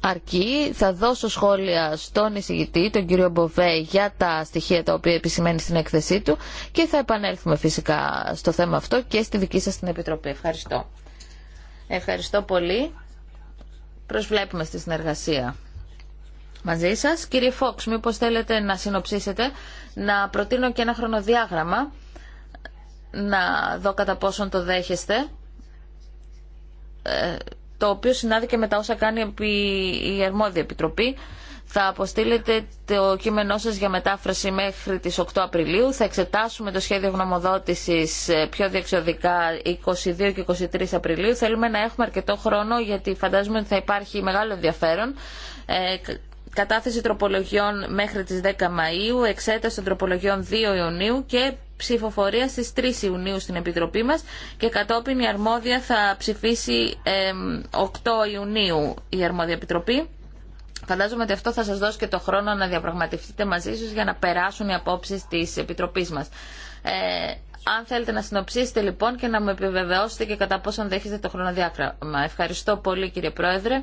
αρκεί. Θα δώσω σχόλια στον εισηγητή, τον κύριο Μποβέ, για τα στοιχεία τα οποία επισημαίνει στην έκθεσή του και θα επανέλθουμε φυσικά στο θέμα αυτό και στη δική σας την Επιτροπή. Ευχαριστώ. Ευχαριστώ πολύ. Προσβλέπουμε στη συνεργασία μαζί σας. Κύριε Φόξ, μήπως θέλετε να συνοψίσετε, να προτείνω και ένα χρονοδιάγραμμα, να δω κατά πόσον το δέχεστε, ε, το οποίο συνάδει και με τα όσα κάνει η Αρμόδια Επιτροπή. Θα αποστείλετε το κείμενό σας για μετάφραση μέχρι τις 8 Απριλίου. Θα εξετάσουμε το σχέδιο γνωμοδότησης ε, πιο διεξοδικά 22 και 23 Απριλίου. Θέλουμε να έχουμε αρκετό χρόνο γιατί φαντάζομαι ότι θα υπάρχει μεγάλο ενδιαφέρον. Ε, κατάθεση τροπολογιών μέχρι τις 10 Μαΐου, εξέταση των τροπολογιών 2 Ιουνίου και ψηφοφορία στις 3 Ιουνίου στην Επιτροπή μας και κατόπιν η αρμόδια θα ψηφίσει 8 ε, Ιουνίου η αρμόδια Επιτροπή. Φαντάζομαι ότι αυτό θα σας δώσει και το χρόνο να διαπραγματευτείτε μαζί σας για να περάσουν οι απόψεις της Επιτροπής μας. Ε, αν θέλετε να συνοψίσετε λοιπόν και να μου επιβεβαιώσετε και κατά πόσον δέχεστε το χρονοδιάγραμμα. Ευχαριστώ πολύ κύριε Πρόεδρε.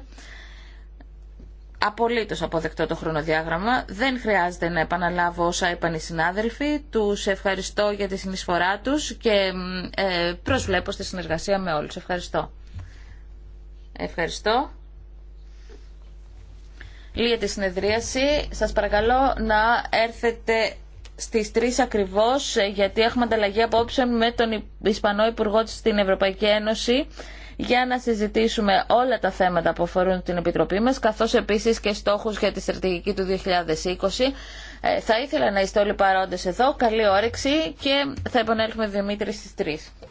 Απολύτως αποδεκτό το χρονοδιάγραμμα. Δεν χρειάζεται να επαναλάβω όσα είπαν οι συνάδελφοι. Του ευχαριστώ για τη συνεισφορά του και ε, προσβλέπω στη συνεργασία με όλου. Ευχαριστώ. Ευχαριστώ. Λίγη τη συνεδρίαση. Σας παρακαλώ να έρθετε στις 3 ακριβώς, ε, γιατί έχουμε ανταλλαγή απόψεων με τον Ισπανό Υπουργό στην Ευρωπαϊκή Ένωση για να συζητήσουμε όλα τα θέματα που αφορούν την Επιτροπή μας, καθώς επίσης και στόχους για τη στρατηγική του 2020. Ε, θα ήθελα να είστε όλοι παρόντες εδώ. Καλή όρεξη και θα επανέλθουμε Δημήτρη στις 3.